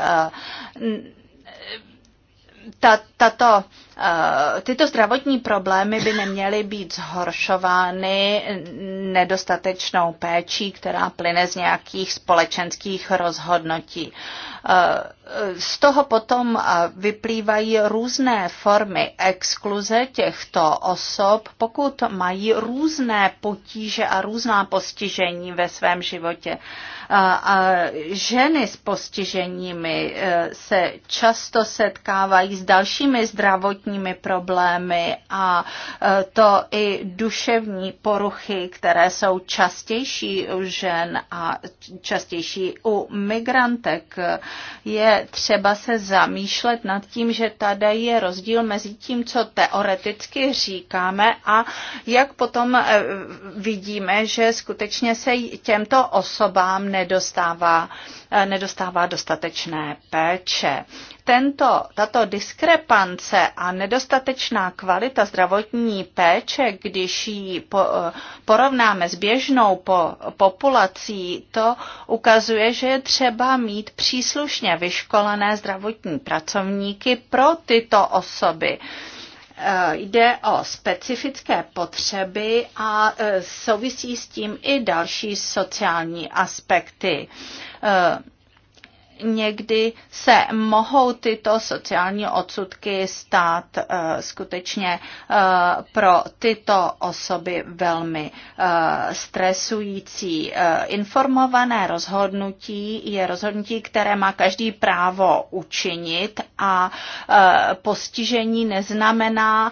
ta, tato Eh, tyto zdravotní problémy by neměly být zhoršovány nedostatečnou péčí, která plyne z nějakých společenských rozhodnotí. Eh, z toho potom eh, vyplývají různé formy exkluze těchto osob, pokud mají různé potíže a různá postižení ve svém životě. A ženy s postiženími se často setkávají s dalšími zdravotními zdravotními problémy a e, to i duševní poruchy, které jsou častější u žen a častější u migrantek. Je třeba se zamýšlet nad tím, že tady je rozdíl mezi tím, co teoreticky říkáme a jak potom e, vidíme, že skutečně se těmto osobám nedostává Eh, nedostává dostatečné péče. Tento, tato diskrepance a nedostatečná kvalita zdravotní péče, když ji po, eh, porovnáme s běžnou po, populací, to ukazuje, že je třeba mít příslušně vyškolené zdravotní pracovníky pro tyto osoby. Eh, jde o specifické potřeby a souvisí s tím i další sociální aspekty. Eh, někdy se mohou tyto sociální odsudky stát eh, skutečně eh, pro tyto osoby velmi stresující. informované rozhodnutí je rozhodnutí, které má každý právo učinit a postižení neznamená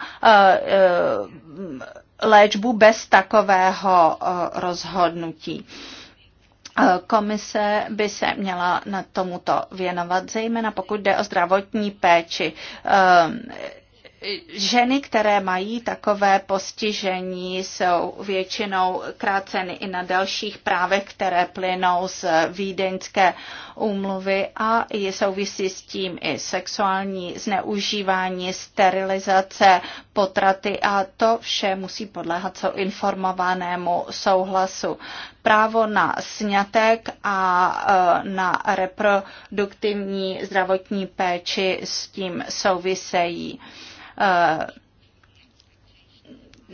léčbu bez takového rozhodnutí. Uh, Eh, komise by se měla na tomuto věnovat, zejména pokud jde o zdravotní péči. Eh, ženy, které mají takové postižení, jsou většinou kráceny i na dalších právech, které plynou z vídeňské úmluvy a je souvisí s tím i sexuální zneužívání, sterilizace, potraty a to vše musí podléhat co informovanému souhlasu. Právo na sňatek a e, na reproduktivní zdravotní péči s tím souvisejí uh,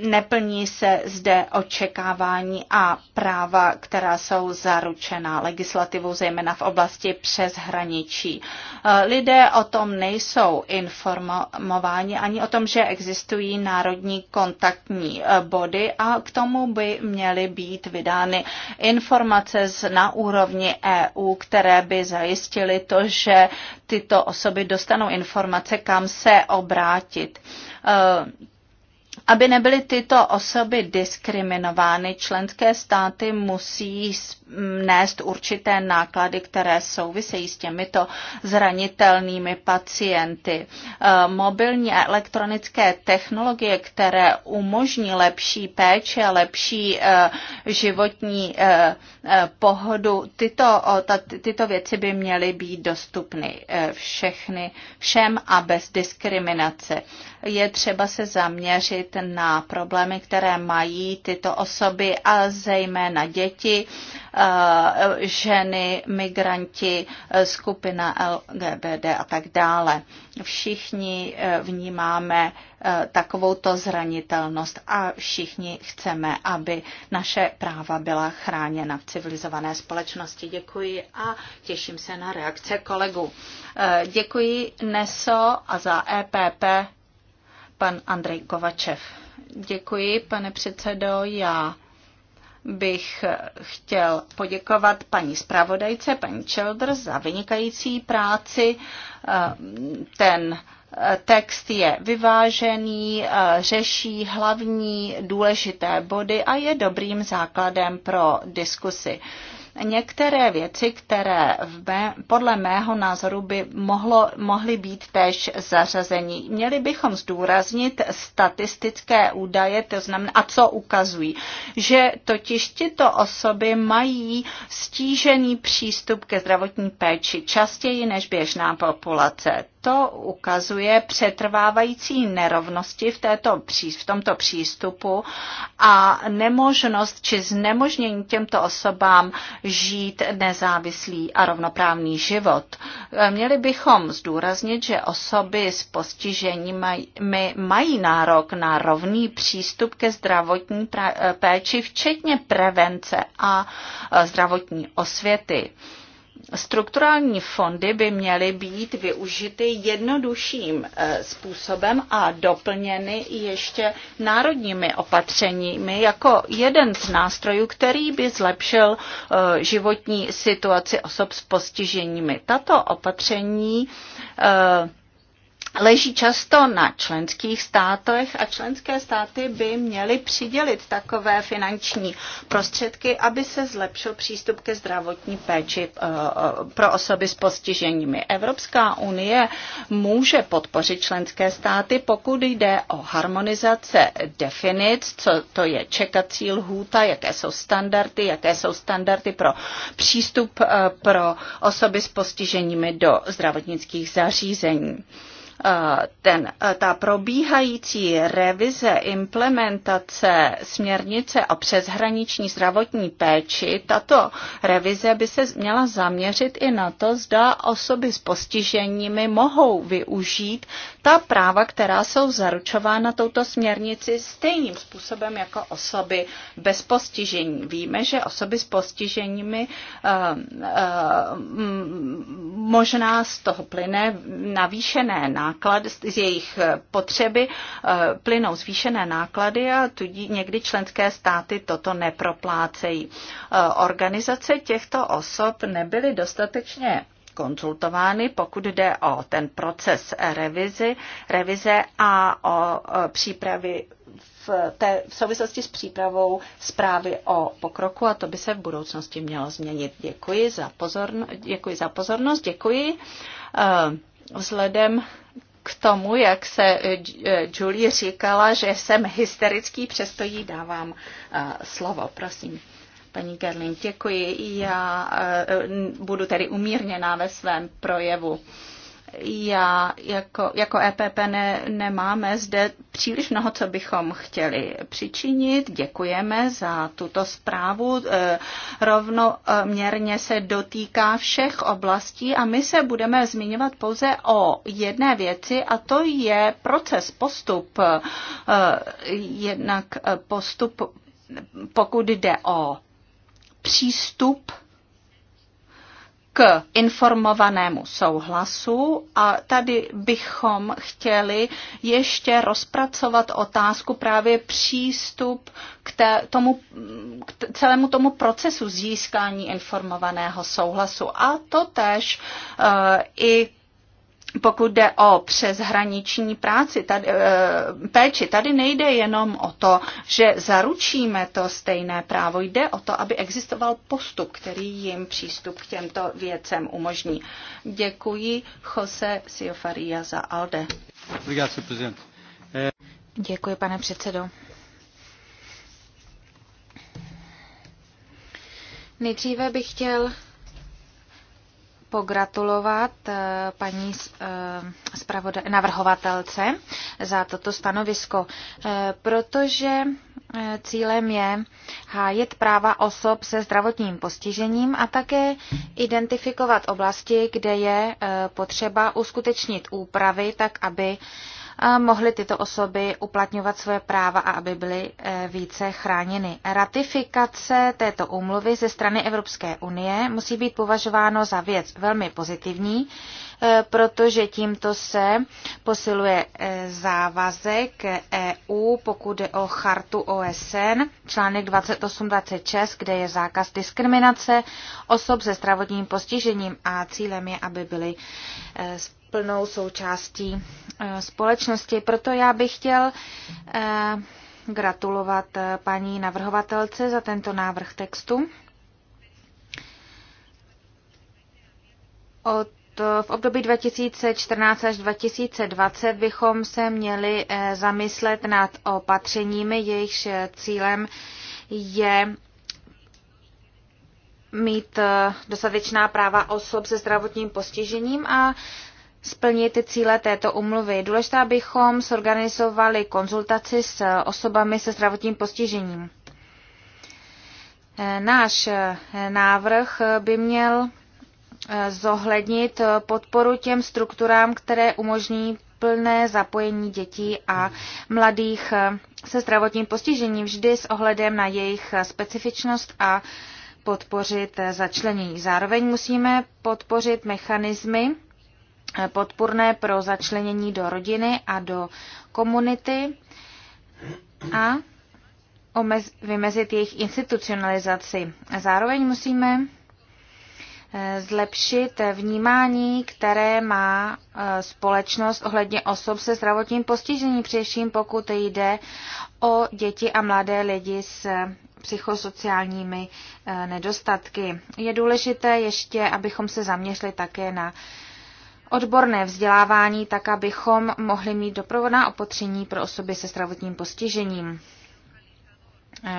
neplní se zde očekávání a práva, která jsou zaručena legislativou, zejména v oblasti přeshraničí. Eh, lidé o tom nejsou informováni ani o tom, že existují národní kontaktní eh, body a k tomu by měly být vydány informace na úrovni EU, které by zajistily to, že tyto osoby dostanou informace, kam se obrátit eh, aby nebyly tyto osoby diskriminovány, členské státy musí nést určité náklady, které souvisejí s těmito zranitelnými pacienty. Eh, mobilní a elektronické technologie, které umožní lepší péči a lepší eh, životní eh, pohodu, tyto, tyto věci by měly být dostupny všechny, všem a bez diskriminace. Je třeba se zaměřit na problémy, které mají tyto osoby a zejména děti Eh, ženy, migranti, eh, skupina LGBT a tak dále. Všichni eh, vnímáme takovouto zranitelnost a všichni chceme, aby naše práva byla chráněna v civilizované společnosti. Děkuji a těším se na reakce kolegů. Děkuji NESO a za EPP pan Andrej Kovačev. Děkuji, pane předsedo. Já bych chtěl poděkovat paní zpravodajce, paní Childers, za vynikající práci. Eh, ten eh, text je vyvážený, eh, řeší hlavní důležité body a je dobrým základem pro diskusy některé věci, které v mé, podle mého názoru by mohlo, mohly být též zařazení. Měli bychom zdůraznit statistické údaje, to znamená, a co ukazují, že totiž tyto osoby mají stížený přístup ke zdravotní péči častěji než běžná populace to ukazuje přetrvávající nerovnosti v, této, v tomto přístupu a nemožnost či znemožnění těmto osobám žít nezávislý a rovnoprávný život. Měli bychom zdůraznit, že osoby s postižením mají nárok na rovný přístup ke zdravotní e, péči, včetně prevence a e, zdravotní osvěty strukturální fondy by měly být využity jednodušším eh, způsobem a doplněny ještě národními opatřeními jako jeden z nástrojů, který by zlepšil eh, životní situaci osob s postiženími. Tato opatření eh, leží často na členských státech a členské státy by měly přidělit takové finanční prostředky, aby se zlepšil přístup ke zdravotní péči eh, eh, pro osoby s postiženími. Evropská unie může podpořit členské státy, pokud jde o harmonizace definic, co to je čekací lhůta, jaké jsou standardy, jaké jsou standardy pro přístup eh, pro osoby s postiženími do zdravotnických zařízení ten, ta probíhající revize implementace směrnice o přeshraniční zdravotní péči, tato revize by se měla zaměřit i na to, zda osoby s postiženími mohou využít ta práva, která jsou zaručována touto směrnici stejným způsobem jako osoby bez postižení. Víme, že osoby s postiženími uh, uh, možná z toho plyne navýšené náklady, náklad, z jejich eh, potřeby eh, plynou zvýšené náklady a tudí někdy členské státy toto neproplácejí. Eh, organizace těchto osob nebyly dostatečně konzultovány, pokud jde o ten proces revizi, revize a o přípravy v, té, v souvislosti s přípravou zprávy o pokroku a to by se v budoucnosti mělo změnit. Děkuji za, pozorn, děkuji za pozornost, děkuji. Uh, vzhledem k tomu, jak se eh, eh, Julie říkala, že jsem hysterický, přesto jí dávám eh, slovo. Prosím. Paní Gerlin, děkuji. Já budu tedy umírněná ve svém projevu já jako, jako EPP ne, nemáme zde příliš mnoho, co bychom chtěli přičinit. Děkujeme za tuto zprávu. E, rovnoměrně se dotýká všech oblastí a my se budeme zmiňovat pouze o jedné věci a to je proces, postup, e, jednak postup, pokud jde o přístup informovanému souhlasu a tady bychom chtěli ještě rozpracovat otázku právě přístup k, té, tomu, k celému tomu procesu získání informovaného souhlasu a to tež uh, eh, i pokud jde o přeshraniční práci, tady, eh, péči, tady nejde jenom o to, že zaručíme to stejné právo, jde o to, aby existoval postup, který jim přístup k těmto věcem umožní. Děkuji Jose Siofaria za ALDE. Eh, Děkuji, pane předsedo. Nejdříve bych chtěl pogratulovat eh, paní eh, navrhovatelce za toto stanovisko, eh, protože cílem je hájit práva osob se zdravotním postižením a také identifikovat oblasti, kde je potřeba uskutečnit úpravy tak, aby mohly tyto osoby uplatňovat svoje práva a aby byly eh, více chráněny. Ratifikace této úmluvy ze strany Evropské unie musí být považováno za věc velmi pozitivní, Eh, protože tímto se posiluje eh, závazek EU, pokud jde o chartu OSN, článek 2826, kde je zákaz diskriminace osob se zdravotním postižením a cílem je, aby byly eh, plnou součástí společnosti. Proto já bych chtěl gratulovat paní navrhovatelce za tento návrh textu. Od v období 2014 až 2020 bychom se měli eh, zamyslet nad opatřeními, jejichž eh, cílem je mít eh, dostatečná práva osob se zdravotním postižením a splnit cíle této umluvy. Důležité, abychom sorganizovali konzultaci s osobami se zdravotním postižením. Náš návrh by měl zohlednit podporu těm strukturám, které umožní plné zapojení dětí a mladých se zdravotním postižením vždy s ohledem na jejich specifičnost a podpořit začlenění. Zároveň musíme podpořit mechanismy podpůrné pro začlenění do rodiny a do komunity a vymezit jejich institucionalizaci. Zároveň musíme Eh, zlepšit vnímání, které má eh, společnost ohledně osob se zdravotním postižením, především pokud jde o děti a mladé lidi s psychosociálními eh, nedostatky. Je důležité ještě, abychom se zaměřili také na odborné vzdělávání, tak abychom mohli mít doprovodná opatření pro osoby se zdravotním postižením.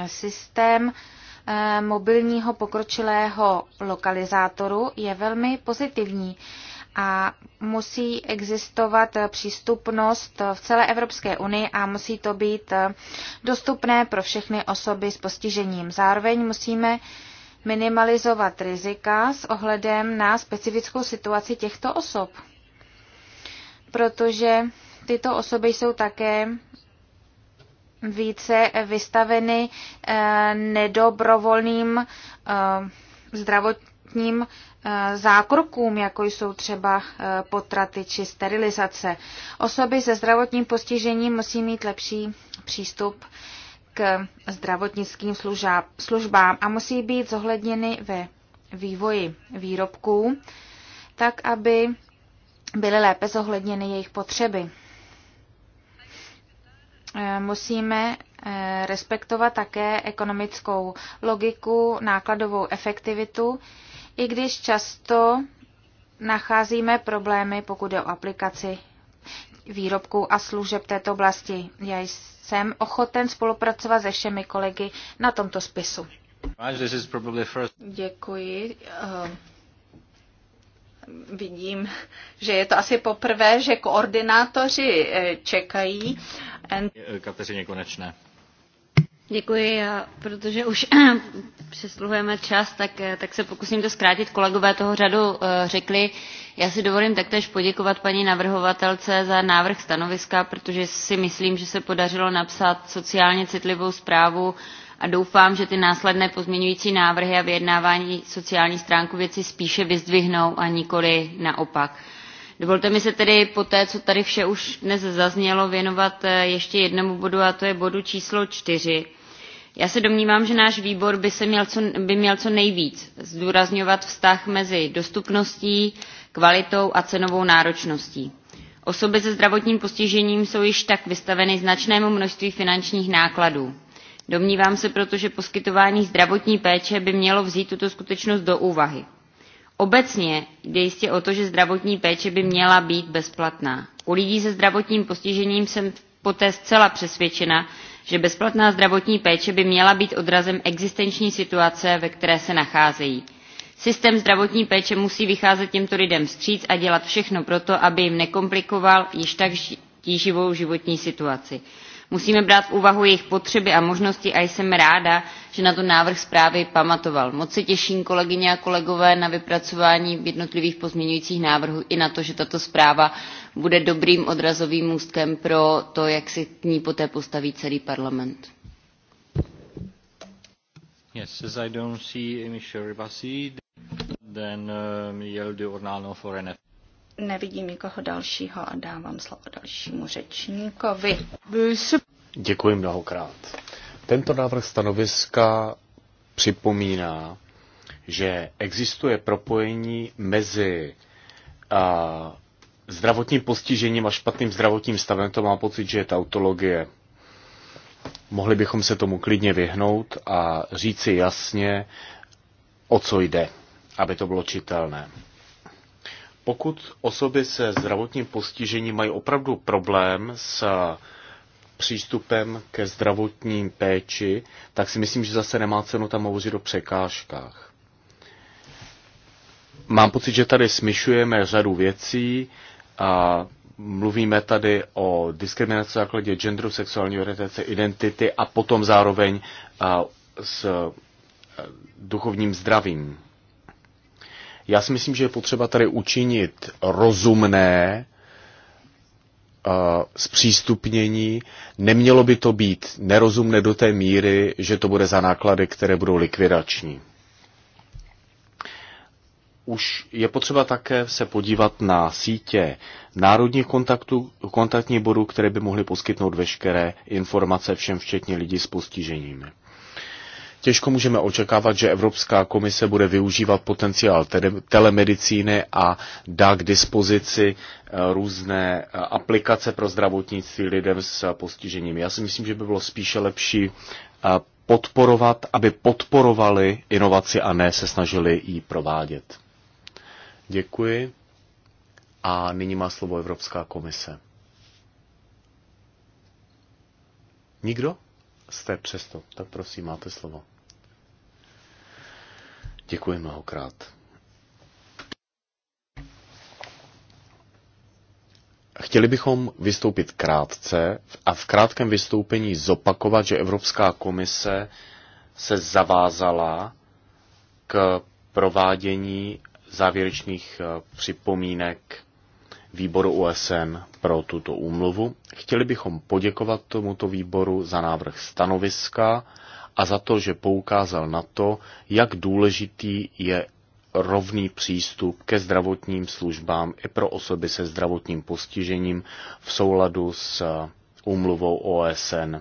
Systém Eh, mobilního pokročilého lokalizátoru je velmi pozitivní a musí existovat přístupnost v celé Evropské unii a musí to být eh, dostupné pro všechny osoby s postižením. Zároveň musíme minimalizovat rizika s ohledem na specifickou situaci těchto osob, protože tyto osoby jsou také více vystaveny eh, nedobrovolným eh, zdravotním eh, zákrokům, jako jsou třeba potraty či sterilizace. Osoby se zdravotním postižením musí mít lepší přístup k zdravotnickým službám a musí být zohledněny ve vývoji výrobků, tak aby byly lépe zohledněny jejich potřeby. Eh, musíme eh, respektovat také ekonomickou logiku, nákladovou efektivitu, i když často nacházíme problémy, pokud je o aplikaci výrobků a služeb této oblasti. Já jsem ochoten spolupracovat se všemi kolegy na tomto spisu. Děkuji. Eh, vidím, že je to asi poprvé, že koordinátoři eh, čekají. Kateřině Konečné. Děkuji, já, protože už přesluhujeme čas, tak, eh, tak se pokusím to zkrátit. Kolegové toho řadu eh, řekli. Já si dovolím taktéž poděkovat paní navrhovatelce za návrh stanoviska, protože si myslím, že se podařilo napsat sociálně citlivou zprávu a doufám, že ty následné pozměňující návrhy a vyjednávání sociální stránku věci spíše vyzdvihnou a nikoli naopak. Dovolte mi se tedy po té, co tady vše už dnes zaznělo, věnovat eh, ještě jednomu bodu a to je bodu číslo čtyři. Já se domnívám, že náš výbor by, se měl co, by měl co nejvíc zdůrazňovat vztah mezi dostupností, kvalitou a cenovou náročností. Osoby se zdravotním postižením jsou již tak vystaveny značnému množství finančních nákladů Domnívám se proto, že poskytování zdravotní péče by mělo vzít tuto skutečnost do úvahy. Obecně jde jistě o to, že zdravotní péče by měla být bezplatná. U lidí se zdravotním postižením jsem poté zcela přesvědčena, že bezplatná zdravotní péče by měla být odrazem existenční situace, ve které se nacházejí. Systém zdravotní péče musí vycházet těmto lidem vstříc a dělat všechno proto, aby jim nekomplikoval již tak tíživou životní situaci musíme brát v úvahu jejich potřeby a možnosti a jsem ráda že na to návrh zprávy pamatoval. moc se těším kolegyně a kolegové na vypracování jednotlivých pozměňujících návrhů i na to že tato zpráva bude dobrým odrazovým můstkem pro to jak se k ní poté postaví celý parlament. Yes, as I don't see then uh, Ornano for Nevidím nikoho dalšího a dávám slovo dalšímu řečníkovi. Děkuji mnohokrát. Tento návrh stanoviska připomíná, že existuje propojení mezi a, zdravotním postižením a špatným zdravotním stavem. To má pocit, že je tautologie. Mohli bychom se tomu klidně vyhnout a říci jasně, o co jde, aby to bylo čitelné. Pokud osoby se zdravotním postižením mají opravdu problém s přístupem ke zdravotním péči, tak si myslím, že zase nemá cenu tam hovořit o překážkách. Mám pocit, že tady smyšujeme řadu věcí a mluvíme tady o diskriminaci základě genderu, sexuální orientace, identity a potom zároveň s duchovním zdravím. Já si myslím, že je potřeba tady učinit rozumné eh, zpřístupnění. Nemělo by to být nerozumné do té míry, že to bude za náklady, které budou likvidační. Už je potřeba také se podívat na sítě národních kontaktů, kontaktních bodů, které by mohly poskytnout veškeré informace všem, včetně lidí s postiženími. Těžko můžeme očekávat, že Evropská komise bude využívat potenciál telemedicíny a dá k dispozici eh, různé eh, aplikace pro zdravotnictví lidem s eh, postižením. Já si myslím, že by bylo spíše lepší podporovat, aby podporovali inovaci a ne se snažili ji provádět. Děkuji. A nyní má slovo Evropská komise. Nikdo? Jste přesto, tak prosím, máte slovo. Děkuji mnohokrát. Chtěli bychom vystoupit krátce a v krátkém vystoupení zopakovat, že Evropská komise se zavázala k provádění závěrečných eh, připomínek výboru OSN pro tuto úmluvu. Chtěli bychom poděkovat tomuto výboru za návrh stanoviska a za to, že poukázal na to, jak důležitý je rovný přístup ke zdravotním službám i pro osoby se zdravotním postižením v souladu s úmluvou OSN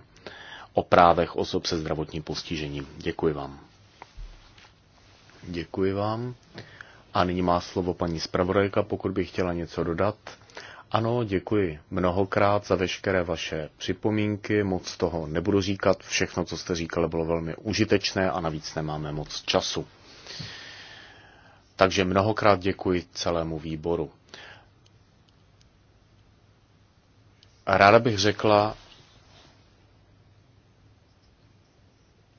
o právech osob se zdravotním postižením. Děkuji vám. Děkuji vám. A nyní má slovo paní zpravodajka, pokud by chtěla něco dodat. Ano, děkuji mnohokrát za veškeré vaše připomínky, moc toho nebudu říkat, všechno, co jste říkali, bylo velmi užitečné a navíc nemáme moc času. Takže mnohokrát děkuji celému výboru. Ráda bych řekla,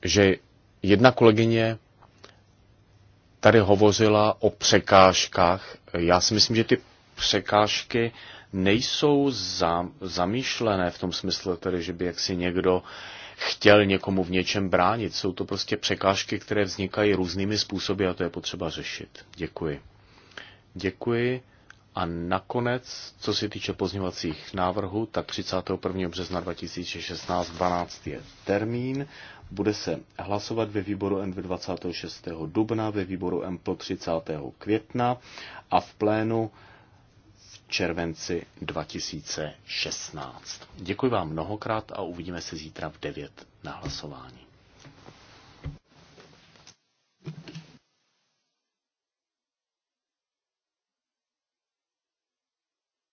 že jedna kolegyně tady hovořila o překážkách. Já si myslím, že ty překážky nejsou za, zamýšlené v tom smyslu, tedy, že by jaksi někdo chtěl někomu v něčem bránit. Jsou to prostě překážky, které vznikají různými způsoby a to je potřeba řešit. Děkuji. Děkuji. A nakonec, co se týče pozměňovacích návrhů, tak 31. března 2016 12 je termín. Bude se hlasovat ve výboru n 26. dubna, ve výboru M 30. května a v plénu červenci 2016. Děkuji vám mnohokrát a uvidíme se zítra v 9 na hlasování.